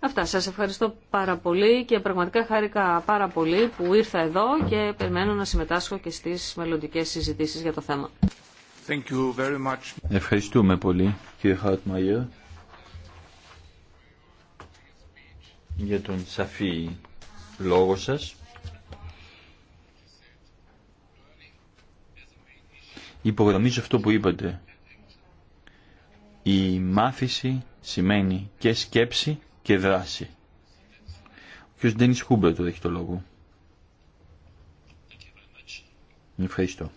Αυτά. Σας ευχαριστώ πάρα πολύ και πραγματικά χάρηκα πάρα πολύ που ήρθα εδώ και περιμένω να συμμετάσχω και στις μελλοντικέ συζητήσεις για το θέμα. Thank you very much. Ευχαριστούμε πολύ κύριε Χαρτμαγερ. για τον σαφή λόγο σας. Υπογραμμίζω αυτό που είπατε. Η μάθηση σημαίνει και σκέψη και δράση. Ο κ. Ντένις Χούμπερ το έχει το λόγο. Ευχαριστώ.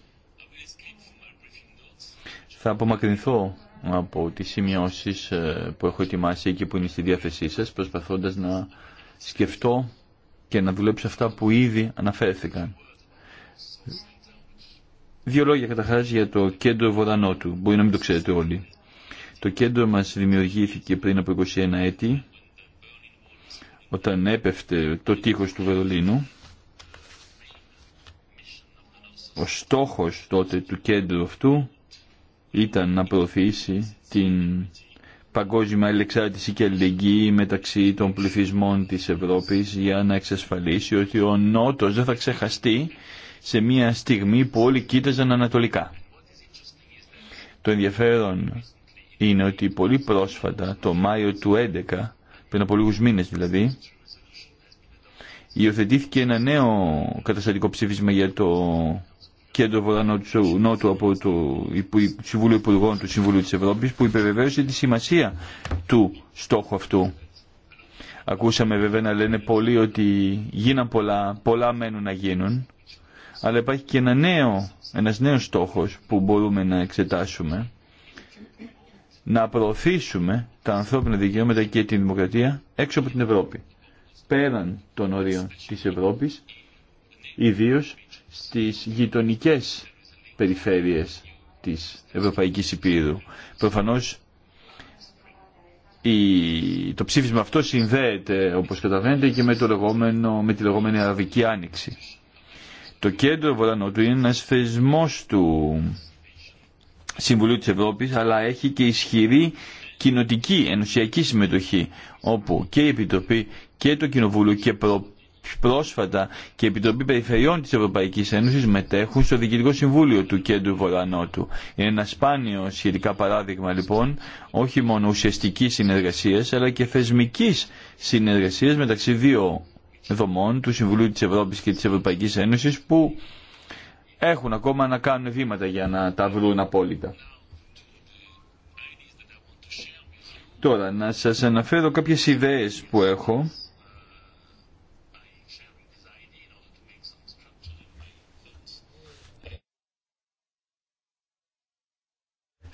Θα απομακρυνθώ από τις σημειώσεις ε, που έχω ετοιμάσει και που είναι στη διάθεσή σας προσπαθώντας να σκεφτώ και να δουλέψω αυτά που ήδη αναφέρθηκαν. Δύο λόγια καταρχάς για το κέντρο Βορανότου. Μπορεί να μην το ξέρετε όλοι. Το κέντρο μας δημιουργήθηκε πριν από 21 έτη όταν έπεφτε το τείχος του Βερολίνου. Ο στόχος τότε του κέντρου αυτού ήταν να προωθήσει την παγκόσμια ελεξάρτηση και αλληλεγγύη μεταξύ των πληθυσμών της Ευρώπης για να εξασφαλίσει ότι ο Νότος δεν θα ξεχαστεί σε μια στιγμή που όλοι κοίταζαν ανατολικά. Το ενδιαφέρον είναι ότι πολύ πρόσφατα, το Μάιο του 11, πριν από λίγους μήνες δηλαδή, υιοθετήθηκε ένα νέο καταστατικό ψήφισμα για το κέντρο του νότου από το Συμβούλιο Υπουργών του Συμβουλίου της Ευρώπης που υπεβεβαίωσε τη σημασία του στόχου αυτού. Ακούσαμε βέβαια να λένε πολλοί ότι γίναν πολλά, πολλά μένουν να γίνουν, αλλά υπάρχει και ένα νέο, ένας νέος στόχος που μπορούμε να εξετάσουμε, να προωθήσουμε τα ανθρώπινα δικαιώματα και τη δημοκρατία έξω από την Ευρώπη, πέραν των ορίων της Ευρώπης, ιδίως στις γειτονικές περιφέρειες της Ευρωπαϊκής Υπήρου. Προφανώς το ψήφισμα αυτό συνδέεται, όπως καταλαβαίνετε, και με, το λεγόμενο, με τη λεγόμενη Αραβική Άνοιξη. Το κέντρο Βορανότου είναι ένας θεσμός του Συμβουλίου της Ευρώπης, αλλά έχει και ισχυρή κοινοτική, ενωσιακή συμμετοχή, όπου και η Επιτροπή και το Κοινοβούλιο και προ πρόσφατα και η Επιτροπή Περιφερειών της Ευρωπαϊκής Ένωσης μετέχουν στο Διοικητικό Συμβούλιο του Κέντρου Βορανότου. Είναι ένα σπάνιο σχετικά παράδειγμα λοιπόν όχι μόνο ουσιαστικής συνεργασίας αλλά και θεσμική συνεργασίας μεταξύ δύο δομών του Συμβουλίου της Ευρώπης και της Ευρωπαϊκής Ένωσης που έχουν ακόμα να κάνουν βήματα για να τα βρουν απόλυτα. Τώρα, να σας αναφέρω κάποιες ιδέες που έχω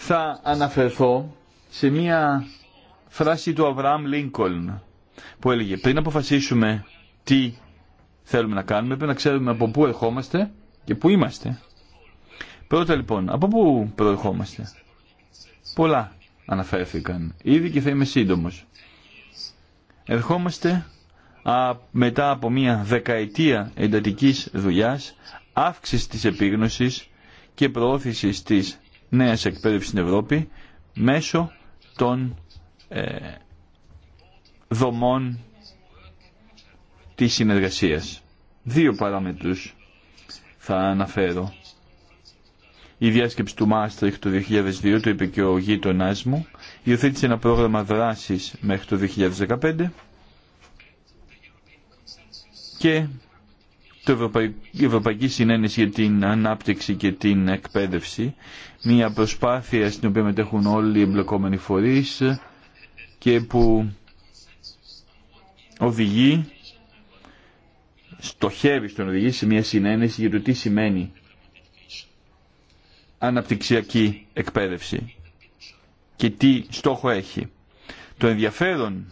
θα αναφερθώ σε μία φράση του Αβραάμ Λίνκολν που έλεγε πριν αποφασίσουμε τι θέλουμε να κάνουμε πρέπει να ξέρουμε από πού ερχόμαστε και πού είμαστε. Πρώτα λοιπόν, από πού προερχόμαστε. Πολλά αναφέρθηκαν ήδη και θα είμαι σύντομος. Ερχόμαστε μετά από μία δεκαετία εντατικής δουλειάς, αύξηση της επίγνωσης και προώθησης της νέας εκπαίδευσης στην Ευρώπη μέσω των ε, δομών της συνεργασίας. Δύο παράμετρους θα αναφέρω. Η διάσκεψη του Μάστριχ το 2002, το είπε και ο γείτονά μου, υιοθέτησε ένα πρόγραμμα δράσης μέχρι το 2015 και το Ευρωπαϊκή Συνένεση για την Ανάπτυξη και την Εκπαίδευση, μια προσπάθεια στην οποία μετέχουν όλοι οι εμπλεκόμενοι φορείς και που οδηγεί, στοχεύει στον οδηγεί σε μια συνένεση για το τι σημαίνει αναπτυξιακή εκπαίδευση και τι στόχο έχει. Το ενδιαφέρον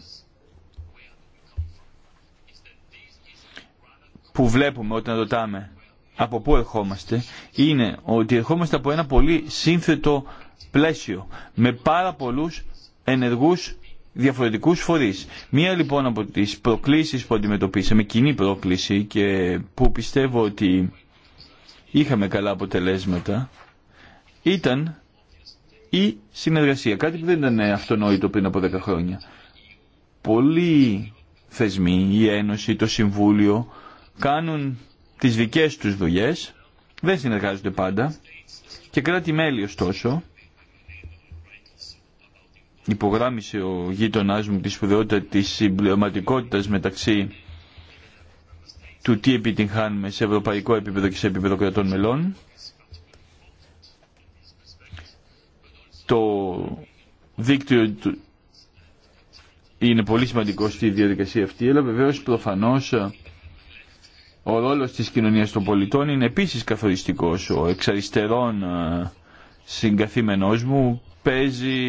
που βλέπουμε όταν ρωτάμε από πού ερχόμαστε είναι ότι ερχόμαστε από ένα πολύ σύνθετο πλαίσιο με πάρα πολλούς ενεργούς διαφορετικούς φορείς. Μία λοιπόν από τις προκλήσεις που αντιμετωπίσαμε, κοινή πρόκληση και που πιστεύω ότι είχαμε καλά αποτελέσματα ήταν η συνεργασία. Κάτι που δεν ήταν αυτονόητο πριν από 10 χρόνια. Πολλοί θεσμοί, η Ένωση, το Συμβούλιο, κάνουν τις δικές τους δουλειές, δεν συνεργάζονται πάντα και κράτη-μέλη ωστόσο, υπογράμμισε ο γείτονά μου τη σπουδαιότητα της συμπληρωματικότητα μεταξύ του τι επιτυγχάνουμε σε ευρωπαϊκό επίπεδο και σε επίπεδο κρατών μελών, το δίκτυο είναι πολύ σημαντικό στη διαδικασία αυτή, αλλά βεβαίως προφανώς ο ρόλος της κοινωνίας των πολιτών είναι επίσης καθοριστικός. Ο εξαριστερών ε, συγκαθήμενός μου παίζει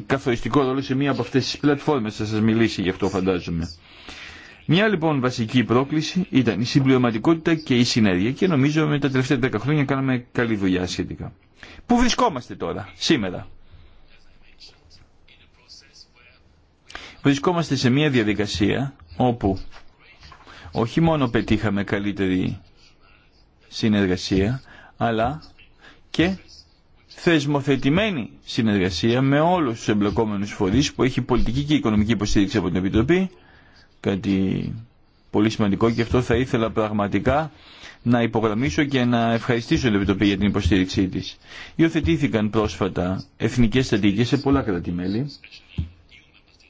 καθοριστικό ρόλο σε μία από αυτές τις πλατφόρμες. Θα σας μιλήσει γι' αυτό φαντάζομαι. Μια λοιπόν βασική πρόκληση ήταν η συμπληρωματικότητα και η συνέργεια και νομίζω με τα τελευταία 10 χρόνια κάναμε καλή δουλειά σχετικά. Πού βρισκόμαστε τώρα, σήμερα. Βρισκόμαστε σε μια διαδικασία όπου όχι μόνο πετύχαμε καλύτερη συνεργασία, αλλά και θεσμοθετημένη συνεργασία με όλους τους εμπλεκόμενους φορείς που έχει πολιτική και οικονομική υποστήριξη από την Επιτροπή, κάτι πολύ σημαντικό και αυτό θα ήθελα πραγματικά να υπογραμμίσω και να ευχαριστήσω την Επιτροπή για την υποστήριξή της. Υιοθετήθηκαν πρόσφατα εθνικές στρατηγικές σε πολλά κράτη-μέλη,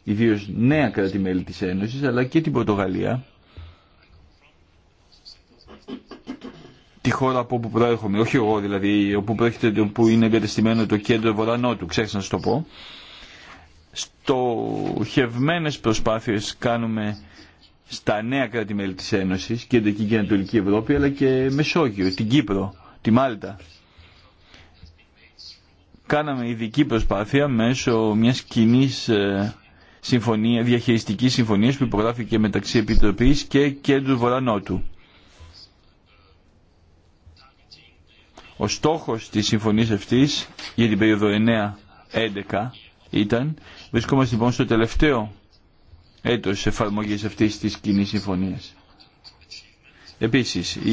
ιδίως νέα κράτη-μέλη της Ένωσης, αλλά και την Πορτογαλία, τη χώρα από όπου προέρχομαι, όχι εγώ δηλαδή, όπου, προέρχεται, όπου είναι εγκατεστημένο το κέντρο βορανότου, ξέχασα να σου το πω. Στοχευμένες προσπάθειες κάνουμε στα νέα κράτη-μέλη της Ένωσης, Κεντρική και Ανατολική Ευρώπη, αλλά και Μεσόγειο, την Κύπρο, τη Μάλτα. Κάναμε ειδική προσπάθεια μέσω μιας κοινή ε, συμφωνία, διαχειριστικής συμφωνίας που υπογράφηκε μεταξύ Επιτροπής και Κέντρου Βορανότου. Ο στόχος της συμφωνίας αυτής για την περίοδο 9-11 ήταν, βρισκόμαστε λοιπόν στο τελευταίο έτος εφαρμογής αυτής της κοινή συμφωνίας. Επίσης, η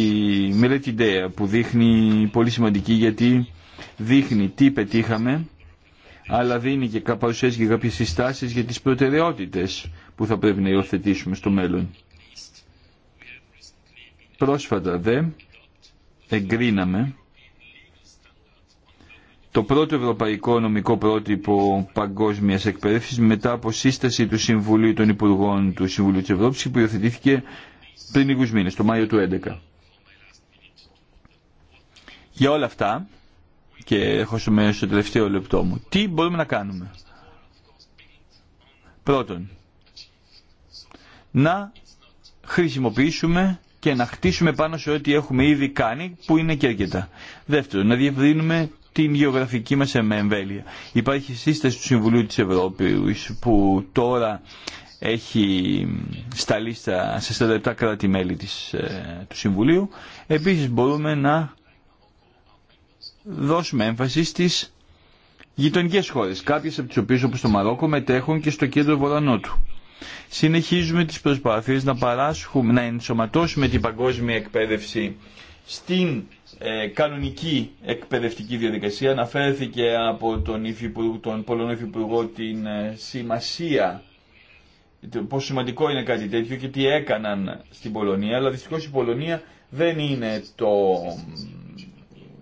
μελέτη ΔΕΑ που δείχνει πολύ σημαντική γιατί δείχνει τι πετύχαμε, αλλά δίνει και παρουσιάζει και κάποιες συστάσεις για τις προτεραιότητες που θα πρέπει να υιοθετήσουμε στο μέλλον. Πρόσφατα δε εγκρίναμε το πρώτο ευρωπαϊκό νομικό πρότυπο παγκόσμιας εκπαίδευσης μετά από σύσταση του Συμβουλίου των Υπουργών του Συμβουλίου της Ευρώπης που υιοθετήθηκε πριν λίγους μήνες, το Μάιο του 2011. Για όλα αυτά, και έχω στο τελευταίο λεπτό μου, τι μπορούμε να κάνουμε. Πρώτον, να χρησιμοποιήσουμε και να χτίσουμε πάνω σε ό,τι έχουμε ήδη κάνει, που είναι και Δεύτερον, να διευρύνουμε την γεωγραφική μας εμβέλεια. Υπάρχει σύσταση του Συμβουλίου της Ευρώπης που τώρα έχει στα σε 47 κράτη-μέλη ε, του Συμβουλίου. Επίσης μπορούμε να δώσουμε έμφαση στις γειτονικές χώρες, κάποιες από τις οποίες όπως το Μαρόκο μετέχουν και στο κέντρο βορανότου. Συνεχίζουμε τις προσπάθειες να παράσχουμε, να ενσωματώσουμε την παγκόσμια εκπαίδευση στην ε, κανονική εκπαιδευτική διαδικασία. Αναφέρθηκε από τον, τον Πολωνό Υφυπουργό την ε, σημασία, πόσο σημαντικό είναι κάτι τέτοιο και τι έκαναν στην Πολωνία, αλλά δυστυχώ η Πολωνία δεν είναι το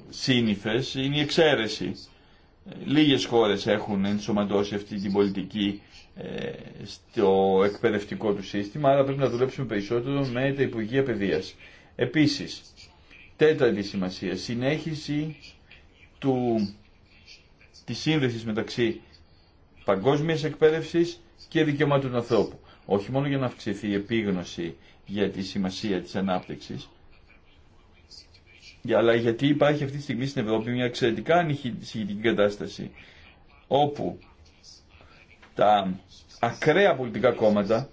σύνηθε, είναι η εξαίρεση. Λίγες χώρες έχουν ενσωματώσει αυτή την πολιτική ε, στο εκπαιδευτικό του σύστημα, άρα πρέπει να δουλέψουμε περισσότερο με τα Υπουργεία Παιδείας. Επίσης, Τέταρτη σημασία, συνέχιση του, της σύνδεσης μεταξύ παγκόσμιας εκπαίδευσης και δικαιωμάτων ανθρώπου. Όχι μόνο για να αυξηθεί η επίγνωση για τη σημασία της ανάπτυξης, αλλά γιατί υπάρχει αυτή τη στιγμή στην Ευρώπη μια εξαιρετικά ανησυχητική κατάσταση, όπου τα ακραία πολιτικά κόμματα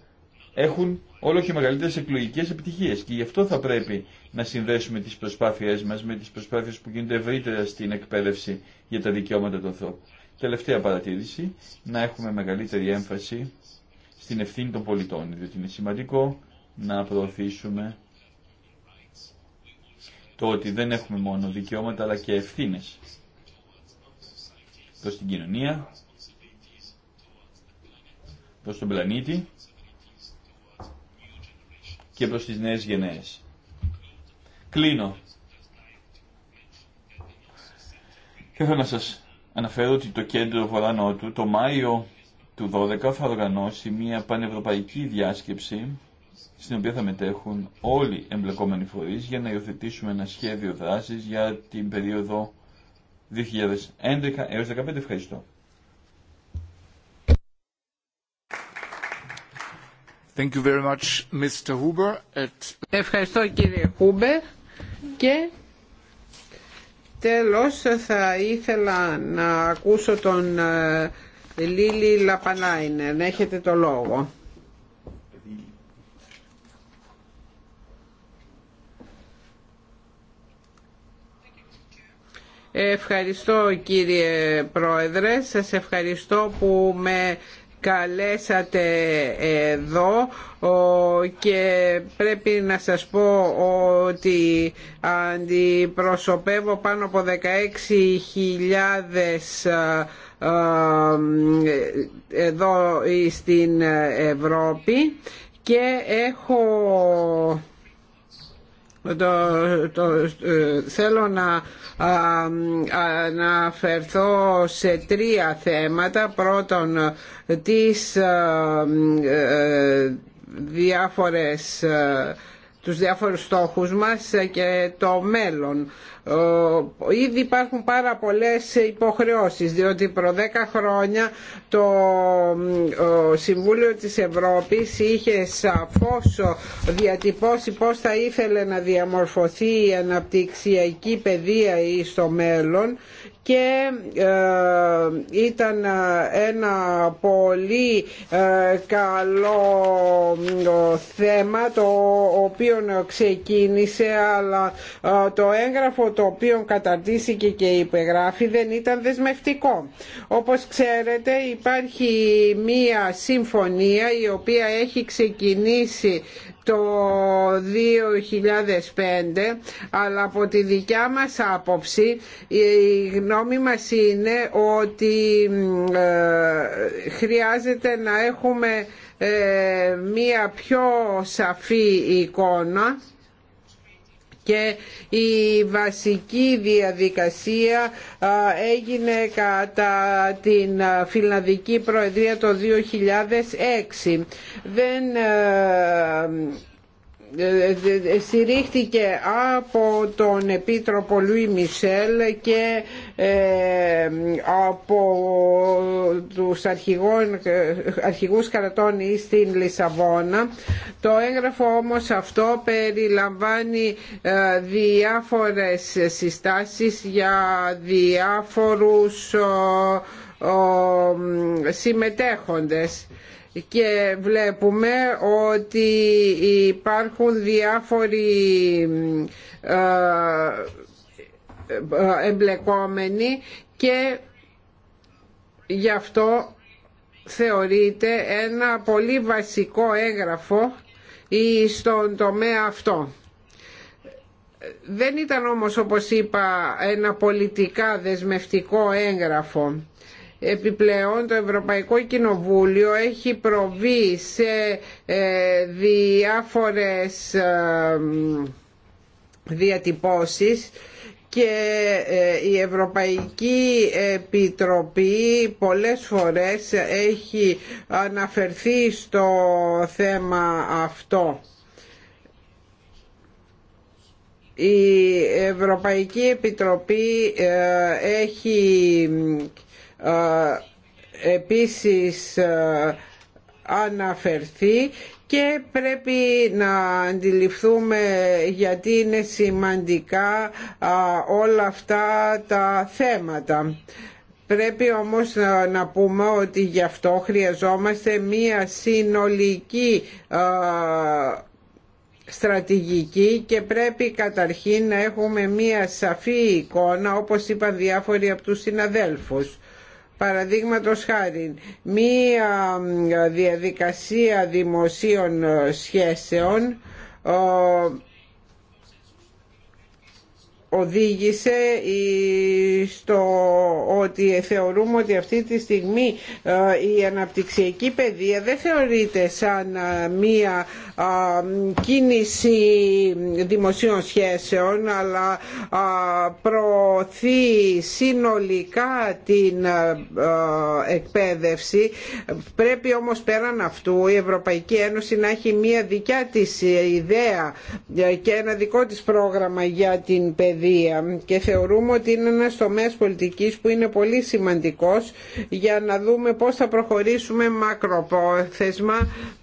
έχουν όλο και μεγαλύτερε εκλογικέ επιτυχίες και γι' αυτό θα πρέπει να συνδέσουμε τις προσπάθειές μας με τις προσπάθειες που γίνονται ευρύτερα στην εκπαίδευση για τα δικαιώματα των ανθρώπου. Τελευταία παρατήρηση, να έχουμε μεγαλύτερη έμφαση στην ευθύνη των πολιτών, διότι είναι σημαντικό να προωθήσουμε το ότι δεν έχουμε μόνο δικαιώματα αλλά και ευθύνες προς την κοινωνία, προς τον πλανήτη και προς τις νέες γενναίες. Κλείνω. Και θέλω να σας αναφέρω ότι το κέντρο το Μάιο του 12 θα οργανώσει μια πανευρωπαϊκή διάσκεψη στην οποία θα μετέχουν όλοι οι εμπλεκόμενοι φορείς για να υιοθετήσουμε ένα σχέδιο δράσης για την περίοδο 2011 έως 2015. Ευχαριστώ. Ευχαριστώ κύριε Χούμπερ και τέλος θα ήθελα να ακούσω τον ε, Λίλι Λαπανάινεν. Έχετε το λόγο. Ευχαριστώ κύριε Πρόεδρε, σας ευχαριστώ που με καλέσατε εδώ και πρέπει να σας πω ότι αντιπροσωπεύω πάνω από 16.000 εδώ στην Ευρώπη και έχω ε, θέλω να αναφερθώ σε τρία θέματα. Πρώτον, τις ε, ε, διάφορες τους διάφορους στόχους μας και το μέλλον. Ήδη υπάρχουν πάρα πολλές υποχρεώσεις διότι προ 10 χρόνια το Συμβούλιο της Ευρώπης είχε σαφώς διατυπώσει πώς θα ήθελε να διαμορφωθεί η αναπτυξιακή παιδεία στο μέλλον και ε, ήταν ε, ένα πολύ ε, καλό θέμα το οποίο ξεκίνησε αλλά το έγγραφο το οποίο καταρτήθηκε και υπεγράφει δεν ήταν δεσμευτικό. Όπως ξέρετε υπάρχει μία συμφωνία η οποία έχει ξεκινήσει το 2005 αλλά από τη δικιά μας άποψη η γνώμη μας είναι ότι ε, χρειάζεται να έχουμε ε, μία πιο σαφή εικόνα και η βασική διαδικασία έγινε κατά την Φιλανδική Προεδρία το 2006. Δεν ε, ε, στηρίχτηκε από τον Επίτροπο Λουί Μισελ και ε, από τους αρχηγών, αρχηγούς κρατών στην Λισαβόνα. Το έγγραφο όμως αυτό περιλαμβάνει διάφορες συστάσεις για διάφορους συμμετέχοντες και βλέπουμε ότι υπάρχουν διάφοροι ε, ε, εμπλεκόμενοι και γι' αυτό θεωρείται ένα πολύ βασικό έγγραφο στον τομέα αυτό. Δεν ήταν όμως όπως είπα ένα πολιτικά δεσμευτικό έγγραφο Επιπλέον το Ευρωπαϊκό Κοινοβούλιο έχει προβεί σε ε, διάφορες ε, διατυπώσεις και ε, η Ευρωπαϊκή Επιτροπή πολλές φορές έχει αναφερθεί στο θέμα αυτό. Η Ευρωπαϊκή Επιτροπή έχει επίσης αναφερθεί και πρέπει να αντιληφθούμε γιατί είναι σημαντικά όλα αυτά τα θέματα. Πρέπει όμως να πούμε ότι γι' αυτό χρειαζόμαστε μία συνολική στρατηγική και πρέπει καταρχήν να έχουμε μία σαφή εικόνα όπως είπαν διάφοροι από τους συναδέλφους Παραδείγματος χάρη, μία διαδικασία δημοσίων ε, σχέσεων οδήγησε στο ότι θεωρούμε ότι αυτή τη στιγμή ε, η αναπτυξιακή παιδεία δεν θεωρείται σαν ε, μία κίνηση δημοσίων σχέσεων αλλά προωθεί συνολικά την εκπαίδευση πρέπει όμως πέραν αυτού η Ευρωπαϊκή Ένωση να έχει μία δικιά της ιδέα και ένα δικό της πρόγραμμα για την παιδεία και θεωρούμε ότι είναι ένα τομέας πολιτικής που είναι πολύ σημαντικός για να δούμε πώς θα προχωρήσουμε μακροπόθεσμα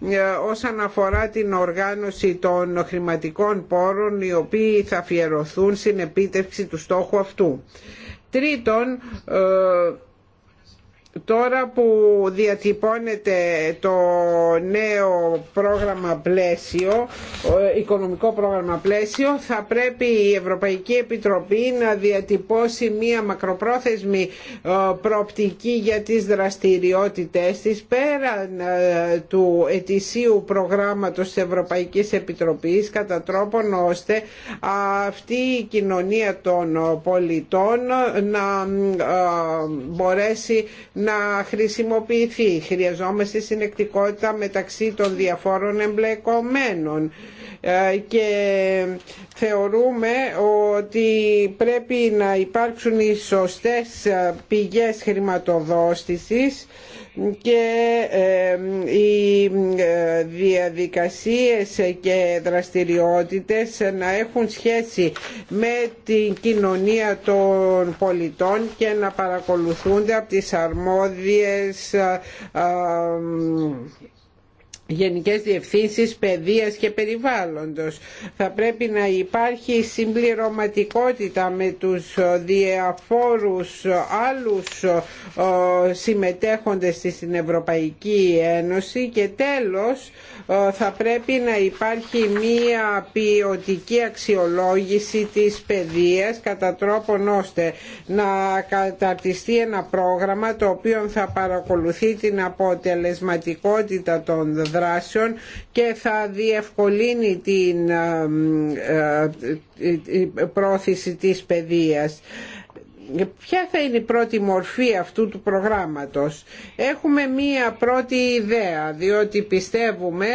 ε, όσον αφορά την οργάνωση των χρηματικών πόρων οι οποίοι θα αφιερωθούν στην επίτευξη του στόχου αυτού. Τρίτον, ε, Τώρα που διατυπώνεται το νέο πρόγραμμα πλαίσιο, οικονομικό πρόγραμμα πλαίσιο, θα πρέπει η Ευρωπαϊκή Επιτροπή να διατυπώσει μία μακροπρόθεσμη προοπτική για τις δραστηριότητες της πέραν ε, του ετησίου προγράμματος της Ευρωπαϊκής Επιτροπής κατά τρόπον ώστε αυτή η κοινωνία των ε, πολιτών ε, να μπορέσει να χρησιμοποιηθεί. Χρειαζόμαστε συνεκτικότητα μεταξύ των διαφόρων εμπλεκομένων ε, και θεωρούμε ότι πρέπει να υπάρξουν οι σωστές ε, πηγές χρηματοδότησης και οι ε, διαδικασίες και δραστηριότητες να έχουν σχέση με την κοινωνία των πολιτών και να παρακολουθούνται από τις αρμόδιες ε, ε, Γενικές Διευθύνσεις Παιδείας και Περιβάλλοντος. Θα πρέπει να υπάρχει συμπληρωματικότητα με τους διαφόρους άλλους ε, συμμετέχοντες στην Ευρωπαϊκή Ένωση και τέλος ε, θα πρέπει να υπάρχει μία ποιοτική αξιολόγηση της παιδείας κατά τρόπον ώστε να καταρτιστεί ένα πρόγραμμα το οποίο θα παρακολουθεί την αποτελεσματικότητα των δράσεων και θα διευκολύνει ε, ε, την πρόθεση της παιδείας. Ποια θα είναι η πρώτη μορφή αυτού του προγράμματος. Έχουμε μία πρώτη ιδέα, διότι πιστεύουμε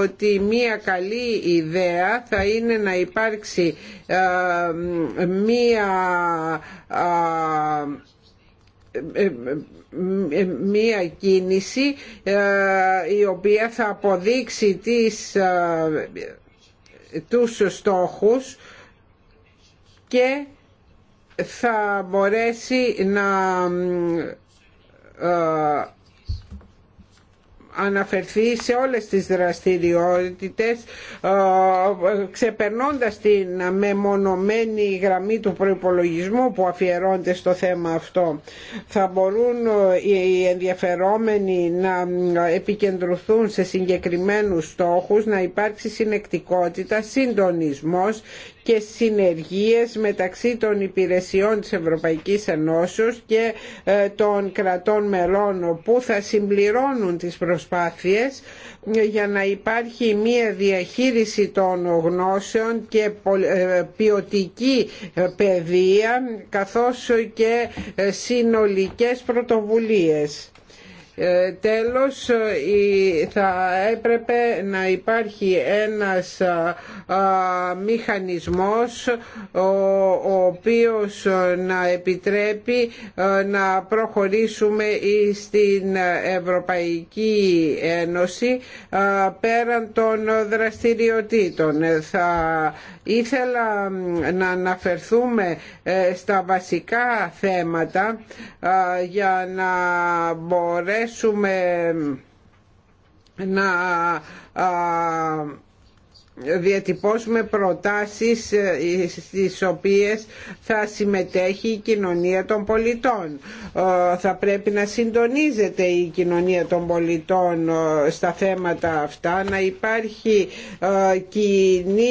ότι μία καλή ιδέα θα είναι να υπάρξει μία μία κίνηση ε, η οποία θα αποδείξει τις, ε, τους στόχους και θα μπορέσει να ε, αναφερθεί σε όλες τις δραστηριότητες ε, ξεπερνώντας την μεμονωμένη γραμμή του προϋπολογισμού που αφιερώνεται στο θέμα αυτό. Θα μπορούν ε, οι ενδιαφερόμενοι να ε, επικεντρωθούν σε συγκεκριμένους στόχους, να υπάρξει συνεκτικότητα, συντονισμός και συνεργίες μεταξύ των υπηρεσιών της Ευρωπαϊκής Ενώσεως και ε, των κρατών μελών που θα συμπληρώνουν τις προσπάθειες ε, για να υπάρχει μία διαχείριση των γνώσεων και ε, ποιοτική παιδεία καθώς και συνολικές πρωτοβουλίες. Ε, τέλος, ε, θα έπρεπε να υπάρχει ένας ε, μηχανισμός ο οποίος να επιτρέπει να προχωρήσουμε στην Ευρωπαϊκή Ένωση πέραν των δραστηριοτήτων. Θα ήθελα να αναφερθούμε στα βασικά θέματα για να μπορέσουμε μπορέσουμε να α, διατυπώσουμε προτάσεις ε, στις οποίες θα συμμετέχει η κοινωνία των πολιτών. Ε, θα πρέπει να συντονίζεται η κοινωνία των πολιτών ε, στα θέματα αυτά, να υπάρχει κοινή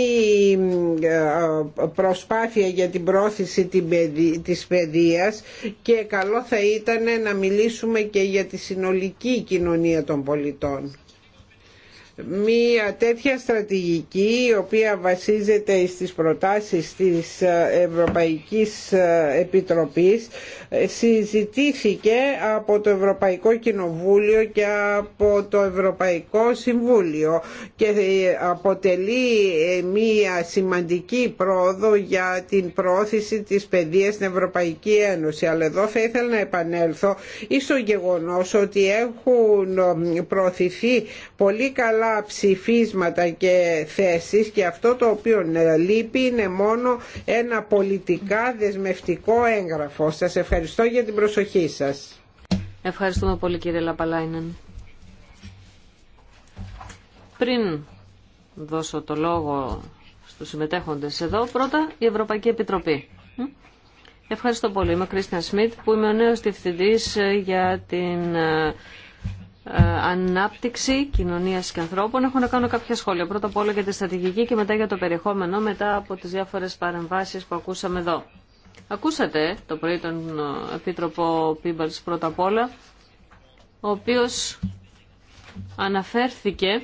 προσπάθεια για την πρόθεση της παιδείας και καλό θα ήταν να μιλήσουμε και για τη συνολική κοινωνία των πολιτών μια τέτοια στρατηγική η οποία βασίζεται στις προτάσεις της ε, Ευρωπαϊκής ε, Επιτροπής ε, συζητήθηκε από το Ευρωπαϊκό Κοινοβούλιο και από το Ευρωπαϊκό Συμβούλιο και αποτελεί μια σημαντική πρόοδο για την πρόωθηση της παιδείας στην Ευρωπαϊκή Ένωση. Αλλά εδώ θα ήθελα να επανέλθω στο γεγονός ότι έχουν προωθηθεί πολύ καλά πολλά ψηφίσματα και θέσεις και αυτό το οποίο ε, λείπει είναι μόνο ένα πολιτικά δεσμευτικό έγγραφο. Σας ευχαριστώ για την προσοχή σας. Ευχαριστούμε πολύ κύριε Λαπαλάινεν. Πριν δώσω το λόγο στους συμμετέχοντες εδώ, πρώτα η Ευρωπαϊκή Επιτροπή. Ευχαριστώ πολύ. Είμαι ο Κρίστιαν Σμιτ που είμαι ο νέος διευθυντής ε, για την ε, ε, ανάπτυξη κοινωνίας και ανθρώπων. Έχω να κάνω κάποια σχόλια. Πρώτα απ' όλα για τη στρατηγική και μετά για το περιεχόμενο, μετά από τις διάφορες παρεμβάσεις που ακούσαμε εδώ. Ακούσατε το πρωί τον Επίτροπο Πίμπαλ πρώτα απ' όλα, ο οποίος αναφέρθηκε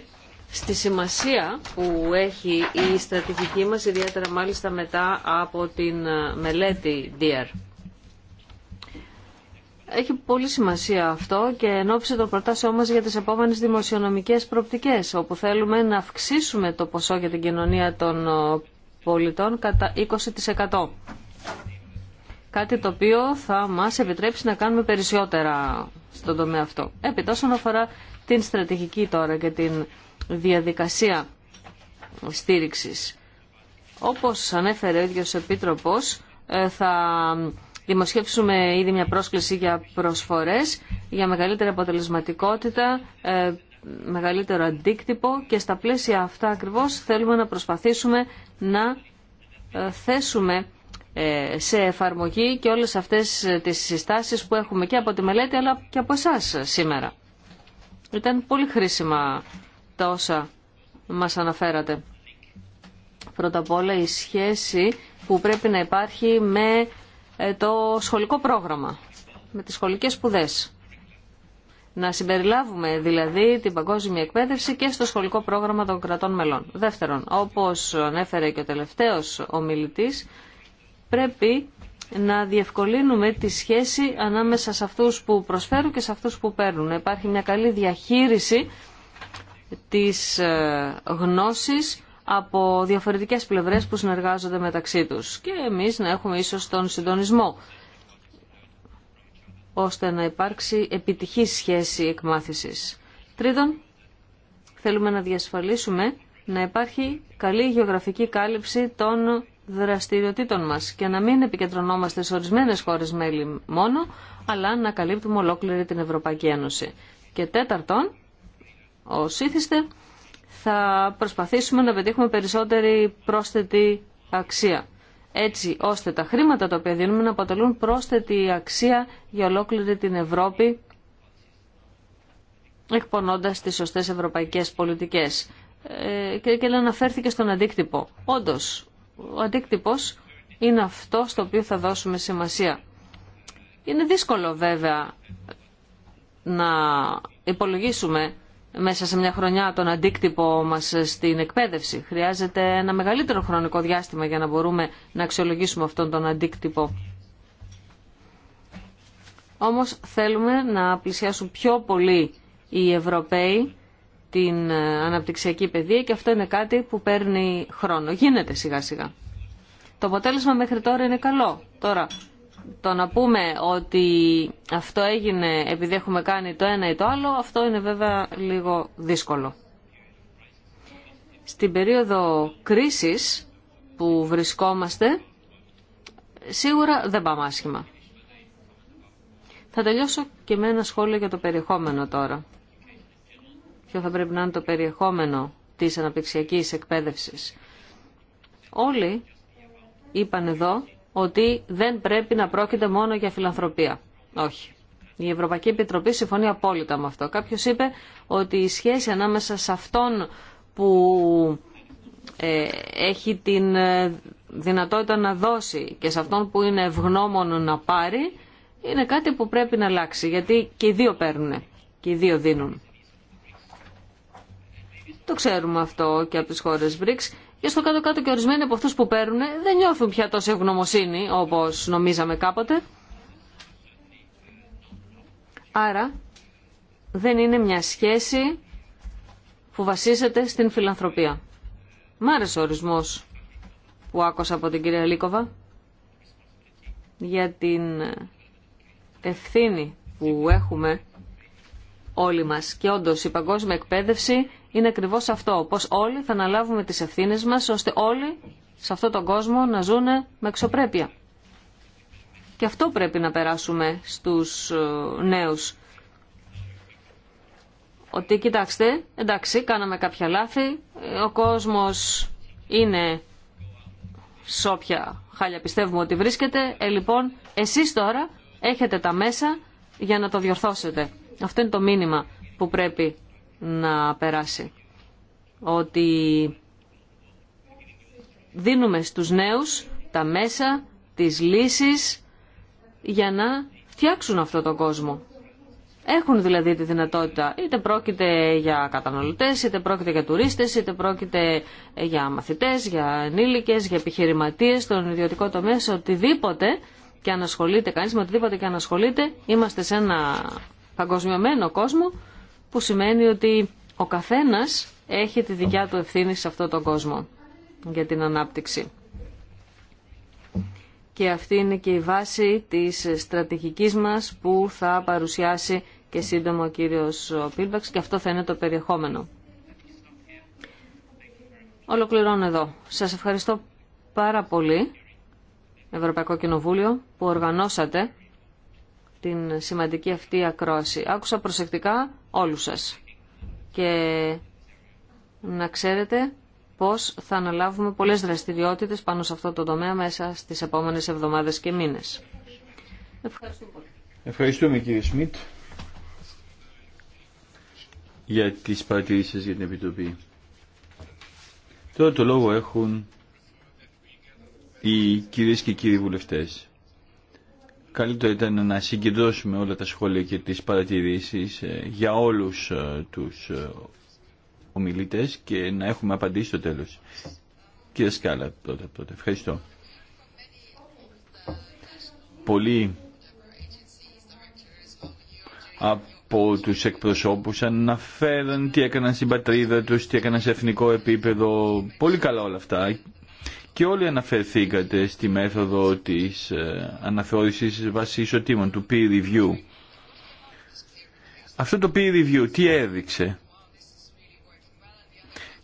στη σημασία που έχει η στρατηγική μας, ιδιαίτερα μάλιστα μετά από την μελέτη DR. Έχει πολύ σημασία αυτό και εν ώψη των προτάσεών μας για τις επόμενες δημοσιονομικές προπτικές, όπου θέλουμε να αυξήσουμε το ποσό για την κοινωνία των ε, πολιτών κατά 20%. Κάτι το οποίο θα μας επιτρέψει να κάνουμε περισσότερα στον τομέα αυτό. Έπειτα όσον αφορά την στρατηγική τώρα και την διαδικασία στήριξης. Όπως ανέφερε ο ίδιος ο Επίτροπος, ε, θα Δημοσιεύσουμε ήδη μια πρόσκληση για προσφορές, για μεγαλύτερη αποτελεσματικότητα, ε, μεγαλύτερο αντίκτυπο και στα πλαίσια αυτά ακριβώς θέλουμε να προσπαθήσουμε να ε, θέσουμε ε, σε εφαρμογή και όλες αυτές τις συστάσεις που έχουμε και από τη μελέτη αλλά και από εσά σήμερα. Ήταν πολύ χρήσιμα τα όσα μας αναφέρατε. Πρώτα απ' όλα η σχέση που πρέπει να υπάρχει με ε, το σχολικό πρόγραμμα, με τις σχολικές σπουδές. Να συμπεριλάβουμε δηλαδή την παγκόσμια εκπαίδευση και στο σχολικό πρόγραμμα των κρατών μελών. Δεύτερον, όπως ανέφερε και ο τελευταίος ομιλητής, πρέπει να διευκολύνουμε τη σχέση ανάμεσα σε αυτούς που προσφέρουν και σε αυτούς που παίρνουν. υπάρχει μια καλή διαχείριση της ε, γνώσης από διαφορετικές πλευρές που συνεργάζονται μεταξύ τους και εμείς να έχουμε ίσως τον συντονισμό ώστε να υπάρξει επιτυχή σχέση εκμάθησης. Τρίτον, θέλουμε να διασφαλίσουμε να υπάρχει καλή γεωγραφική κάλυψη των δραστηριοτήτων μας και να μην επικεντρωνόμαστε σε ορισμένες χώρες μέλη μόνο, αλλά να καλύπτουμε ολόκληρη την Ευρωπαϊκή Ένωση. Και τέταρτον, ο ήθιστε, θα προσπαθήσουμε να πετύχουμε περισσότερη πρόσθετη αξία. Έτσι ώστε τα χρήματα τα οποία δίνουμε να αποτελούν πρόσθετη αξία για ολόκληρη την Ευρώπη εκπονώντας τις σωστές ευρωπαϊκές πολιτικές. Ε, και, και αναφέρθηκε στον αντίκτυπο. Όντως, ο αντίκτυπος είναι αυτό στο οποίο θα δώσουμε σημασία. Είναι δύσκολο βέβαια να υπολογίσουμε μέσα σε μια χρονιά τον αντίκτυπο μας στην εκπαίδευση. Χρειάζεται ένα μεγαλύτερο χρονικό διάστημα για να μπορούμε να αξιολογήσουμε αυτόν τον αντίκτυπο. Όμως θέλουμε να πλησιάσουν πιο πολύ οι Ευρωπαίοι την αναπτυξιακή παιδεία και αυτό είναι κάτι που παίρνει χρόνο. Γίνεται σιγά σιγά. Το αποτέλεσμα μέχρι τώρα είναι καλό. Τώρα το να πούμε ότι αυτό έγινε επειδή έχουμε κάνει το ένα ή το άλλο, αυτό είναι βέβαια λίγο δύσκολο. Στην περίοδο κρίσης που βρισκόμαστε, σίγουρα δεν πάμε άσχημα. Θα τελειώσω και με ένα σχόλιο για το περιεχόμενο τώρα. Ποιο θα πρέπει να είναι το περιεχόμενο της αναπτυξιακής εκπαίδευσης. Όλοι είπαν εδώ ότι δεν πρέπει να πρόκειται μόνο για φιλανθρωπία. Όχι. Η Ευρωπαϊκή Επιτροπή συμφωνεί απόλυτα με αυτό. Κάποιο είπε ότι η σχέση ανάμεσα σε αυτόν που ε, έχει την ε, δυνατότητα να δώσει και σε αυτόν που είναι ευγνώμων να πάρει είναι κάτι που πρέπει να αλλάξει γιατί και οι δύο παίρνουν και οι δύο δίνουν. Το ξέρουμε αυτό και από τις χώρες BRICS και στο κάτω-κάτω και ορισμένοι από αυτού που παίρνουν δεν νιώθουν πια τόση ευγνωμοσύνη όπω νομίζαμε κάποτε. Άρα δεν είναι μια σχέση που βασίζεται στην φιλανθρωπία. Μ' άρεσε ο ορισμός που άκουσα από την κυρία Λίκοβα για την ευθύνη που έχουμε όλοι μας. Και όντως η παγκόσμια εκπαίδευση είναι ακριβώ αυτό, πως όλοι θα αναλάβουμε τις ευθύνες μας, ώστε όλοι σε αυτόν τον κόσμο να ζουν με εξωπρέπεια. Και αυτό πρέπει να περάσουμε στους ε, νέους. Ότι κοιτάξτε, εντάξει, κάναμε κάποια λάθη, ο κόσμος είναι σε όποια χάλια πιστεύουμε ότι βρίσκεται, ε, λοιπόν, εσείς τώρα έχετε τα μέσα για να το διορθώσετε. Αυτό είναι το μήνυμα που πρέπει να περάσει. Ότι δίνουμε στους νέους τα μέσα, τις λύσεις για να φτιάξουν αυτό τον κόσμο. Έχουν δηλαδή τη δυνατότητα, είτε πρόκειται για καταναλωτές, είτε πρόκειται για τουρίστες, είτε πρόκειται για μαθητές, για ενήλικες, για επιχειρηματίες, στον ιδιωτικό τομέα, σε οτιδήποτε και ανασχολείται κανείς με οτιδήποτε και ανασχολείται, είμαστε σε ένα παγκοσμιωμένο κόσμο που σημαίνει ότι ο καθένας έχει τη δικιά του ευθύνη σε αυτόν τον κόσμο για την ανάπτυξη. Και αυτή είναι και η βάση της στρατηγικής μας που θα παρουσιάσει και σύντομα ο κύριος Πίλβαξ και αυτό θα είναι το περιεχόμενο. Ολοκληρώνω εδώ. Σας ευχαριστώ πάρα πολύ, Ευρωπαϊκό Κοινοβούλιο, που οργανώσατε την σημαντική αυτή ακρόαση. Άκουσα προσεκτικά όλους σας. Και να ξέρετε πώς θα αναλάβουμε πολλές δραστηριότητες πάνω σε αυτό το τομέα μέσα στις επόμενες εβδομάδες και μήνες. Ευχαριστούμε πολύ. Ευχαριστούμε κύριε Σμιτ για τις παρατηρήσεις για την Επιτροπή. Τώρα το λόγο έχουν οι κυρίες και κύριοι βουλευτές. Καλύτερο ήταν να συγκεντρώσουμε όλα τα σχόλια και τις παρατηρήσεις ε, για όλους ε, τους ε, ομιλητές και να έχουμε απαντήσει στο τέλος. Κύριε Σκάλα, πρώτα, πρώτα. Ευχαριστώ. Πολλοί από τους εκπροσώπους αναφέραν τι έκαναν στην πατρίδα τους, τι έκαναν σε εθνικό επίπεδο. Πολύ καλά όλα αυτά και όλοι αναφερθήκατε στη μέθοδο της ε, αναθεώρησης βάσει ισοτήμων, του peer review. Αυτό το peer review τι έδειξε.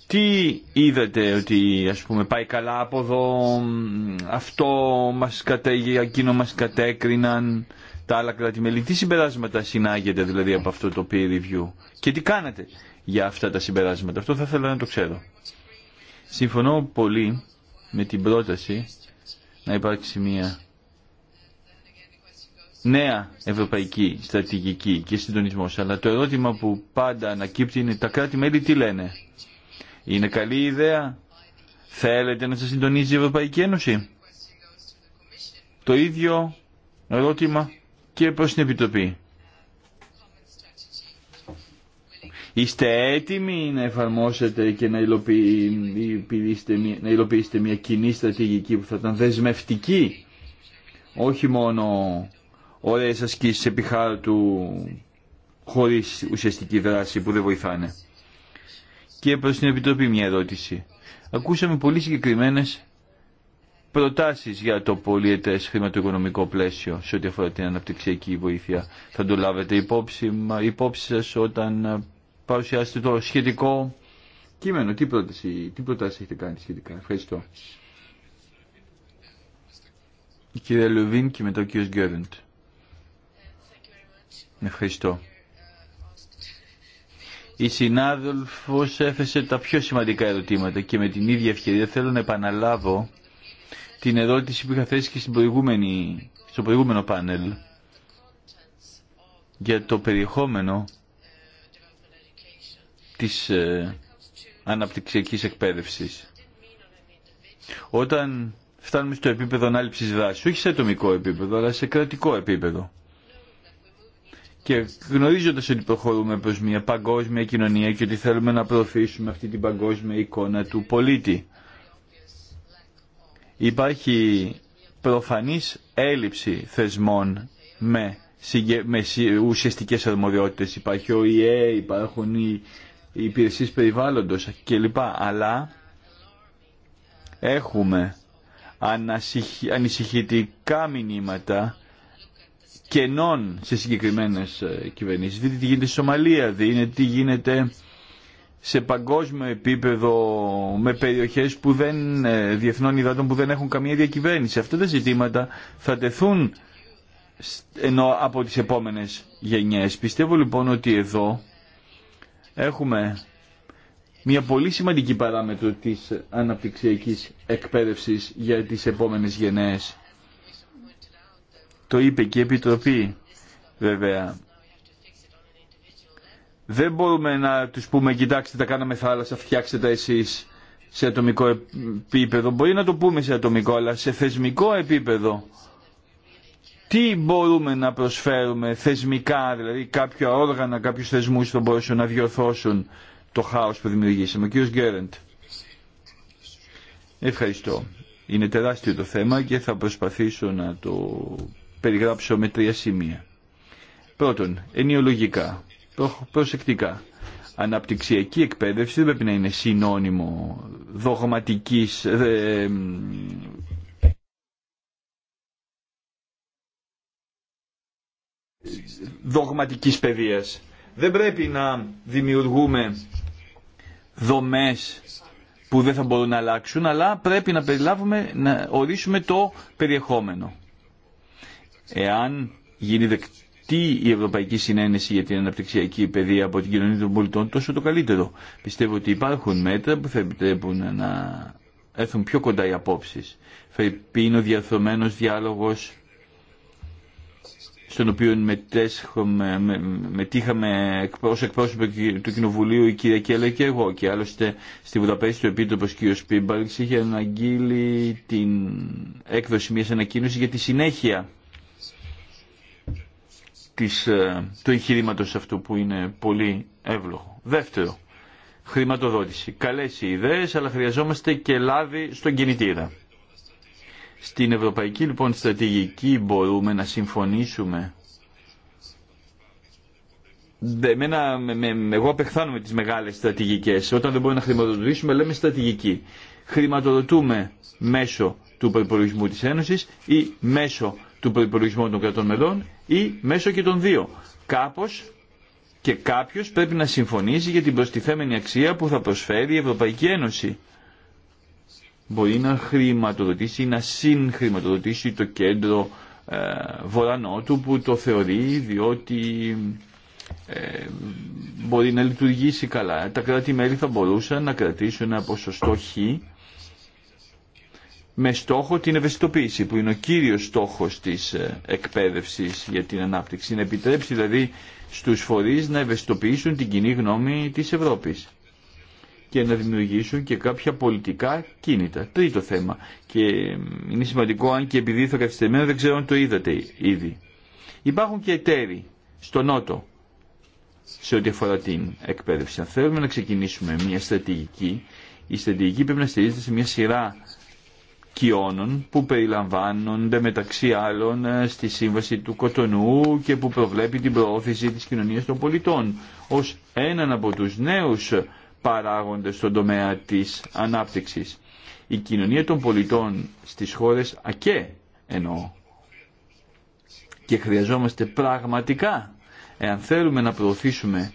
Τι είδατε ότι ας πούμε πάει καλά από εδώ, αυτό μας κατέγει, εκείνο μας κατέκριναν τα άλλα Τι συμπεράσματα συνάγεται δηλαδή από αυτό το peer review και τι κάνατε για αυτά τα συμπεράσματα. Αυτό θα ήθελα να το ξέρω. Συμφωνώ πολύ με την πρόταση να υπάρξει μια νέα ευρωπαϊκή στρατηγική και συντονισμός. Αλλά το ερώτημα που πάντα ανακύπτει είναι τα κράτη-μέλη τι λένε. Είναι καλή ιδέα. Θέλετε να σας συντονίζει η Ευρωπαϊκή Ένωση. Το ίδιο ερώτημα και προς την Επιτροπή. Είστε έτοιμοι να εφαρμόσετε και να υλοποιήσετε, μια, να υλοποιήσετε μια κοινή στρατηγική που θα ήταν δεσμευτική, όχι μόνο ωραίες ασκήσεις επί χάρτου χωρίς ουσιαστική δράση που δεν βοηθάνε. Και προς την Επιτροπή μια ερώτηση. Ακούσαμε πολύ συγκεκριμένες προτάσεις για το πολιετές χρηματοοικονομικό πλαίσιο σε ό,τι αφορά την αναπτυξιακή βοήθεια. Θα το λάβετε υπόψη, υπόψη σας όταν παρουσιάσετε το σχετικό κείμενο. Τι, πρόταση, τι έχετε κάνει σχετικά. Ευχαριστώ. Η κυρία Λουβίν και μετά ο κύριος Γκέρντ. Ευχαριστώ. Η συνάδελφος έθεσε τα πιο σημαντικά ερωτήματα και με την ίδια ευκαιρία θέλω να επαναλάβω την ερώτηση που είχα θέσει και στην προηγούμενη, στο προηγούμενο πάνελ για το περιεχόμενο της ε, αναπτυξιακής εκπαίδευσης. Όταν φτάνουμε στο επίπεδο ανάληψης δράσης, όχι σε ατομικό επίπεδο, αλλά σε κρατικό επίπεδο. Και γνωρίζοντας ότι προχωρούμε προς μια παγκόσμια κοινωνία και ότι θέλουμε να προωθήσουμε αυτή την παγκόσμια εικόνα του πολίτη, υπάρχει προφανής έλλειψη θεσμών με, με ουσιαστικές αρμοδιότητες. Υπάρχει ο ΙΕ, υπάρχουν οι οι υπηρεσίες περιβάλλοντος κλπ. Αλλά έχουμε ανησυχητικά μηνύματα κενών σε συγκεκριμένες ε, κυβερνήσεις. Δείτε τι γίνεται στη Σομαλία, δείτε τι γίνεται σε παγκόσμιο επίπεδο με περιοχές που δεν, ε, διεθνών υδάτων που δεν έχουν καμία διακυβέρνηση. Αυτά τα ζητήματα θα τεθούν ενώ από τις επόμενες γενιές. Πιστεύω λοιπόν ότι εδώ έχουμε μια πολύ σημαντική παράμετρο της αναπτυξιακής εκπαίδευσης για τις επόμενες γενναίες. Το είπε και η Επιτροπή βέβαια. Δεν μπορούμε να τους πούμε κοιτάξτε τα κάναμε θάλασσα, φτιάξτε τα εσείς σε ατομικό επίπεδο. Μπορεί να το πούμε σε ατομικό, αλλά σε θεσμικό επίπεδο τι μπορούμε να προσφέρουμε θεσμικά, δηλαδή κάποια όργανα, κάποιους θεσμούς που μπορούσαν να διορθώσουν το χάος που δημιουργήσαμε. κύριος Γκέρεντ. Ευχαριστώ. Είναι τεράστιο το θέμα και θα προσπαθήσω να το περιγράψω με τρία σημεία. Πρώτον, ενιολογικά, προσεκτικά. Αναπτυξιακή εκπαίδευση δεν πρέπει να είναι συνώνυμο δογματικής, ε, δογματικής παιδείας. Δεν πρέπει να δημιουργούμε δομές που δεν θα μπορούν να αλλάξουν, αλλά πρέπει να περιλάβουμε, να ορίσουμε το περιεχόμενο. Εάν γίνει δεκτή η Ευρωπαϊκή Συνένεση για την Αναπτυξιακή Παιδεία από την Κοινωνία των Πολιτών, τόσο το καλύτερο. Πιστεύω ότι υπάρχουν μέτρα που θα επιτρέπουν να έρθουν πιο κοντά οι απόψεις. ο διαρθρωμένος διάλογος στον οποίο μετήχαμε ως εκπρόσωπο του Κοινοβουλίου η κυρία Κέλλα και εγώ και άλλωστε στη Βουδαπέστη ο Επίτροπος κ. Σπίμπαλξ είχε αναγγείλει την έκδοση μιας ανακοίνωσης για τη συνέχεια της, ε, του εγχειρήματο αυτού που είναι πολύ εύλογο. Δεύτερο, χρηματοδότηση. Καλές οι ιδέες αλλά χρειαζόμαστε και λάδι στον κινητήρα. Στην ευρωπαϊκή λοιπόν στρατηγική μπορούμε να συμφωνήσουμε. Εμένα, με, με, εγώ απεχθάνομαι τις μεγάλες στρατηγικές. Όταν δεν μπορούμε να χρηματοδοτήσουμε λέμε στρατηγική. Χρηματοδοτούμε μέσω του προϋπολογισμού της Ένωσης ή μέσω του προϋπολογισμού των κρατών μελών ή μέσω και των δύο. Κάπως και κάποιος πρέπει να συμφωνήσει για την προστιθέμενη αξία που θα προσφέρει η Ευρωπαϊκή Ένωση μπορεί να χρηματοδοτήσει ή να συγχρηματοδοτήσει το κέντρο ε, του που το θεωρεί διότι ε, μπορεί να λειτουργήσει καλά. Τα κράτη-μέλη θα μπορούσαν να κρατήσουν ένα ποσοστό χ με στόχο την ευαισθητοποίηση που είναι ο κύριος στόχος της ε, εκπαίδευσης για την ανάπτυξη. Να επιτρέψει δηλαδή στους φορείς να ευαισθητοποιήσουν την κοινή γνώμη της Ευρώπης και να δημιουργήσουν και κάποια πολιτικά κίνητα. Τρίτο θέμα και είναι σημαντικό αν και επειδή θα καθυστερημένο δεν ξέρω αν το είδατε ήδη. Υπάρχουν και εταίροι στο Νότο σε ό,τι αφορά την εκπαίδευση. Αν θέλουμε να ξεκινήσουμε μια στρατηγική, η στρατηγική πρέπει να στηρίζεται σε μια σειρά κοιώνων που περιλαμβάνονται μεταξύ άλλων ε, στη σύμβαση του Κοτονού και που προβλέπει την προώθηση της κοινωνίας των πολιτών ως έναν από τους νέους παράγοντες στον τομέα της ανάπτυξης. Η κοινωνία των πολιτών στις χώρες ΑΚΕ εννοώ. Και χρειαζόμαστε πραγματικά, εάν θέλουμε να προωθήσουμε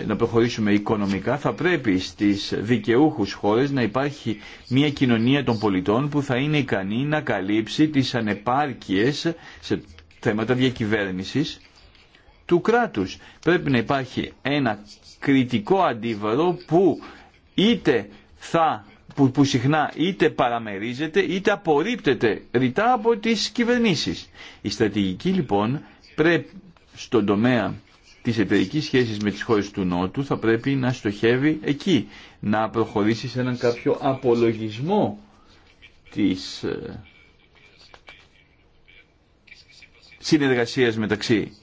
ε, να προχωρήσουμε οικονομικά θα πρέπει στις δικαιούχους χώρες να υπάρχει μια κοινωνία των πολιτών που θα είναι ικανή να καλύψει τις ανεπάρκειες σε θέματα διακυβέρνησης του κράτους. Πρέπει να υπάρχει ένα κριτικό αντίβαρο που είτε θα που, συχνά είτε παραμερίζεται είτε απορρίπτεται ρητά από τις κυβερνήσεις. Η στρατηγική λοιπόν πρέπει στον τομέα της εταιρικής σχέσης με τις χώρες του Νότου θα πρέπει να στοχεύει εκεί, να προχωρήσει σε έναν κάποιο απολογισμό της ε, συνεργασίας μεταξύ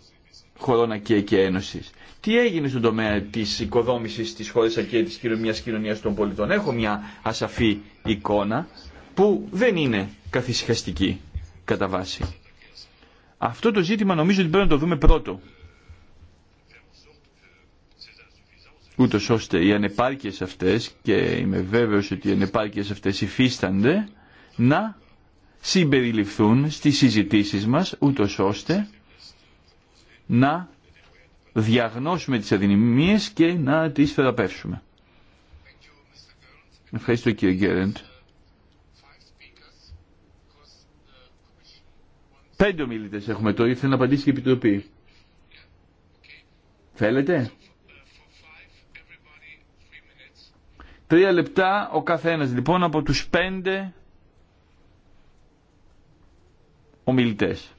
χωρών ΑΚΕ και Ένωσης. Τι έγινε στον τομέα τη οικοδόμησης τη χώρα ΑΚΕ τη κοινωνία κοινωνία των πολιτών. Έχω μια ασαφή εικόνα που δεν είναι καθησυχαστική κατά βάση. Αυτό το ζήτημα νομίζω ότι πρέπει να το δούμε πρώτο. Ούτως ώστε οι ανεπάρκειε αυτές, και είμαι βέβαιος ότι οι ανεπάρκειε αυτέ υφίστανται, να συμπεριληφθούν στις συζητήσεις μας, ούτως ώστε να διαγνώσουμε τις αδυναμίες και να τις θεραπεύσουμε. Ευχαριστώ κύριε Γκέρεντ. Πέντε ομιλητές έχουμε τώρα, ήθελα να απαντήσει και η Επιτροπή. Θέλετε? Τρία λεπτά ο καθένας λοιπόν από τους πέντε ομιλητές.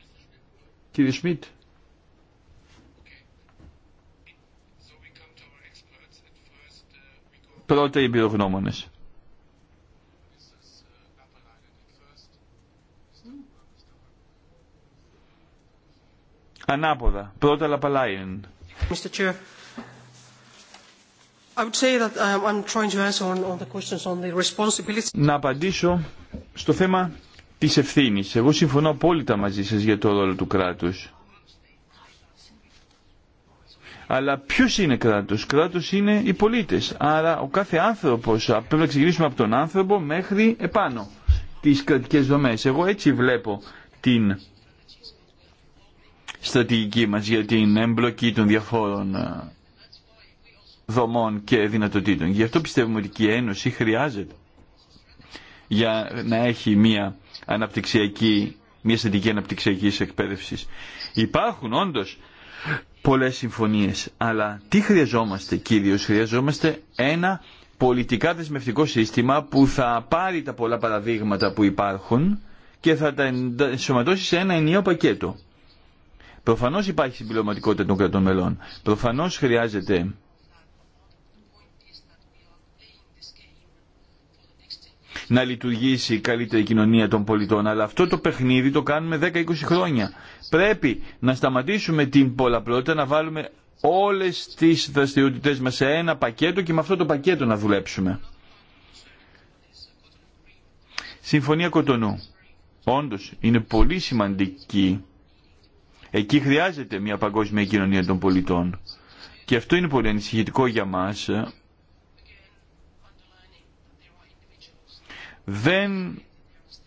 Κύριε Σμιτ. Πρώτα οι πυρογνώμονε. Ανάποδα. Πρώτα Λαπαλάιεν. Um, Να απαντήσω στο θέμα της ευθύνης. Εγώ συμφωνώ απόλυτα μαζί σας για το ρόλο του κράτους. Αλλά ποιο είναι κράτο. Κράτο είναι οι πολίτε. Άρα ο κάθε άνθρωπο πρέπει να ξεκινήσουμε από τον άνθρωπο μέχρι επάνω τι κρατικέ δομέ. Εγώ έτσι βλέπω την στρατηγική μας για την εμπλοκή των διαφόρων ε, δομών και δυνατοτήτων. Γι' αυτό πιστεύουμε ότι και η Ένωση χρειάζεται για να έχει μια αναπτυξιακή, μια στρατηγική αναπτυξιακή εκπαίδευση. Υπάρχουν όντω πολλές συμφωνίες. Αλλά τι χρειαζόμαστε κυρίως, χρειαζόμαστε ένα πολιτικά δεσμευτικό σύστημα που θα πάρει τα πολλά παραδείγματα που υπάρχουν και θα τα ενσωματώσει σε ένα ενιαίο πακέτο. Προφανώς υπάρχει συμπληρωματικότητα των κρατών μελών. Προφανώς χρειάζεται να λειτουργήσει η καλύτερη κοινωνία των πολιτών. Αλλά αυτό το παιχνίδι το κάνουμε 10-20 χρόνια. Πρέπει να σταματήσουμε την πολλαπλότητα, να βάλουμε όλες τις δραστηριότητες μας σε ένα πακέτο και με αυτό το πακέτο να δουλέψουμε. Συμφωνία Κοτονού. Όντως είναι πολύ σημαντική. Εκεί χρειάζεται μια παγκόσμια κοινωνία των πολιτών. Και αυτό είναι πολύ ανησυχητικό για μας δεν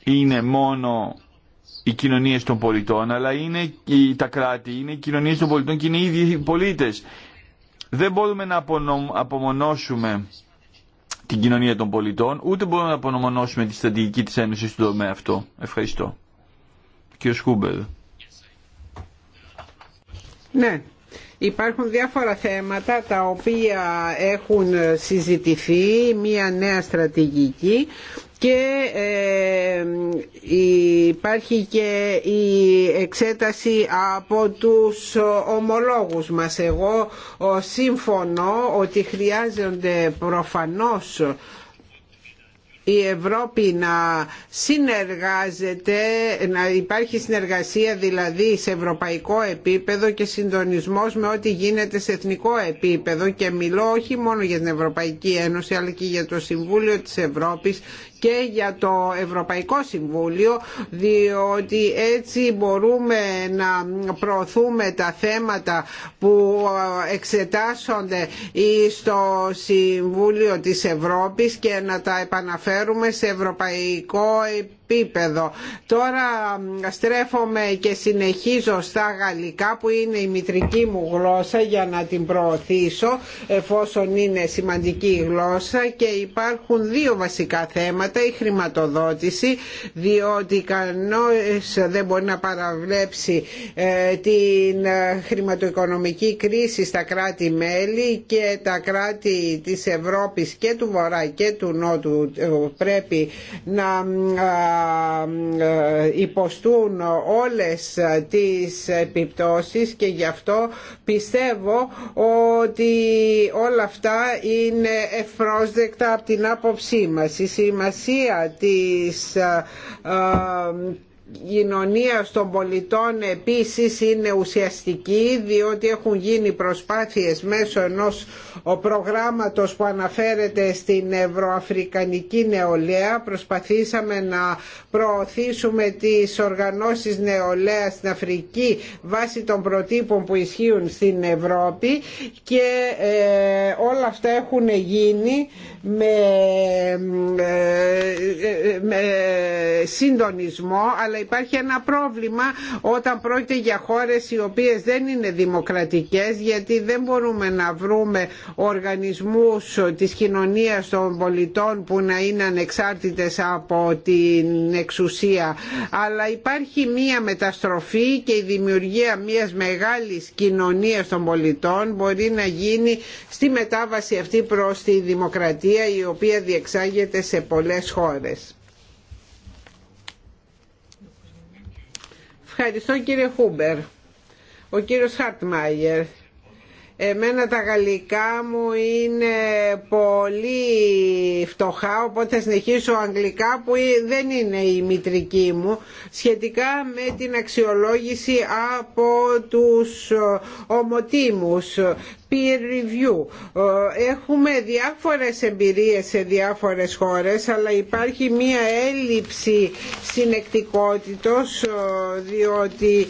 είναι μόνο οι κοινωνίε των πολιτών, αλλά είναι τα κράτη, είναι οι κοινωνίε των πολιτών και είναι οι ίδιοι οι πολίτε. Δεν μπορούμε να απομονώσουμε την κοινωνία των πολιτών, ούτε μπορούμε να απομονώσουμε τη στρατηγική της Ένωση στον τομέα αυτό. Ευχαριστώ. Κύριο Σκούμπερ. Ναι, Υπάρχουν διάφορα θέματα τα οποία έχουν συζητηθεί, μια νέα στρατηγική και ε, υπάρχει και η εξέταση από τους ομολόγους μας. Εγώ σύμφωνο ότι χρειάζονται προφανώς η Ευρώπη να συνεργάζεται, να υπάρχει συνεργασία δηλαδή σε ευρωπαϊκό επίπεδο και συντονισμός με ό,τι γίνεται σε εθνικό επίπεδο και μιλώ όχι μόνο για την Ευρωπαϊκή Ένωση αλλά και για το Συμβούλιο της Ευρώπης και για το Ευρωπαϊκό Συμβούλιο διότι έτσι μπορούμε να προωθούμε τα θέματα που εξετάσσονται στο Συμβούλιο της Ευρώπης και να τα επαναφέρουμε σε ευρωπαϊκό επίπεδο. Τώρα στρέφομαι και συνεχίζω στα γαλλικά που είναι η μητρική μου γλώσσα για να την προωθήσω εφόσον είναι σημαντική η γλώσσα και υπάρχουν δύο βασικά θέματα η χρηματοδότηση διότι κανόνες δεν μπορεί να παραβλέψει ε, την ε, χρηματοοικονομική κρίση στα κράτη-μέλη και τα κράτη της Ευρώπης και του Βορρά και του Νότου ε, πρέπει να υποστούν όλες τις επιπτώσεις και γι' αυτό πιστεύω ότι όλα αυτά είναι ευπρόσδεκτα από την άποψή μας. Η σημασία της ε, κοινωνία των πολιτών επίσης είναι ουσιαστική διότι έχουν γίνει προσπάθειες μέσω ενός ο προγράμματος που αναφέρεται στην Ευρωαφρικανική Νεολαία προσπαθήσαμε να προωθήσουμε τις οργανώσεις νεολαία στην Αφρική βάσει των προτύπων που ισχύουν στην Ευρώπη και όλα αυτά έχουν γίνει με, με συντονισμό αλλά υπάρχει ένα πρόβλημα όταν πρόκειται για χώρες οι οποίες δεν είναι δημοκρατικές γιατί δεν μπορούμε να βρούμε οργανισμούς της κοινωνίας των πολιτών που να είναι ανεξάρτητες από την εξουσία αλλά υπάρχει μία μεταστροφή και η δημιουργία μιας μεγάλης κοινωνίας των πολιτών μπορεί να γίνει στη μετάβαση αυτή προς τη δημοκρατία η οποία διεξάγεται σε πολλές χώρες. Ευχαριστώ κύριε Χούμπερ. Ο κύριος Χαρτμάγερ. Εμένα τα γαλλικά μου είναι πολύ φτωχά, οπότε θα συνεχίσω αγγλικά που δεν είναι η μητρική μου, σχετικά με την αξιολόγηση από τους ομοτήμους peer review. Ε, έχουμε διάφορες εμπειρίες σε διάφορες χώρες αλλά υπάρχει μία έλλειψη συνεκτικότητος ε, διότι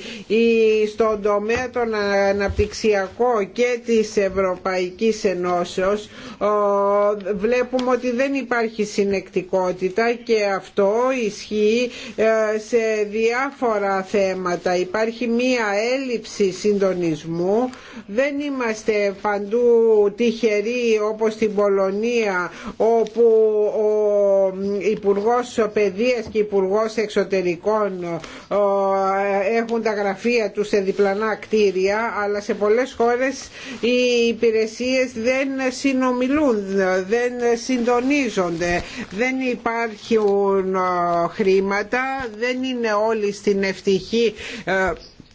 στον τομέα των αναπτυξιακό και της Ευρωπαϊκής Ενώσεως ε, βλέπουμε ότι δεν υπάρχει συνεκτικότητα και αυτό ισχύει σε διάφορα θέματα. Υπάρχει μία έλλειψη συντονισμού. Δεν είμαστε παντού τυχεροί όπως στην Πολωνία όπου ο Υπουργός Παιδείας και Υπουργός Εξωτερικών έχουν τα γραφεία τους σε διπλανά κτίρια αλλά σε πολλές χώρες οι υπηρεσίες δεν συνομιλούν, δεν συντονίζονται, δεν υπάρχουν ε, χρήματα, δεν είναι όλοι στην ευτυχή ε,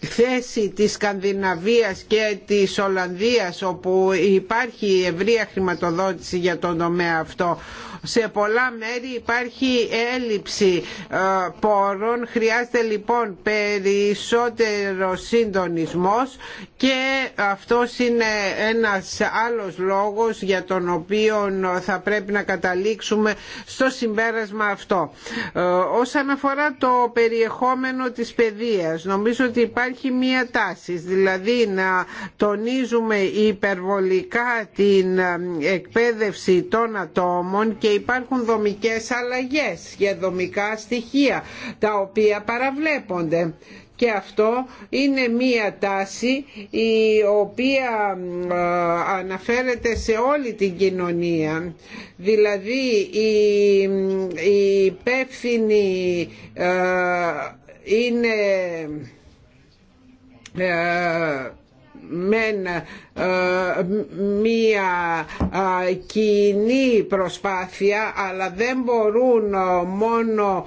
θέση της Σκανδιναβίας και της Ολλανδίας όπου υπάρχει ευρεία χρηματοδότηση για τον τομέα αυτό σε πολλά μέρη υπάρχει έλλειψη ε, πόρων χρειάζεται λοιπόν περισσότερο συντονισμός και αυτό είναι ένας άλλος λόγος για τον οποίο θα πρέπει να καταλήξουμε στο συμπέρασμα αυτό. Ε, όσον αφορά το περιεχόμενο της παιδείας νομίζω ότι υπάρχει μία τάση δηλαδή να τονίζουμε υπερβολικά την ε, εκπαίδευση των ατόμων και υπάρχουν δομικές αλλαγές για δομικά στοιχεία τα οποία παραβλέπονται και αυτό είναι μία τάση η οποία ε, αναφέρεται σε όλη την κοινωνία. Δηλαδή οι υπεύθυνοι ε, είναι ε, μεν ε, μία ε, κοινή προσπάθεια αλλά δεν μπορούν ε, μόνο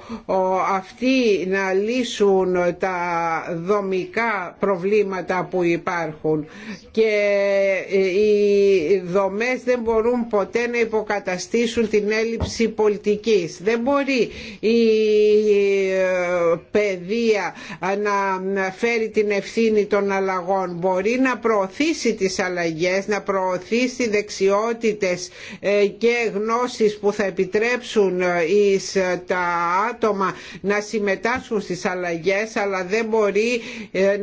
αυτοί να λύσουν τα δομικά προβλήματα που υπάρχουν και οι δομές δεν μπορούν ποτέ να υποκαταστήσουν την έλλειψη πολιτικής. Δεν μπορεί η παιδεία να φέρει την ευθύνη των αλλαγών. Μπορεί να να προωθήσει τις αλλαγές, να προωθήσει δεξιότητες ε, και γνώσεις που θα επιτρέψουν ε, εις ε, τα άτομα να συμμετάσχουν στις αλλαγές αλλά δεν μπορεί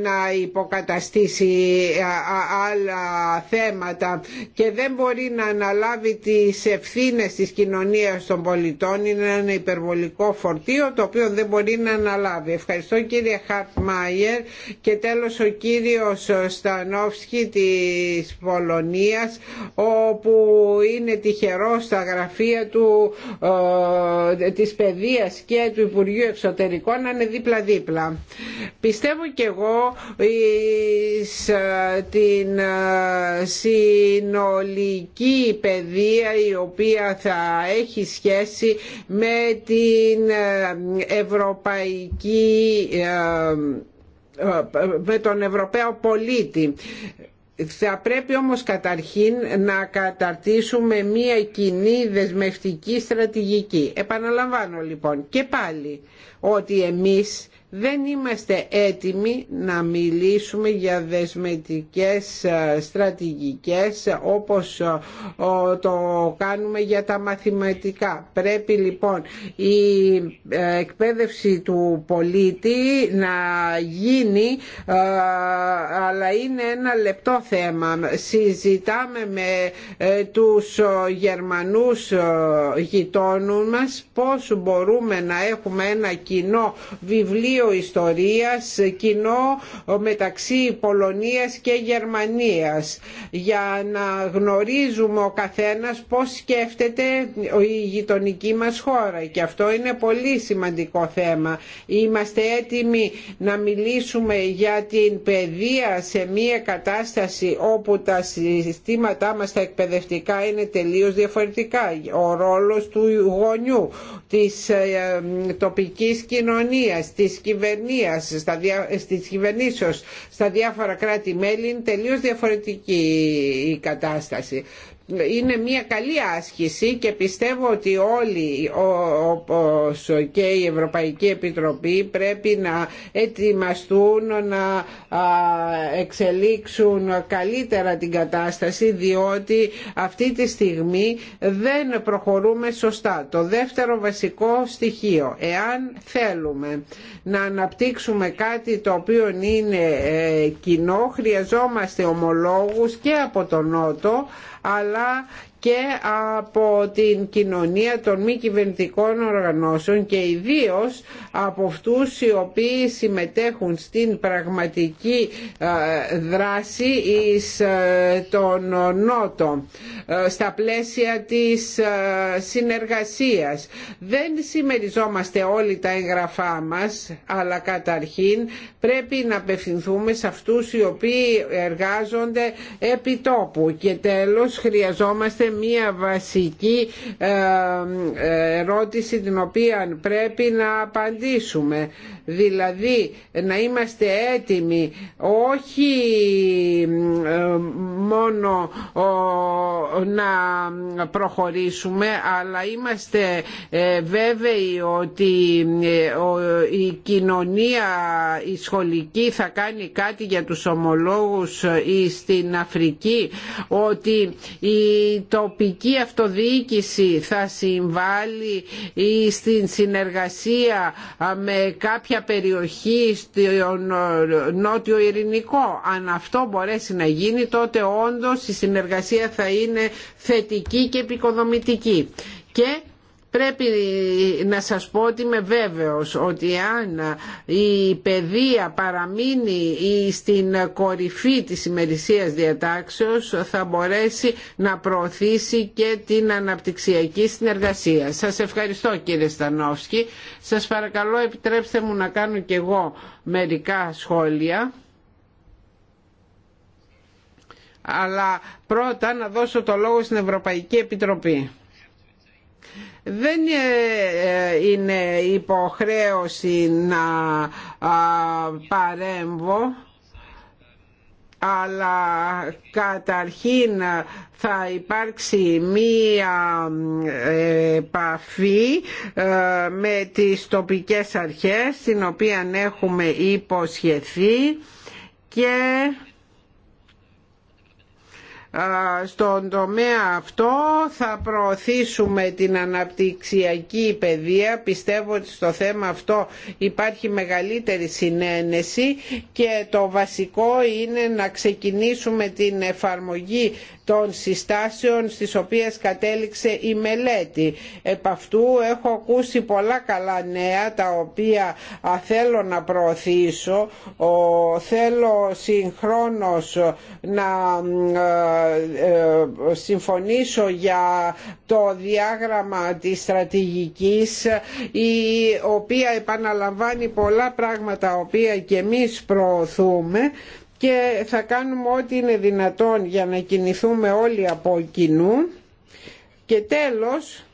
να υποκαταστήσει άλλα θέματα και δεν μπορεί να αναλάβει τις ευθύνες της κοινωνίας των πολιτών είναι ένα υπερβολικό φορτίο το οποίο δεν μπορεί να αναλάβει. Ευχαριστώ κύριε Χαρτμάιερ και τέλος ο κύριος Στανό τη της Πολωνίας όπου είναι τυχερό στα γραφεία του, ε, της παιδείας και του Υπουργείου Εξωτερικών να είναι δίπλα-δίπλα. Πιστεύω και εγώ εις, ε, την ε, συνολική παιδεία η οποία θα έχει σχέση με την ε, ευρωπαϊκή με τον Ευρωπαίο πολίτη. Θα πρέπει όμως καταρχήν να καταρτήσουμε μία κοινή δεσμευτική στρατηγική. Επαναλαμβάνω λοιπόν και πάλι ότι εμείς δεν είμαστε έτοιμοι να μιλήσουμε για δεσμετικές ε, στρατηγικές όπως ε, το κάνουμε για τα μαθηματικά. Πρέπει λοιπόν η ε, εκπαίδευση του πολίτη να γίνει αλλά είναι ένα λεπτό θέμα. Συζητάμε με τους Γερμανούς γειτόνους μας πώς μπορούμε να έχουμε ένα κοινό βιβλίο Μουσείο Ιστορίας κοινό μεταξύ Πολωνίας και Γερμανίας για να γνωρίζουμε ο καθένας πώς σκέφτεται η γειτονική μας χώρα και αυτό είναι πολύ σημαντικό θέμα. Είμαστε έτοιμοι να μιλήσουμε για την παιδεία σε μια κατάσταση όπου τα συστήματά μας τα εκπαιδευτικά είναι τελείως διαφορετικά. Ο ρόλος του γονιού, της ε, ε, τοπικής κοινωνίας, της κυβερνίας, στα στα διάφορα κράτη-μέλη είναι τελείως διαφορετική η κατάσταση είναι μια καλή άσκηση και πιστεύω ότι όλοι όπως και η Ευρωπαϊκή Επιτροπή πρέπει να ετοιμαστούν να εξελίξουν καλύτερα την κατάσταση διότι αυτή τη στιγμή δεν προχωρούμε σωστά. Το δεύτερο βασικό στοιχείο, εάν θέλουμε να αναπτύξουμε κάτι το οποίο είναι ε, κοινό, χρειαζόμαστε ομολόγους και από τον Νότο, αλλά καλά και από την κοινωνία των μη κυβερνητικών οργανώσεων και ιδίως από αυτούς οι οποίοι συμμετέχουν στην πραγματική ε, δράση εις ε, τον Νότο ε, στα πλαίσια της συνεργασίας. Δεν συμμεριζόμαστε όλοι τα έγγραφά μας, αλλά καταρχήν πρέπει να απευθυνθούμε σε αυτούς οι οποίοι εργάζονται επί τόπου και τέλος χρειαζόμαστε μια βασική ε, ε, ερώτηση την οποία πρέπει να απαντήσουμε δηλαδή να είμαστε έτοιμοι όχι μόνο να προχωρήσουμε αλλά είμαστε ε, βέβαιοι ότι ε, η κοινωνία η σχολική θα κάνει κάτι για τους ομολόγους ε, στην Αφρική ότι η τοπική αυτοδιοίκηση θα συμβάλλει στην συνεργασία με κάποια κάποια περιοχή στο ε, νότιο ειρηνικό. Αν αυτό μπορέσει να γίνει τότε όντως η συνεργασία θα είναι θετική και επικοδομητική. Και Πρέπει να σας πω ότι είμαι βέβαιος ότι αν η παιδεία παραμείνει στην κορυφή της ημερησίας διατάξεως θα μπορέσει να προωθήσει και την αναπτυξιακή συνεργασία. Σας ευχαριστώ κύριε Στανόφσκι. Σας παρακαλώ επιτρέψτε μου να κάνω και εγώ μερικά σχόλια αλλά πρώτα να δώσω το λόγο στην Ευρωπαϊκή Επιτροπή δεν ε, ε, είναι υποχρέωση να παρέμβω αλλά καταρχήν θα υπάρξει μία ε, επαφή με τις τοπικές αρχές την οποία έχουμε υποσχεθεί και στον τομέα αυτό θα προωθήσουμε την αναπτυξιακή παιδεία. Πιστεύω ότι στο θέμα αυτό υπάρχει μεγαλύτερη συνένεση και το βασικό είναι να ξεκινήσουμε την εφαρμογή των συστάσεων στις οποίες κατέληξε η μελέτη. Επ' αυτού έχω ακούσει πολλά καλά νέα τα οποία θέλω να προωθήσω. Θέλω συγχρόνως να ε, συμφωνήσω για το διάγραμμα της στρατηγικής η οποία επαναλαμβάνει πολλά πράγματα οποία και εμείς προωθούμε και θα κάνουμε ό,τι είναι δυνατόν για να κινηθούμε όλοι από κοινού και τέλος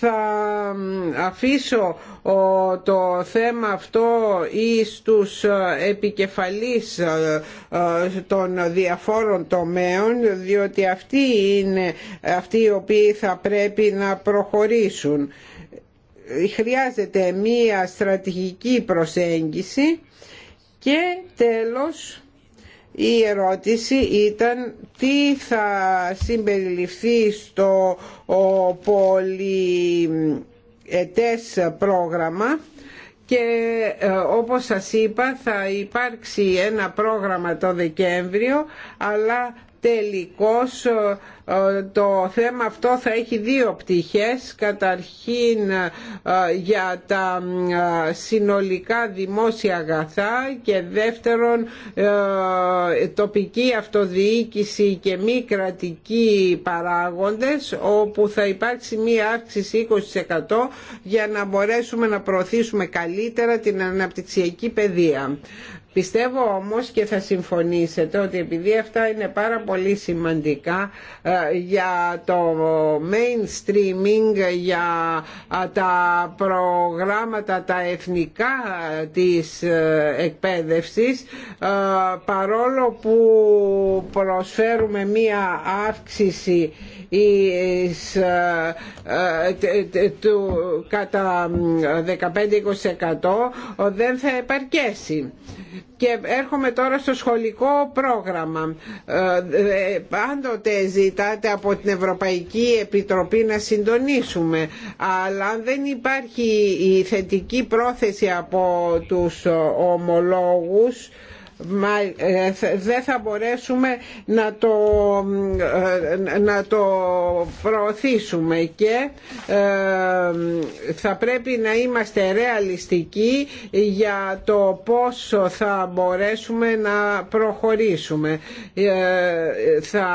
θα αφήσω το θέμα αυτό ή στους ε, επικεφαλείς ε, ε, των διαφόρων τομέων διότι αυτοί είναι αυτοί οι οποίοι θα πρέπει να προχωρήσουν. Χρειάζεται μία στρατηγική προσέγγιση και τέλος η ερώτηση ήταν τι θα συμπεριληφθεί στο πολυετές πρόγραμμα και ε, όπως σας είπα θα υπάρξει ένα πρόγραμμα το Δεκέμβριο αλλά τελικώς το θέμα αυτό θα έχει δύο πτυχές καταρχήν ε, για τα ε, συνολικά δημόσια αγαθά και δεύτερον ε, τοπική αυτοδιοίκηση και μη κρατικοί παράγοντες όπου θα υπάρξει μία αύξηση 20% για να μπορέσουμε να προωθήσουμε καλύτερα την αναπτυξιακή παιδεία. Πιστεύω όμως και θα συμφωνήσετε ότι επειδή αυτά είναι πάρα πολύ σημαντικά ε, για το mainstreaming, για ε, τα προγράμματα τα εθνικά της ε, εκπαίδευσης, παρόλο που προσφέρουμε μία αύξηση ε, ε, του, κατά 15-20% δεν θα επαρκέσει. Και έρχομαι τώρα στο σχολικό πρόγραμμα. Ε, πάντοτε ζητάτε από την Ευρωπαϊκή Επιτροπή να συντονίσουμε, αλλά αν δεν υπάρχει η θετική πρόθεση από τους ομολόγους, ε, δεν θα μπορέσουμε να το, ε, να το προωθήσουμε και ε, θα πρέπει να είμαστε ρεαλιστικοί για το πόσο θα μπορέσουμε να προχωρήσουμε. Θα,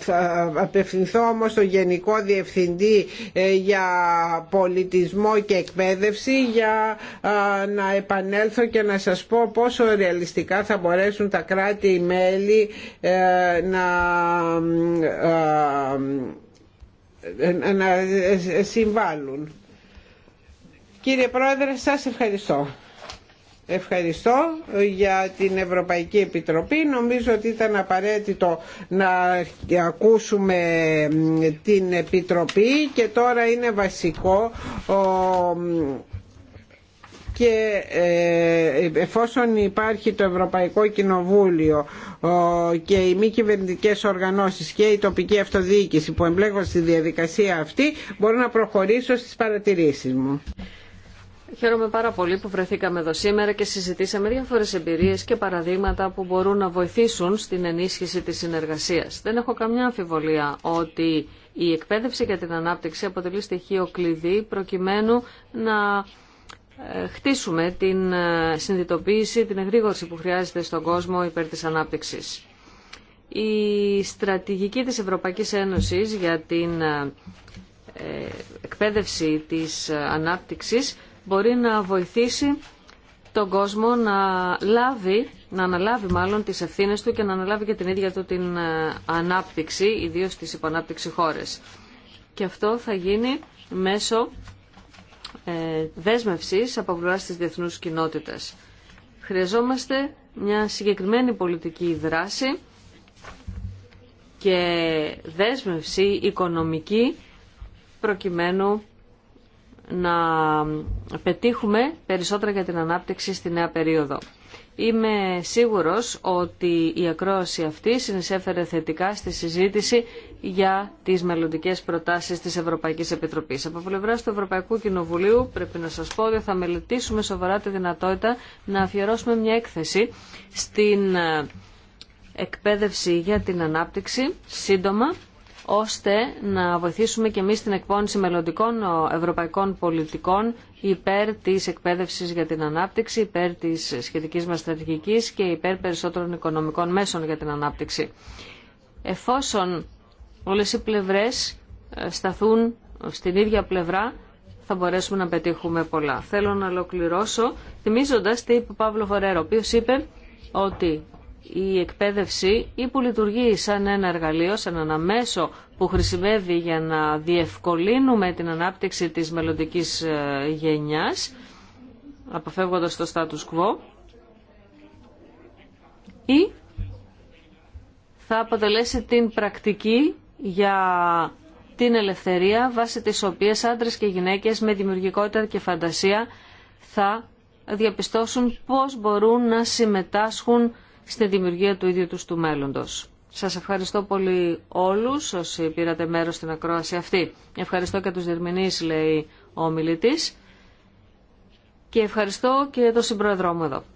θα απευθυνθώ όμως στο Γενικό Διευθυντή για πολιτισμό και εκπαίδευση για να επανέλθω και να σας πω πώς πόσο ρεαλιστικά θα μπορέσουν τα κράτη-μέλη ε, να ε, ε, να συμβάλλουν. Κύριε Πρόεδρε, σας ευχαριστώ. Ευχαριστώ για την Ευρωπαϊκή Επιτροπή. Νομίζω ότι ήταν απαραίτητο να ακούσουμε την Επιτροπή και τώρα είναι βασικό και ε, εφόσον υπάρχει το Ευρωπαϊκό Κοινοβούλιο και οι μη κυβερνητικέ οργανώσεις και η τοπική αυτοδιοίκηση που εμπλέκονται στη διαδικασία αυτή μπορώ να προχωρήσω στις παρατηρήσεις μου. Χαίρομαι πάρα πολύ που βρεθήκαμε εδώ σήμερα και συζητήσαμε διάφορες εμπειρίες και παραδείγματα που μπορούν να βοηθήσουν στην ενίσχυση της συνεργασίας. Δεν έχω καμιά αμφιβολία ότι η εκπαίδευση για την ανάπτυξη αποτελεί στοιχείο κλειδί προκειμένου να ε, χτίσουμε την ε, συνειδητοποίηση, την εγρήγορση που χρειάζεται στον κόσμο υπέρ της ανάπτυξης. Η στρατηγική της Ευρωπαϊκής Ένωσης για την ε, εκπαίδευση της ανάπτυξης μπορεί να βοηθήσει τον κόσμο να λάβει, να αναλάβει μάλλον τις ευθύνες του και να αναλάβει και την ίδια του την ανάπτυξη, ιδίως στις υπανάπτυξη χώρες. Και αυτό θα γίνει μέσω ε, δέσμευσης από της διεθνούς κοινότητας. Χρειαζόμαστε μια συγκεκριμένη πολιτική δράση και δέσμευση οικονομική προκειμένου να πετύχουμε περισσότερα για την ανάπτυξη στη νέα περίοδο. Είμαι σίγουρος ότι η ακρόαση αυτή συνεισέφερε θετικά στη συζήτηση για τις μελλοντικέ προτάσεις της Ευρωπαϊκής Επιτροπής. Από πλευρά του Ευρωπαϊκού Κοινοβουλίου πρέπει να σας πω ότι θα μελετήσουμε σοβαρά τη δυνατότητα να αφιερώσουμε μια έκθεση στην ε, εκπαίδευση για την ανάπτυξη σύντομα ώστε να βοηθήσουμε και εμείς την εκπόνηση μελλοντικών ε, ευρωπαϊκών πολιτικών υπέρ της εκπαίδευσης για την ανάπτυξη, υπέρ της σχετικής μας στρατηγικής και υπέρ περισσότερων οικονομικών μέσων για την ανάπτυξη. Εφόσον όλες οι πλευρές ε, σταθούν στην ίδια πλευρά, θα μπορέσουμε να πετύχουμε πολλά. Θέλω να ολοκληρώσω θυμίζοντας τι είπε ο Παύλο Φορέρο, ο οποίος είπε ότι η εκπαίδευση ή που λειτουργεί σαν ένα εργαλείο, σαν ένα μέσο που χρησιμεύει για να διευκολύνουμε την ανάπτυξη της μελλοντική ε, γενιάς, αποφεύγοντας το status quo, ή θα αποτελέσει την πρακτική για την ελευθερία βάσει της οποίας άντρες και γυναίκες με δημιουργικότητα και φαντασία θα διαπιστώσουν πώς μπορούν να συμμετάσχουν στη δημιουργία του ίδιου τους του μέλλοντος. Σας ευχαριστώ πολύ όλους όσοι πήρατε μέρος στην ακρόαση αυτή. Ευχαριστώ και τους Δερμηνείς, λέει ο μιλητής. Και ευχαριστώ και τον συμπρόεδρό μου εδώ.